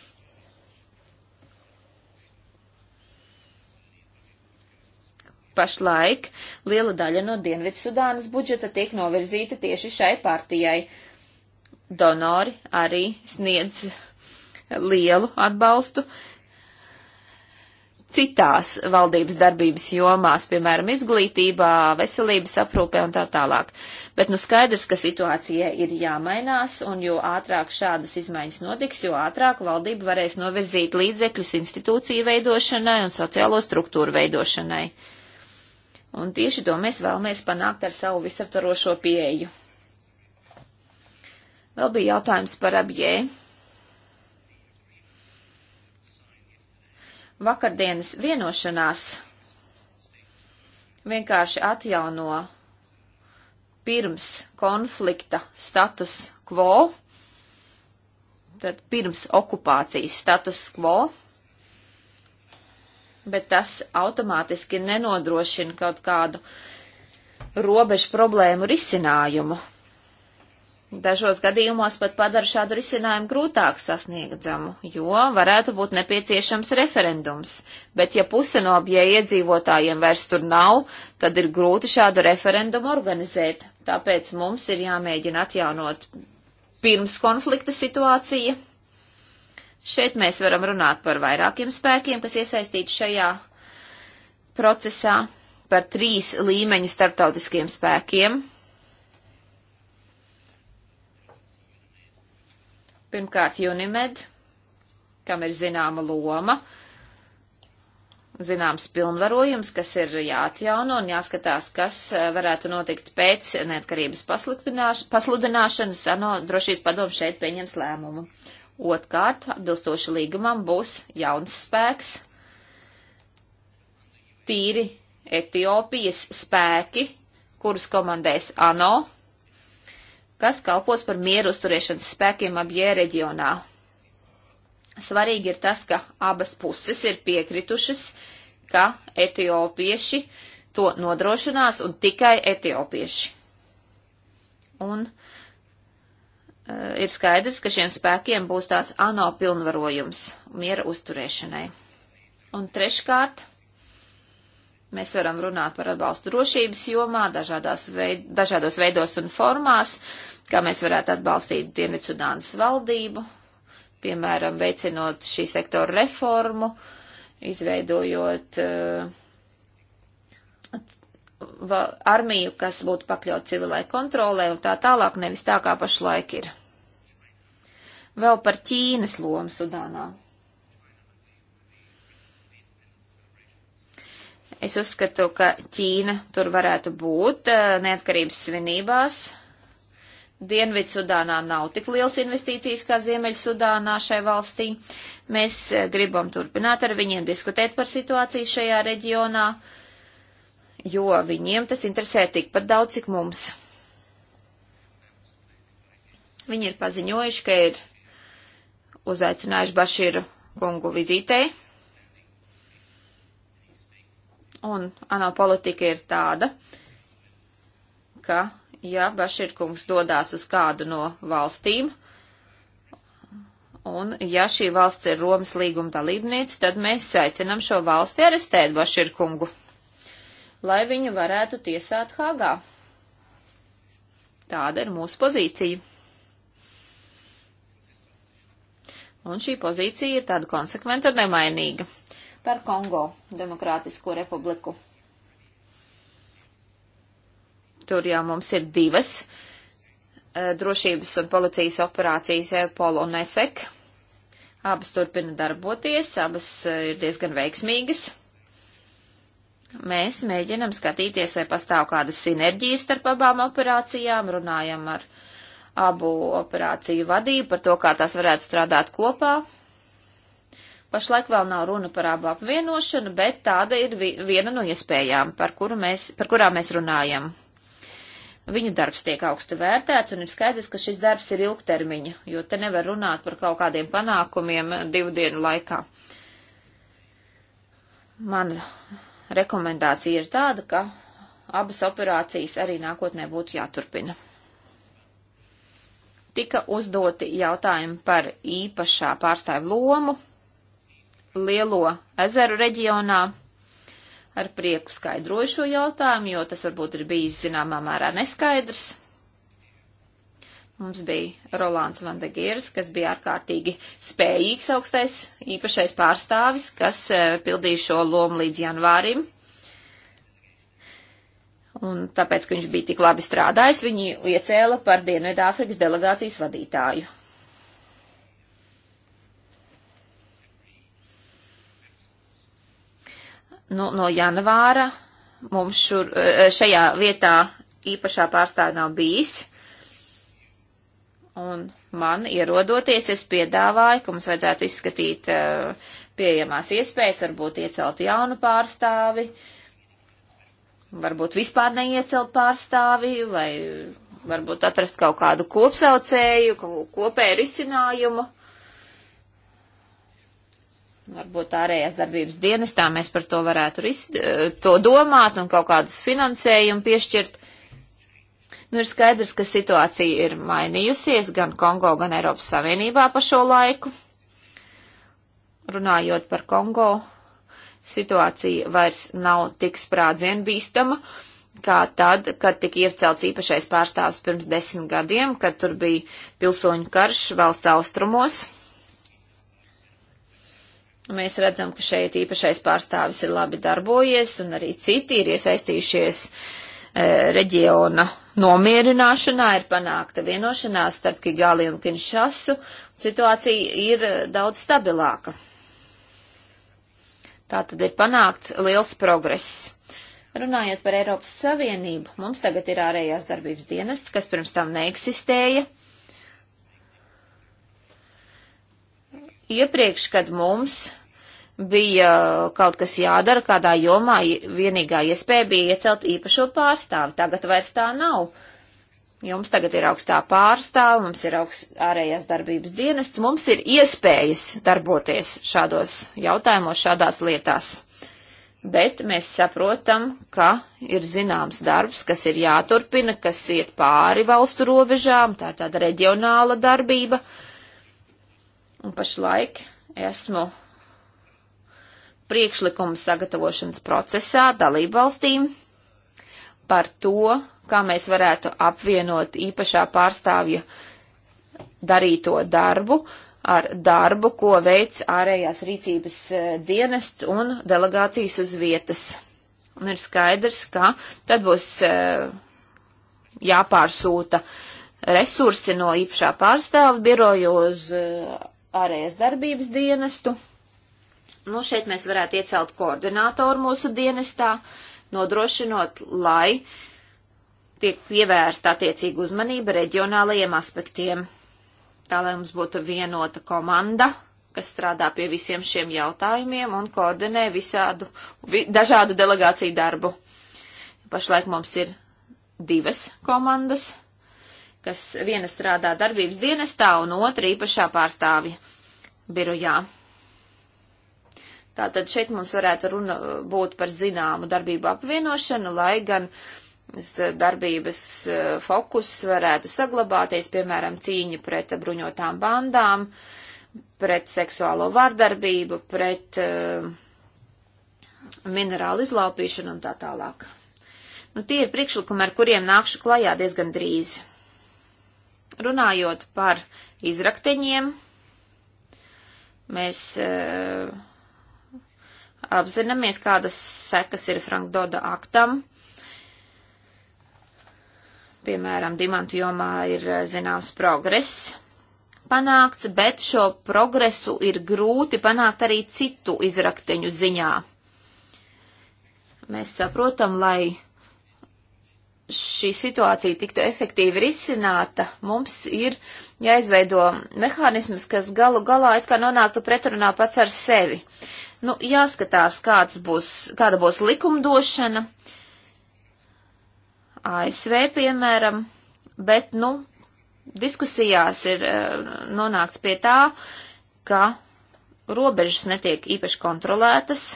pašlaik liela daļa no Dienvidsudānas budžeta tiek novirzīta tieši šai partijai. Donori arī sniedz lielu atbalstu citās valdības darbības jomās, piemēram, izglītībā, veselības aprūpē un tā tālāk. Bet nu skaidrs, ka situācijai ir jāmainās, un jo ātrāk šādas izmaiņas notiks, jo ātrāk valdība varēs novirzīt līdzekļus institūciju veidošanai un sociālo struktūru veidošanai. Un tieši to mēs vēlamies panākt ar savu visaptvarošo pieeju. Vēl bija jautājums par abjē. Vakardienas vienošanās vienkārši atjauno pirms konflikta status quo, tad pirms okupācijas status quo bet tas automātiski nenodrošina kaut kādu robežu problēmu risinājumu. Dažos gadījumos pat padara šādu risinājumu grūtāk sasniegdzamu, jo varētu būt nepieciešams referendums, bet ja puse no abie iedzīvotājiem vairs tur nav, tad ir grūti šādu referendumu organizēt. Tāpēc mums ir jāmēģina atjaunot pirms konflikta situācija Šeit mēs varam runāt par vairākiem spēkiem, kas iesaistīti šajā procesā, par trīs līmeņu starptautiskiem spēkiem. Pirmkārt, Unimed, kam ir zināma loma, zināms pilnvarojums, kas ir jāatjauno un jāskatās, kas eh, varētu notikt pēc neatkarības pasludināšanas. ANO drošības padomu šeit pieņems lēmumu. Uh, Otkārt, atbilstoši līgumam, būs jauns spēks, tīri Etiopijas spēki, kurus komandēs ANO, kas kalpos par mieru uzturēšanas spēkiem abie reģionā. Svarīgi ir tas, ka abas puses ir piekritušas, ka etiopieši to nodrošinās un tikai etiopieši. Un Eh, ir skaidrs, ka šiem spēkiem būs tāds ANO pilnvarojums miera uzturēšanai. Un treškārt, mēs varam runāt par atbalstu drošības jomā, veid, dažādos veidos un formās, kā mēs varētu atbalstīt Dienvidsudānas valdību, piemēram, veicinot šī sektora reformu, izveidojot uh, armiju, kas būtu pakļaut civilai kontrolē un tā tālāk, nevis tā kā pašlaik ir. Vēl par Ķīnas lomu Sudānā. Es uzskatu, ka Ķīna tur varētu būt eh, neatkarības svinībās. Dienvidsudānā nav tik liels investīcijas kā Ziemeļsudānā šai valstī. Mēs eh, gribam turpināt ar viņiem diskutēt par situāciju šajā reģionā. Uh, jo viņiem tas interesē tikpat daudz, cik mums. Viņi ir paziņojuši, ka ir uzaicinājuši Bašīru kungu vizītei. Un ANO politika ir tāda, ka, ja Bašīr kungs dodās uz kādu no valstīm, un ja šī valsts ir Romas līguma dalībniece, tad mēs aicinam šo valsti arestēt Bašīr kungu lai viņu varētu tiesāt Hāgā. Tāda ir mūsu pozīcija. Un šī pozīcija ir tāda konsekventa un nemainīga par Kongo Demokrātisko republiku. Tur jau mums ir divas e, drošības un policijas operācijas EPOL eh, un ESEK. Abas turpina darboties, abas eh, ir diezgan veiksmīgas. Mēs mēģinam skatīties, vai pastāv kāda sinerģija starp abām operācijām, runājam ar abu operāciju vadību par to, kā tās varētu strādāt kopā. Pašlaik vēl nav runa par abu apvienošanu, bet tāda ir viena no iespējām, par, mēs, par kurām mēs runājam. Viņu darbs tiek augstu vērtēts, un ir skaidrs, ka šis darbs ir ilgtermiņa, jo te nevar runāt par kaut kādiem panākumiem divu dienu laikā. Mana rekomendācija ir tāda, ka abas operācijas arī nākotnē būtu jāturpina. Tika uzdoti jautājumi par īpašā pārstāvu lomu lielo ezeru reģionā. Ar prieku skaidroju šo jautājumu, jo tas varbūt ir bijis zināmā mērā neskaidrs. Mums bija Rolands Vandegīrs, kas bija ārkārtīgi spējīgs augstais īpašais pārstāvis, kas e, pildīja šo lomu līdz janvārim. Un tāpēc, ka viņš bija tik labi strādājis, viņi iecēla par Dienvidāfrikas delegācijas vadītāju. Nu, no janvāra mums šur, e, šajā vietā īpašā pārstāvja nav bijis. Un man ierodoties, es piedāvāju, ka mums vajadzētu izskatīt uh, pieejamās iespējas, varbūt iecelt jaunu pārstāvi, varbūt vispār neiecelt pārstāvi, vai varbūt atrast kaut kādu kopsaucēju, kopēju risinājumu. Varbūt ārējās darbības dienestā mēs par to varētu ris, eh, to domāt un kaut kādus finansējumu piešķirt. Nu, ir skaidrs, ka situācija ir mainījusies gan Kongo, gan Eiropas Savienībā pa šo laiku. Runājot par Kongo, situācija vairs nav tik sprādzien bīstama, kā tad, kad tika iecelts īpašais pārstāvs pirms desmit gadiem, kad tur bija pilsoņu karš valsts austrumos. Mēs redzam, ka šeit īpašais pārstāvis ir labi darbojies un arī citi ir iesaistījušies uh, E, reģiona nomierināšanā ir panākta vienošanās starp Kigali un Kinšasu, situācija ir e, daudz stabilāka. Tā tad ir panākts liels progress. Runājot par Eiropas Savienību, mums tagad ir ārējās darbības dienests, kas pirms tam neeksistēja. Iepriekš, kad mums bija uh, kaut kas jādara kādā jomā, vienīgā iespēja bija iecelt īpašo pārstāvu. Tagad vairs tā nav. Jums tagad ir augstā pārstāva, mums ir augst, ārējās darbības dienests, mums ir iespējas darboties šādos jautājumos, šādās lietās. Bet mēs saprotam, ka ir zināms darbs, kas ir jāturpina, kas iet pāri valstu robežām, tā ir tāda reģionāla darbība. Un pašlaik esmu priekšlikumu sagatavošanas procesā dalībvalstīm par to, kā mēs varētu apvienot īpašā pārstāvja darīto darbu ar darbu, ko veic ārējās rīcības eh, dienests un delegācijas uz vietas. Un ir skaidrs, ka tad būs eh, jāpārsūta resursi no īpašā pārstāvja biroju uz eh, ārējās darbības dienestu Nu, šeit mēs varētu iecelt koordinātoru mūsu dienestā, nodrošinot, lai tiek pievērsta attiecīga uzmanība reģionālajiem aspektiem. Tā, lai mums būtu vienota komanda, kas strādā pie visiem šiem jautājumiem un koordinē visādu, vi, dažādu delegāciju darbu. Pašlaik mums ir divas komandas, kas viena strādā darbības dienestā un otra īpašā pārstāvja birojā. Tātad šeit mums varētu runa uh, būt par zināmu darbību apvienošanu, lai gan darbības uh, fokus varētu saglabāties, piemēram, cīņa pret bruņotām bandām, pret seksuālo vardarbību, pret uh, minerālu izlaupīšanu un tā tālāk. Nu, tie ir priekšlikumi, ar kuriem nākšu klajā diezgan drīz. Runājot par izrakteņiem, mēs uh, apzināmies, kādas sekas ir Frank Doda aktam. Piemēram, dimantu jomā ir eh, zināms progress panākts, bet šo progresu ir grūti panākt arī citu izrakteņu ziņā. Mēs saprotam, lai šī situācija tiktu efektīvi risināta, mums ir jāizveido mehānisms, kas galu galā it kā nonāktu pretrunā pats ar sevi. Nu, jāskatās, kāds būs, kāda būs likumdošana ASV, piemēram, bet, nu, diskusijās ir eh, nonākts pie tā, ka robežas netiek īpaši kontrolētas,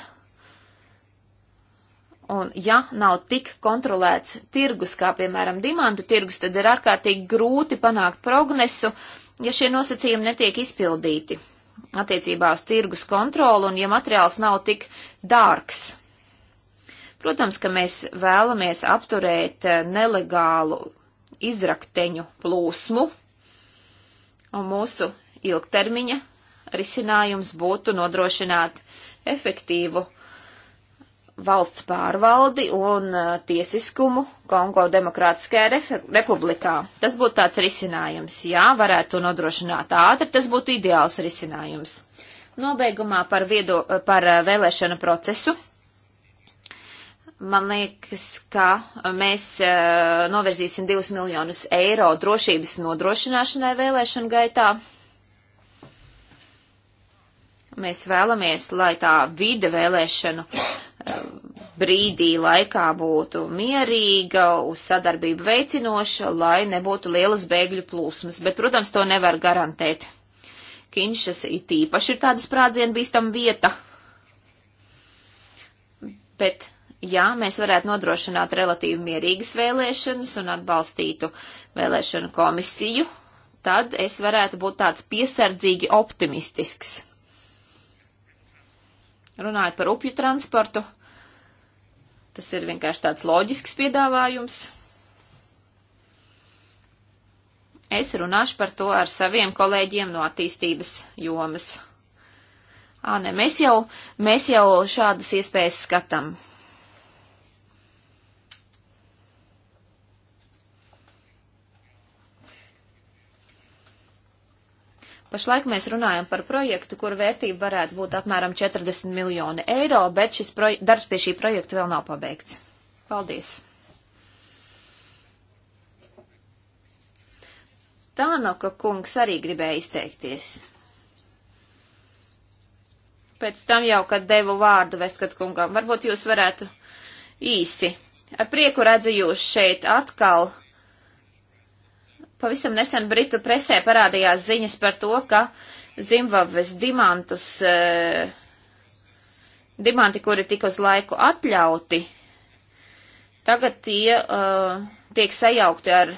Un, ja nav tik kontrolēts tirgus, kā piemēram dimantu tirgus, tad ir ārkārtīgi grūti panākt progresu, ja šie nosacījumi netiek izpildīti attiecībā uz tirgus kontroli un ja materiāls nav tik dārgs. Protams, ka mēs vēlamies apturēt eh, nelegālu izrakteņu plūsmu, un mūsu ilgtermiņa risinājums būtu nodrošināt efektīvu uh, valsts pārvaldi un uh, tiesiskumu Kongo Demokrātiskajā republikā. Tas būtu tāds risinājums. Jā, varētu to nodrošināt ātri, tas būtu ideāls risinājums. Nobeigumā par, viedo, uh, par uh, vēlēšanu procesu. Man liekas, ka mēs novirzīsim 2 miljonus eiro drošības nodrošināšanai vēlēšanu gaitā. Mēs vēlamies, lai tā vide vēlēšanu brīdī laikā būtu mierīga, uz sadarbību veicinoša, lai nebūtu lielas bēgļu plūsmas, bet, protams, to nevar garantēt. Kinšas it īpaši ir tāda sprādzienu bīstama vieta. Bet, jā, mēs varētu nodrošināt relatīvi mierīgas vēlēšanas un atbalstītu vēlēšanu komisiju, tad es varētu būt tāds piesardzīgi optimistisks. Runājot par upju transportu, tas ir vienkārši tāds loģisks piedāvājums. Es runāšu par to ar saviem kolēģiem no attīstības jomas. Ā, ne, mēs jau, mēs jau šādas iespējas skatām. Pašlaik mēs runājam par projektu, kur vērtība varētu būt apmēram 40 miljoni eiro, bet šis darbs pie šī projekta vēl nav pabeigts. Paldies! Tānoka kungs arī gribēja izteikties. Pēc tam jau, kad devu vārdu Veskat kungam, varbūt jūs varētu īsi. Ar prieku redzu jūs šeit atkal. Pavisam nesen Britu presē parādījās ziņas par to, ka Zimbabves dimantus, eh, dimanti, kuri tik uz laiku atļauti, tagad tie uh, tiek sajaukti ar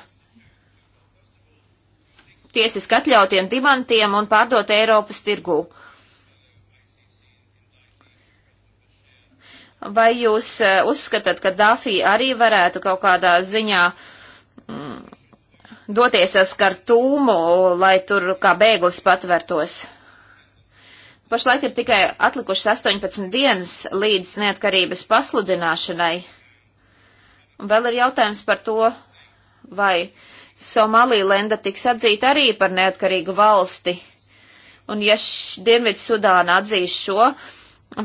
tiesiski atļautiem dimantiem un pārdot Eiropas tirgū. Vai jūs eh, uzskatāt, ka Dafī arī varētu kaut kādā ziņā mm, doties uz kartūmu, lai tur kā bēglis patvertos. Pašlaik ir tikai atlikušas 18 dienas līdz neatkarības pasludināšanai. Un vēl ir jautājums par to, vai Somālīlenda tiks atzīta arī par neatkarīgu valsti. Un ja Dienvidu Sudāna atzīs šo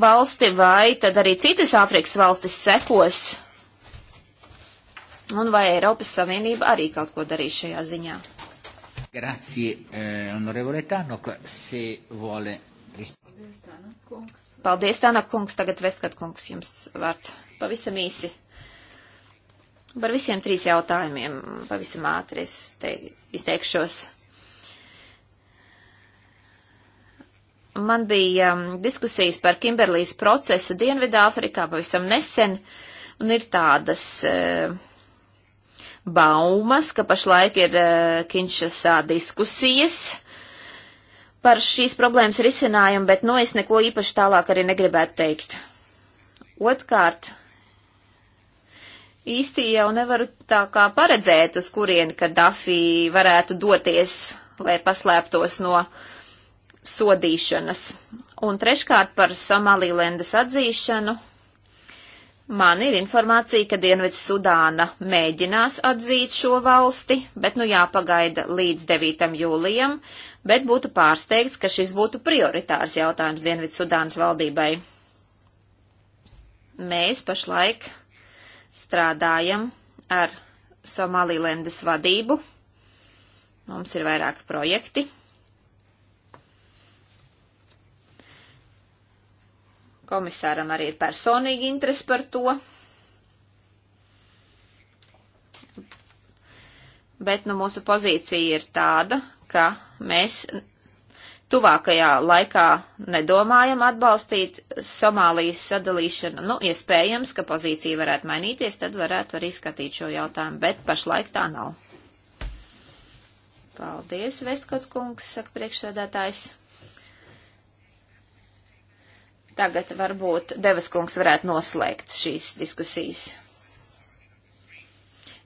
valsti, vai tad arī citas Āfrikas valstis sekos Un vai Eiropas Savienība arī kaut ko darīs šajā ziņā? Grazie, eh, onorevole Tanok, se vuole. Paldies, Tanok kungs, tagad Vestkat kungs, jums vārds pavisam īsi. Par visiem trīs jautājumiem pavisam ātri es te, izteikšos. man bija um, diskusijas par Kimberlīs procesu Dienvidāfrikā pavisam nesen, un ir tādas uh, baumas, ka pašlaik ir eh, Kinšasā diskusijas par šīs problēmas risinājumu, bet nu es neko īpaši tālāk arī negribētu teikt. Otkārt, īsti jau nevaru tā kā paredzēt, uz kurieni, ka Dafī varētu doties, lai paslēptos no sodīšanas. Un treškārt par Somalilendas atzīšanu Man ir informācija, ka Dienvids Sudāna mēģinās atzīt šo valsti, bet nu jāpagaida līdz 9. jūlijam, bet būtu pārsteigts, ka šis būtu prioritārs jautājums Dienvids Sudānas valdībai. Mēs pašlaik strādājam ar Somalilendas vadību. Mums ir vairāki projekti, Komisāram arī ir personīgi interesi par to. Bet nu, mūsu pozīcija ir tāda, ka mēs tuvākajā laikā nedomājam atbalstīt Somālijas sadalīšanu. Nu, iespējams, ka pozīcija varētu mainīties, tad varētu arī skatīt šo jautājumu, bet pašlaik tā nav. Paldies, Veskot kungs, saka priekšsēdētājs. Tagad varbūt Devaskungs varētu noslēgt šīs diskusijas.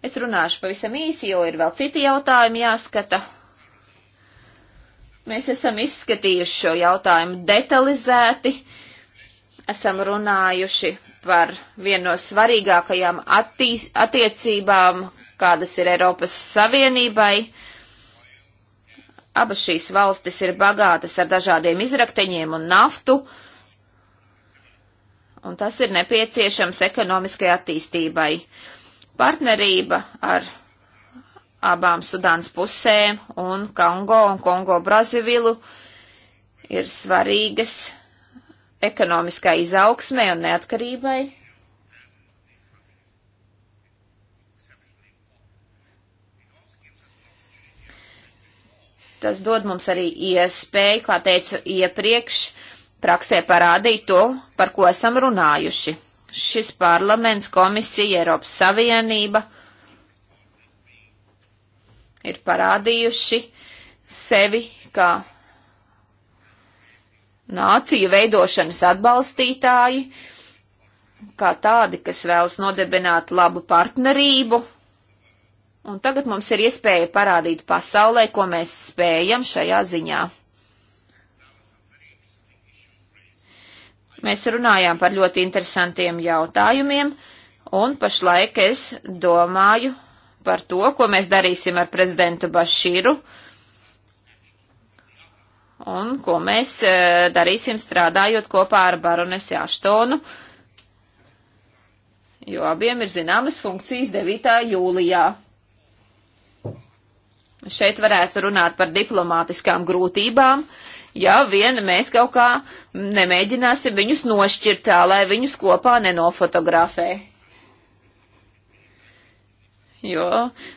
Es runāšu pavisam īsi, jo ir vēl citi jautājumi jāskata. Mēs esam izskatījuši šo jautājumu detalizēti, esam runājuši par vienu no svarīgākajām attiecībām, kādas ir Eiropas Savienībai. Abas šīs valstis ir bagātas ar dažādiem izrakteņiem un naftu. Uh, un tas ir nepieciešams ekonomiskai attīstībai. Partnerība ar abām Sudānas pusēm un Kongo un Kongo Brazivilu ir svarīgas ekonomiskai izaugsmē un neatkarībai. Tas dod mums arī iespēju, kā teicu iepriekš, uh, praksē parādīt to, par ko esam runājuši. Šis parlaments, komisija, Eiropas Savienība ir parādījuši sevi kā nāciju veidošanas atbalstītāji, kā tādi, kas vēlas nodibināt labu partnerību. Un tagad mums ir iespēja parādīt pasaulē, ko mēs spējam šajā ziņā. Mēs runājām par ļoti interesantiem jautājumiem, un pašlaik es domāju par to, ko mēs darīsim ar prezidentu Bašīru un ko mēs e, darīsim strādājot kopā ar baronesi Aštonu, jo abiem ir zināmas funkcijas 9. jūlijā. Šeit varētu runāt par diplomātiskām grūtībām, uh, ja vien mēs kaut kā nemēģināsim viņus nošķirt tā, lai viņus kopā nenofotografē. Jo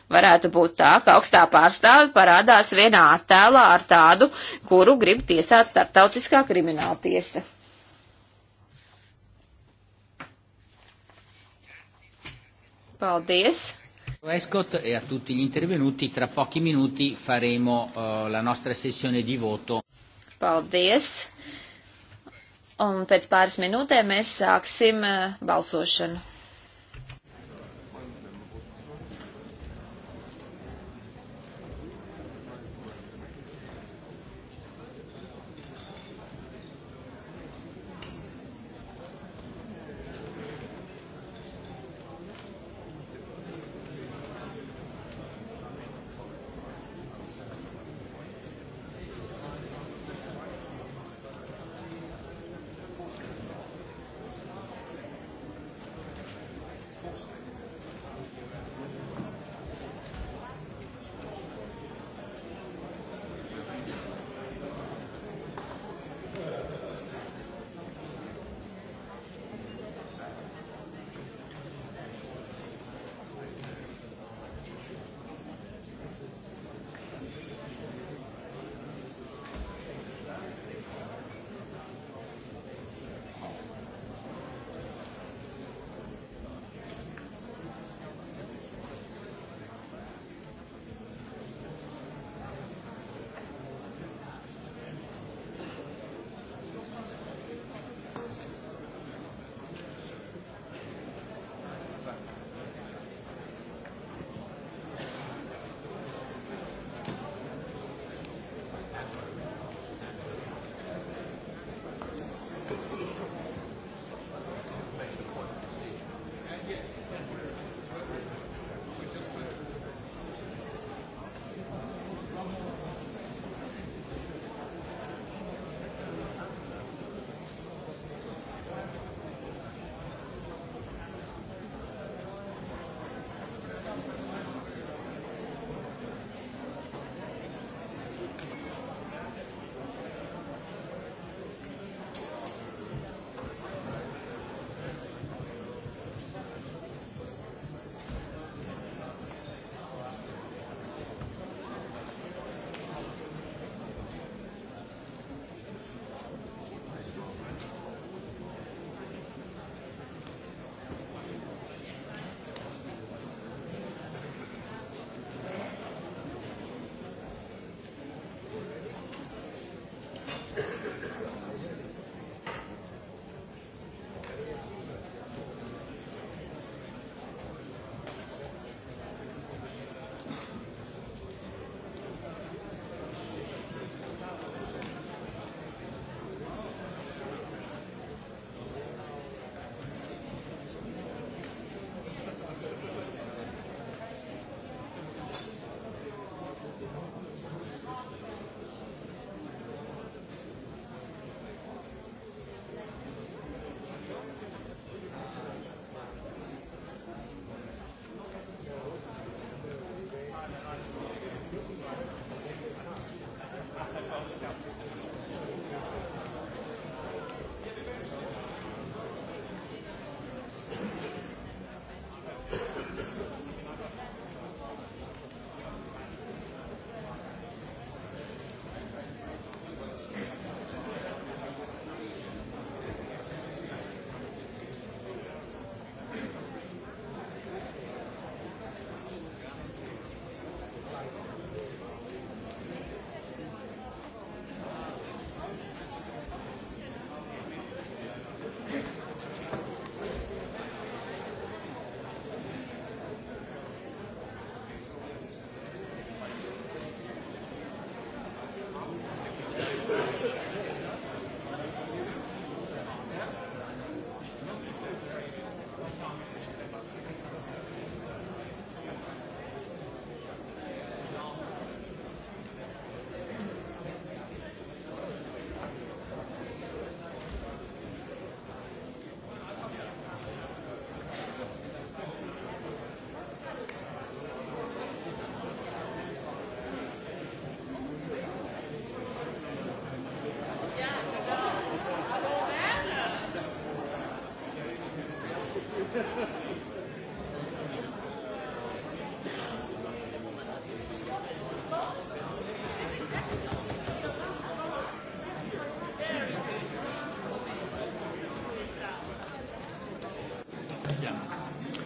varētu būt tā, ka augstā pārstāve parādās vienā attēlā ar tādu, kuru grib tiesāt starptautiskā krimināla tiesa. Paldies! Escott e a tutti gli intervenuti, tra pochi minuti faremo uh, la nostra sessione di voto. Paldies! Un pēc pāris minūtēm mēs sāksim eh, balsošanu.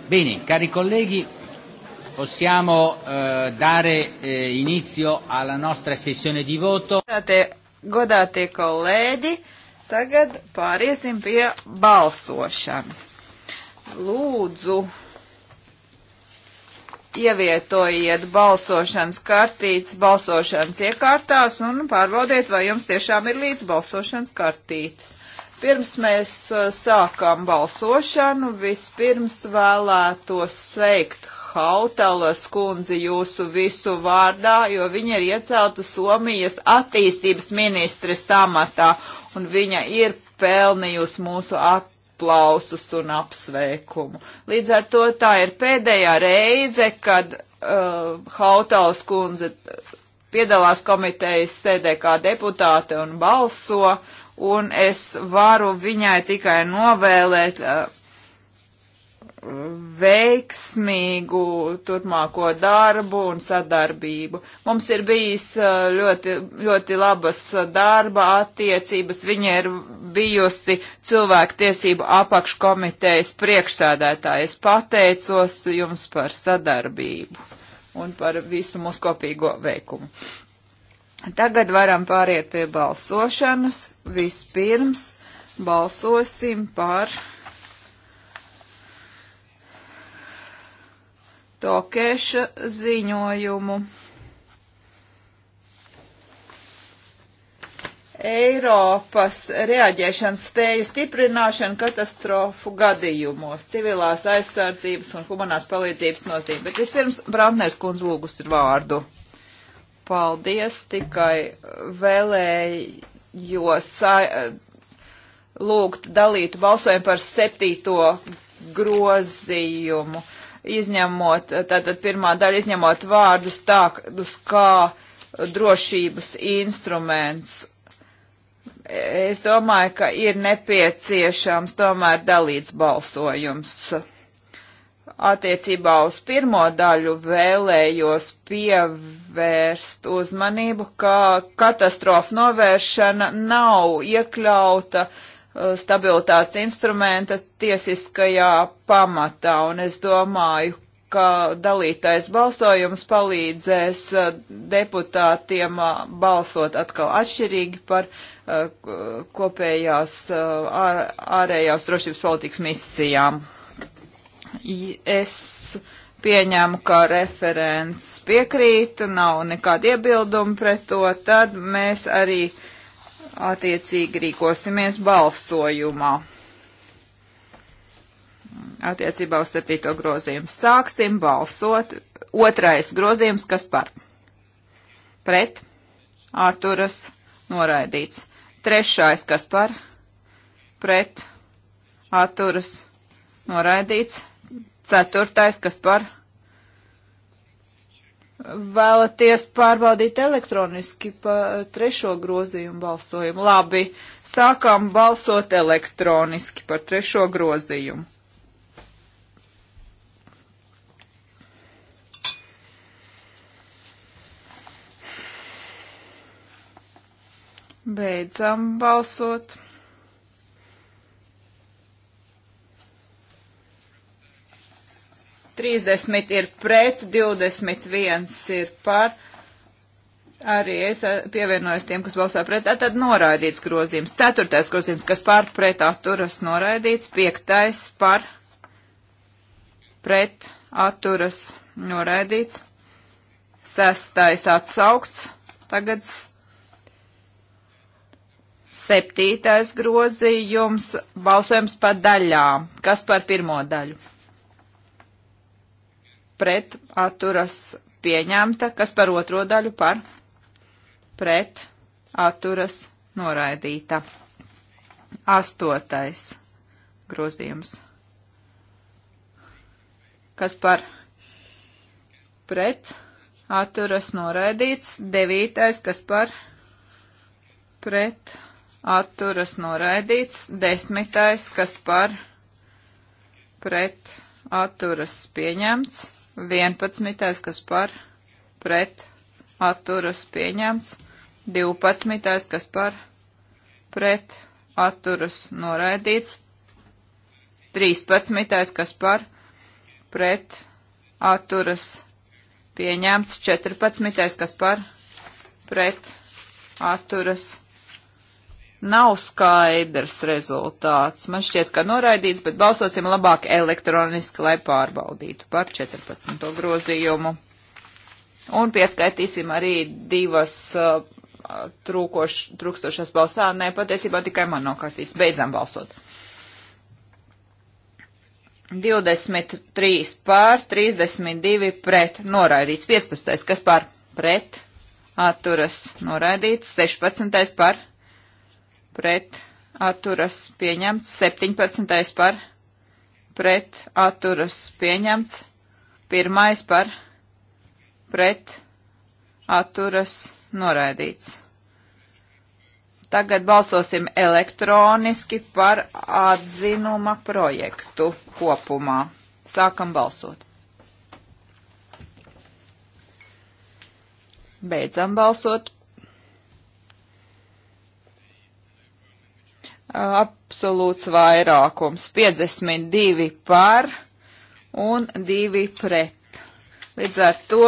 Bene, cari colleghi, possiamo eh, dare eh, inizio alla nostra sessione di voto. Godātie, godātie kolēģi, tagad pāriesim pie balsošanas lūdzu ievietojiet balsošanas kartītes balsošanas iekārtās un pārbaudiet, vai jums tiešām ir līdz balsošanas kartītes. Pirms mēs uh, sākam balsošanu, vispirms vēlētos sveikt Hautalas kundzi jūsu visu vārdā, jo viņa ir iecelta Somijas attīstības ministres amatā, un viņa ir pelnījusi mūsu at aplausus un apsveikumu. Līdz ar to tā ir pēdējā reize, kad uh, Hautaus kundze piedalās komitejas sēdē kā deputāte un balso, un es varu viņai tikai novēlēt. Uh, veiksmīgu turpmāko darbu un sadarbību. Mums ir bijis uh, ļoti, ļoti labas uh, darba attiecības. Viņa ir bijusi cilvēktiesību apakškomitejas priekšsēdētāja. Es pateicos jums par sadarbību un par visu mūsu kopīgo veikumu. Tagad varam pāriet pie balsošanas. Vispirms balsosim par Tokeša ziņojumu. Eiropas reaģēšanas spēju stiprināšana katastrofu gadījumos, civilās aizsardzības un humanās palīdzības nozīme. Bet vispirms Brantners kundz lūgus ir vārdu. Paldies, tikai vēlējos lūgt dalītu balsojumu par septīto grozījumu. Uh, izņemot, tātad pirmā daļa izņemot vārdus tādus kā drošības instruments. Es domāju, ka ir nepieciešams tomēr dalīts balsojums. Attiecībā uz pirmo daļu vēlējos pievērst uzmanību, ka katastrofa novēršana nav iekļauta uh, Eh, stabilitātes instrumenta tiesiskajā pamatā, un es domāju, ka dalītais balsojums palīdzēs eh, deputātiem eh, balsot atkal atšķirīgi par kopējās ār, ārējās drošības politikas misijām. Es pieņemu, ka referents piekrīt, nav nekāda iebilduma pret to, tad mēs arī uh, attiecīgi rīkosimies balsojumā. Attiecībā uz septīto grozījumu sāksim balsot. Otrais grozījums, kas par? Pret. Atturas. Noraidīts. Trešais, kas par? Pret. Atturas. Noraidīts. Ceturtais, kas par? Vēlaties pārbaudīt elektroniski pa trešo grozījumu balsojumu? Labi, sākam balsot elektroniski par trešo grozījumu. Beidzam balsot. 30 ir pret, 21 ir par. Arī es eh, pievienojos tiem, kas balsā pret. Tad noraidīts grozījums. Ceturtais grozījums, kas par pret atturas noraidīts. Piektais par pret atturas noraidīts. Sestais atsaukts. Tagad septītais grozījums. Balsojums par daļām. Kas par pirmo daļu? pret atturas pieņemta, kas par otro daļu par pret atturas noraidīta. Astotais grozījums. Kas par pret atturas noraidīts. Devītais, kas par pret atturas noraidīts. Desmitais, kas par pret atturas pieņemts. 11. kas par pret atturas pieņemts, 12. kas par pret atturas noraidīts, 13. kas par pret atturas pieņemts, 14. kas par pret atturas Nav skaidrs rezultāts. Man šķiet, ka noraidīts, bet balsosim labāk elektroniski, lai pārbaudītu par 14. grozījumu. Un pieskaitīsim arī divas uh, trūkoš, trūkstošās balsā. Nē, patiesībā tikai man nav kārtīts. Beidzam balsot. 23 pār, 32 pret, noraidīts 15. Kas par pret? Atturas noraidīts 16. par pret atturas pieņemts, 17. par pret atturas pieņemts, 1. par pret atturas noraidīts. Tagad balsosim elektroniski par atzinuma projektu kopumā. Sākam balsot. Beidzam balsot. absolūts vairākums - 52 par un 2 pret. Līdz ar to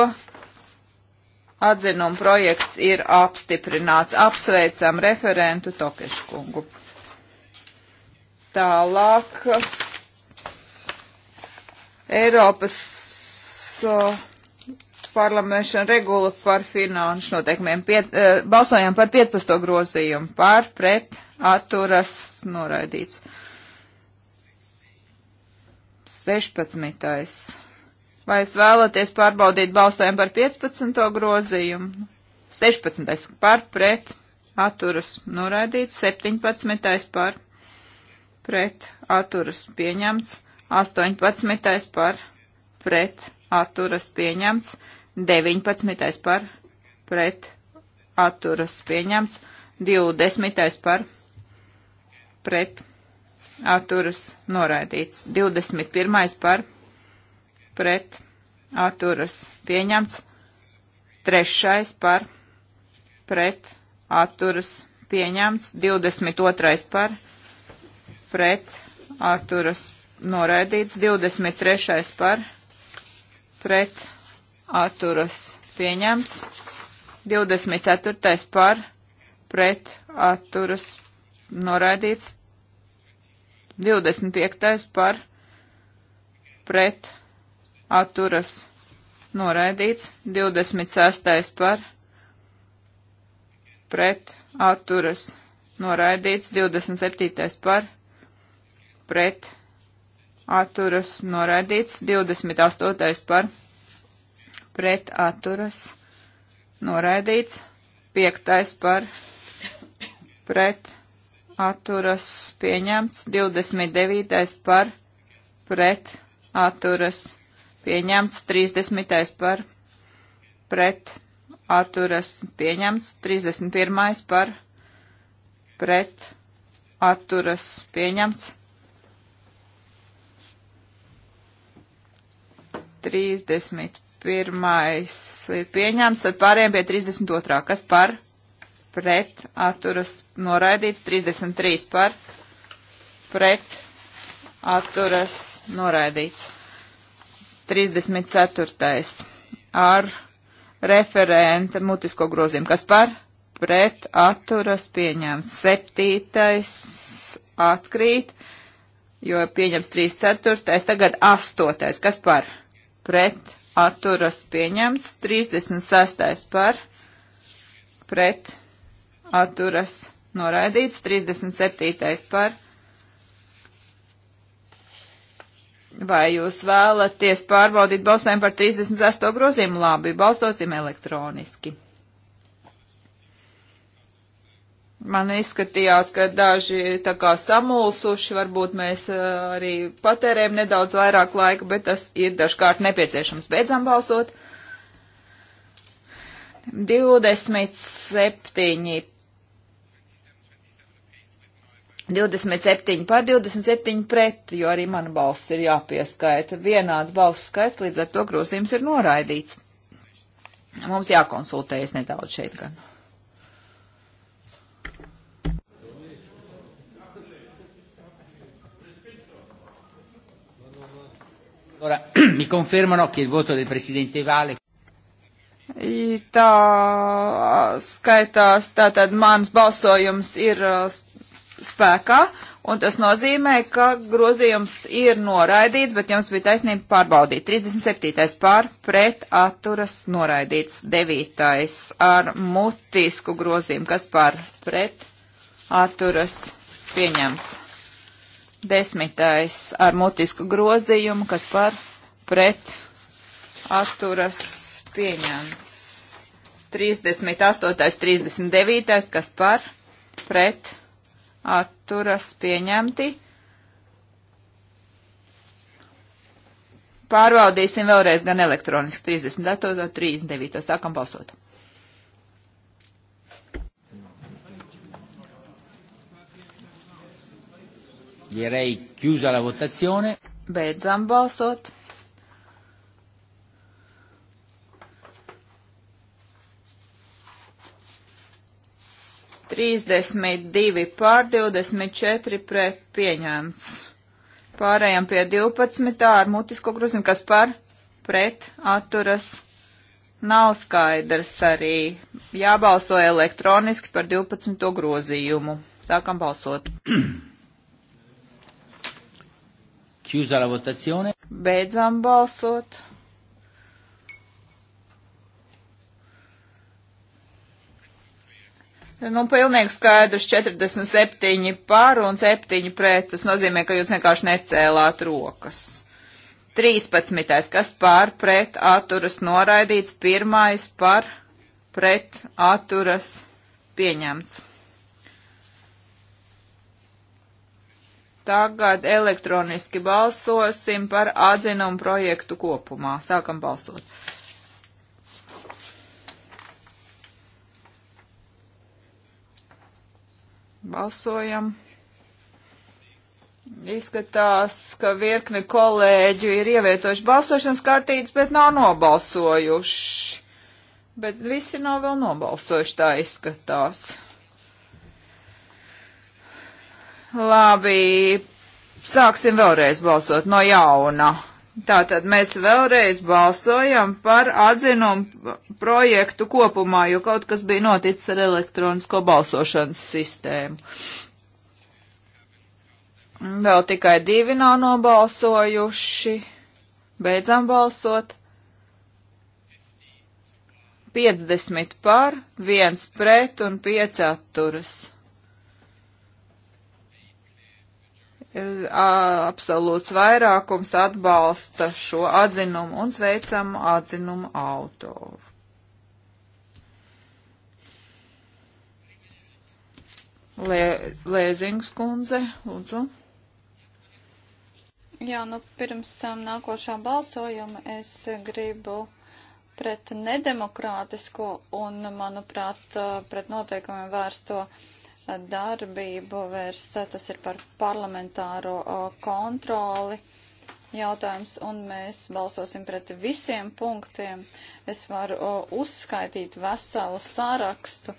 atzinuma projekts ir apstiprināts. Apsveicam referentu Tokeškungu. Tālāk Eiropas uh, parlamentāra regula par finanšu noteikumiem. Piet, uh, e, balsojām par 15. grozījumu, par pret atturas noraidīts. 16. Vai jūs vēlaties pārbaudīt balstājumu par 15. grozījumu? 16. par pret atturas noraidīts, 17. par pret atturas pieņemts, 18. par pret atturas pieņemts, 19. par pret atturas pieņemts, 20. par pret atturas noraidīts. 21. par pret atturas pieņemts. 3. par pret atturas pieņemts. 22. par pret atturas noraidīts. 23. par pret atturas pieņemts. 24. par pret atturas pieņemts noraidīts 25. par pret atturas noraidīts 26. par pret atturas noraidīts 27. par pret atturas noraidīts 28. par pret atturas noraidīts 5. par pret atturas atturas pieņemts, 29. par pret atturas pieņemts, 30. par pret atturas pieņemts, 31. par pret atturas pieņemts, 31. ir pieņemts, tad pārējiem pie 32. kas par pret pret atturas noraidīts, 33 par pret atturas noraidīts. 34. ar referenta mutisko grozījumu, kas par pret atturas pieņemts. 7. atkrīt, jo pieņems 3 ceturtais, tagad 8. kas par pret atturas pieņemts. 36. par pret atturas noraidīts, 37. par. Vai jūs vēlaties pārbaudīt balsojumu par 36. grozījumu? Labi, balsosim elektroniski. Man izskatījās, ka daži tā kā samulsuši, varbūt mēs arī patērējam nedaudz vairāk laika, bet tas ir dažkārt nepieciešams. Beidzam balsot. 27 27 par 27 pret, jo arī mana balss ir jāpieskaita. Vienāds balss skaits, līdz ar to grozījums ir noraidīts. Mums jākonsultējas nedaudz šeit gan. Ora, mi confermano che il voto del Presidente vale. Tā skaitās, tātad mans balsojums ir uh, spēkā, un tas nozīmē, ka grozījums ir noraidīts, bet jums bija taisnība pārbaudīt. 37. pār pret atturas noraidīts, 9. ar mutisku grozījumu, kas pār pret atturas pieņemts. 10. ar mutisku grozījumu, kas pār pret atturas pieņemts. 38. 39. kas par pret atturas atturas pieņemti. Pārbaudīsim vēlreiz gan elektroniski 38, 39. Sākam balsot. Direi chiusa la votazione. Beidzam balsot. 32 pār 24 pret pieņēmts. Pārējām pie 12 ar mutisko grozījumu, kas par pret atturas nav skaidrs arī. Jābalso elektroniski par 12. grozījumu. Sākam balsot. Chiusa la votazione. Beidzam balsot. Nu, pilnīgi skaidrs 47 par un 7 pret. Tas nozīmē, ka jūs vienkārši necēlāt rokas. 13. kas pār pret atturas noraidīts, pirmais par pret atturas pieņemts. Tagad elektroniski balsosim par atzinumu projektu kopumā. Sākam balsot. Balsojam. Izskatās, ka virkni kolēģu ir ievietojuši balsošanas kartītes, bet nav nobalsojuši. Bet visi nav vēl nobalsojuši, tā izskatās. Labi, sāksim vēlreiz balsot no jauna. Tātad mēs vēlreiz balsojam par atzinumu projektu kopumā, jo kaut kas bija noticis ar elektronisko balsošanas sistēmu. Vēl tikai divi nav nobalsojuši. Beidzam balsot. 50 par, 1 pret un 5 atturas. absolūts vairākums atbalsta šo atzinumu un sveicam atzinumu autoru. Lē, Lēzings kundze, lūdzu. Jā, nu pirms um, nākošā balsojuma es gribu pret nedemokrātisko un, manuprāt, uh, pret noteikumiem vērsto uh, darbību vērst, tas ir par parlamentāro kontroli jautājums, un mēs balsosim pret visiem punktiem. Es varu uzskaitīt veselu sarakstu,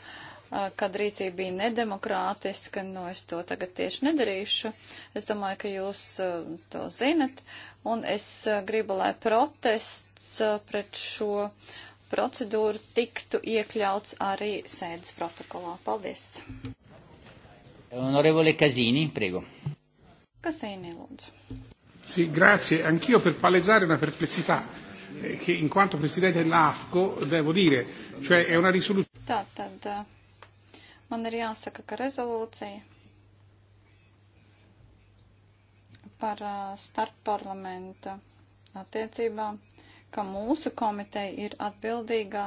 kad rīcība bija nedemokrātiska, nu es to tagad tieši nedarīšu. Es domāju, ka jūs to zinat, un es gribu, lai protests pret šo procedūru tiktu iekļauts arī sēdes protokolā. Paldies! Onorevole Casini, prego. Casini, lūdzu. Sì, grazie. Anch'io per palesare una perplessità eh, che in quanto Presidente dell'AFCO devo dire, cioè è una risoluzione. Tātad man ir jāsaka, ka rezolūcija par eh, starpparlamenta attiecībām, ka mūsu komiteja ir atbildīgā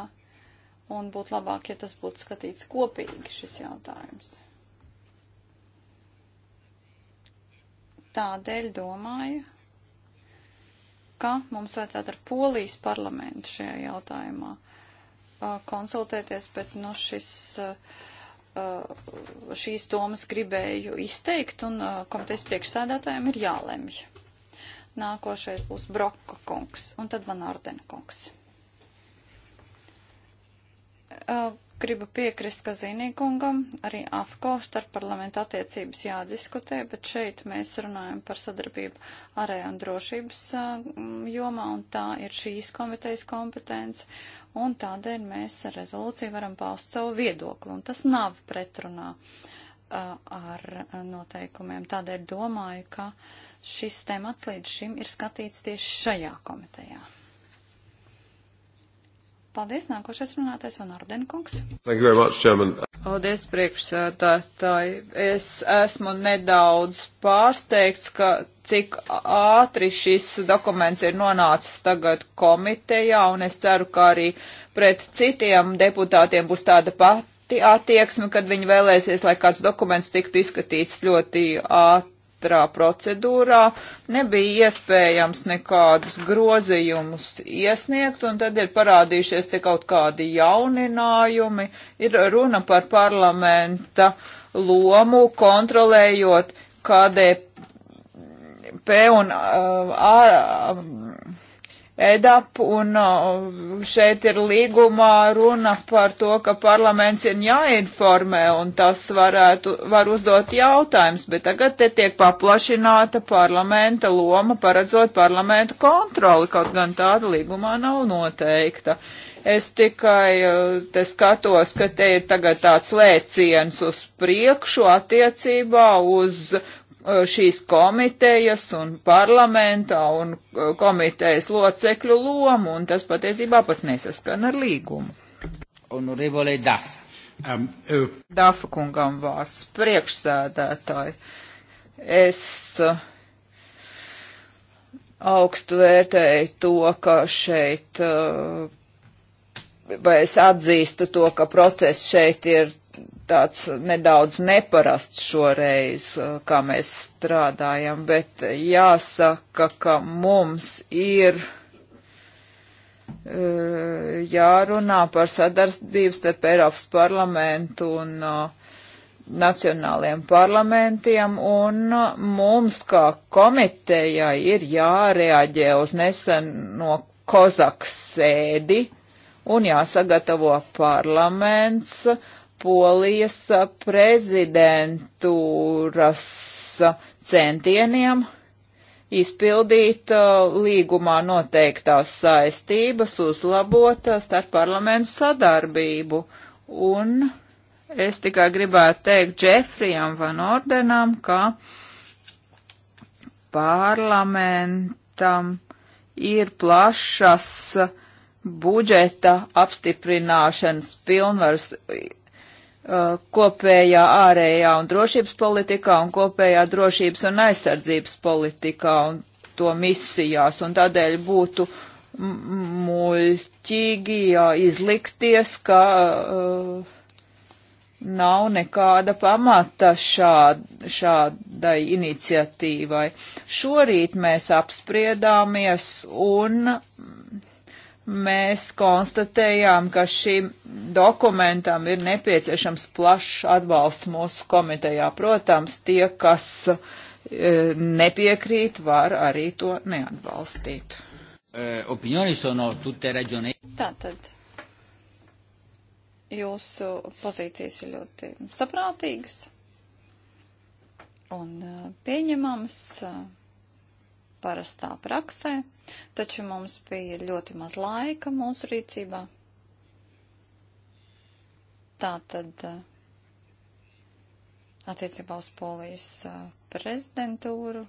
un būtu labāk, ja tas būtu skatīts kopīgi šis jautājums. Tādēļ domāju, ka mums vajadzētu ar polijas parlamentu šajā jautājumā uh, konsultēties, bet nu, šis, uh, uh, šīs domas gribēju izteikt un komitejas priekšsēdētājiem ir jālemj. Nākošais būs Broka kungs un tad Van Ordena kungs Gribu piekrist Kazīnīkungam, arī AFCO starp parlamentu attiecības jādiskutē, bet šeit mēs runājam par sadarbību arē un drošības jomā, un tā ir šīs komitejas kompetence, un tādēļ mēs ar rezolūciju varam paust savu viedokli, un tas nav pretrunā ar noteikumiem. Tādēļ domāju, ka šis temats līdz šim ir skatīts tieši šajā komitejā. Paldies, nākošais runātais un Ardenkungs. Thank you very much, Chairman. Paldies, priekšsēdētāji. Es esmu nedaudz pārsteigts, ka cik ātri šis dokuments ir nonācis tagad komitejā, un es ceru, ka arī pret citiem deputātiem būs tāda pati attieksme, kad viņi vēlēsies, lai kāds dokuments tiktu izskatīts ļoti ātri ātrā procedūrā, nebija iespējams nekādus grozījumus iesniegt, un tad ir parādījušies te kaut kādi jauninājumi. Ir runa par parlamenta lomu kontrolējot KDP un uh, uh, EDAP, un šeit ir līgumā runa par to, ka parlaments ir jāinformē, un tas varētu, var uzdot jautājums, bet tagad te tiek paplašināta parlamenta loma, paredzot parlamentu kontroli, kaut gan tāda līgumā nav noteikta. Es tikai te skatos, ka te ir tagad tāds lēciens uz priekšu attiecībā uz Eh, šīs komitejas un parlamentā un eh, komitejas locekļu lomu, un tas patiesībā pat nesaskan ar līgumu. Honorevole Dafa. Um, uh. Dafa kungam vārds priekšsēdētāji. Es uh, augstu vērtēju to, ka šeit, uh, vai es atzīstu to, ka process šeit ir tāds nedaudz neparasts šoreiz, uh, kā mēs strādājam, bet jāsaka, ka mums ir uh, jārunā par sadarbību starp Eiropas parlamentu un uh, nacionāliem parlamentiem, un mums kā komitejai ir jāreaģē uz neseno Kozaks sēdi un jāsagatavo parlaments, uh, Polijas prezidentūras centieniem izpildīt uh, līgumā noteiktās saistības, uzlabot uh, starp parlamentu sadarbību. Un es tikai gribētu teikt Džefrijam Van Ordenam, ka parlamentam ir plašas budžeta apstiprināšanas pilnvars Uh, kopējā ārējā un drošības politikā un kopējā drošības un aizsardzības politikā un to misijās. Un tādēļ būtu muļķīgi jā, izlikties, ka uh, nav nekāda pamata šād, šādai iniciatīvai. Šorīt mēs apspriedāmies un mēs konstatējām, ka šim dokumentam ir nepieciešams plašs atbalsts mūsu komitejā. Protams, tie, kas e, nepiekrīt, var arī to neatbalstīt. E, Tātad jūsu pozīcijas ir ļoti saprātīgas un e, pieņemamas. Uh, parastā praksē, taču mums bija ļoti maz laika mūsu rīcībā. Tātad eh, attiecībā uz polijas eh, prezidentūru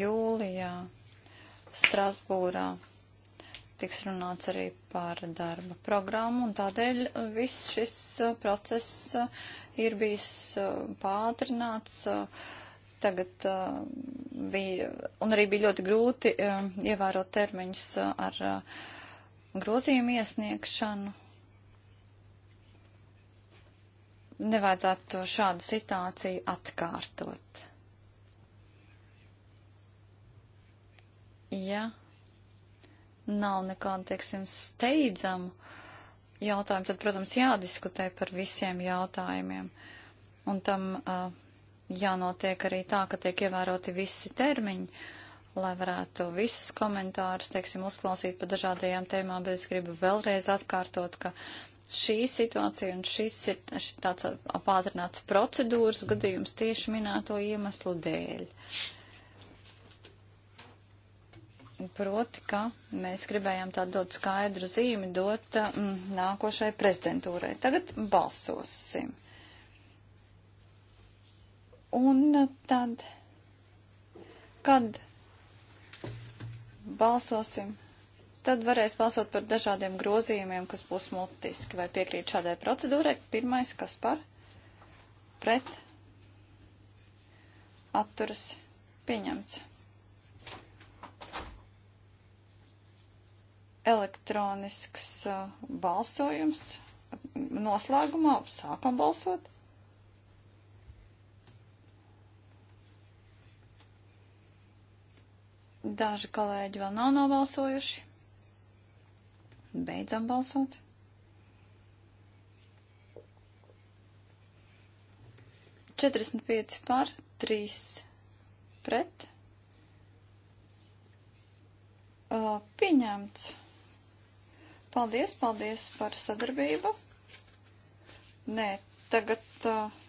jūlijā Strasbūrā tiks runāts arī par darba programmu, un tādēļ eh, viss šis process ir bijis pātrināts. Uh, tagad uh, bija, un arī bija ļoti grūti uh, ievērot termiņus uh, ar uh, grozījumu iesniegšanu. Nevajadzētu šādu situāciju atkārtot. Ja nav nekāda, teiksim, steidzama jautājuma, tad, protams, jādiskutē par visiem jautājumiem. Un tam uh, jānotiek arī tā, ka tiek ievēroti visi termiņi, lai varētu visus komentārus, teiksim, uzklausīt pa dažādajām tēmām, bet es gribu vēlreiz atkārtot, ka šī situācija un šis ir tāds pātrināts procedūras gadījums tieši minēto iemeslu dēļ. Proti, ka mēs gribējām tā dot skaidru zīmi, dot mm, nākošai prezidentūrai. Tagad balsosim. Un tad, kad balsosim, tad varēs balsot par dažādiem grozījumiem, kas būs mutiski vai piekrīt šādai procedūrai. Pirmais, kas par, pret, atturas, pieņemts. Elektronisks uh, balsojums noslēgumā sākam balsot. Daži kolēģi vēl nav nobalsojuši. Beidzam balsot. Četrdesmit pieci par, trīs pret. Uh, pieņemts. Paldies, paldies par sadarbību. Nē, tagad uh,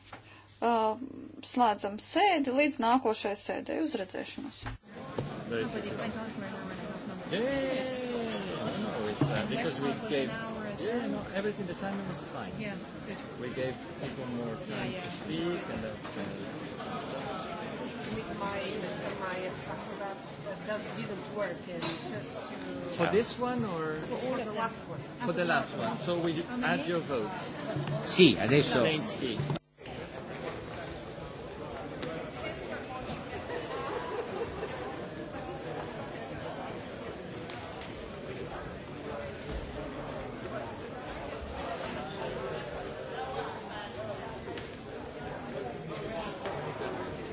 uh, slēdzam sēdi līdz nākošai sēdei uzredzēšanos. Very Nobody, effective. I don't remember the number. Yeah, yeah, yeah, yeah, yeah, yeah. I know. It's, uh, and because we gave. An hour as yeah, well. no, everything, the timing was fine. Yeah, good. We gave people more time yeah, yeah. to speak and that uh, kind of stuff. With my, with my acrobat, that didn't work. And just to. For this one or? For all the last one. For the last one. So we add your votes. Sì, adesso. 20.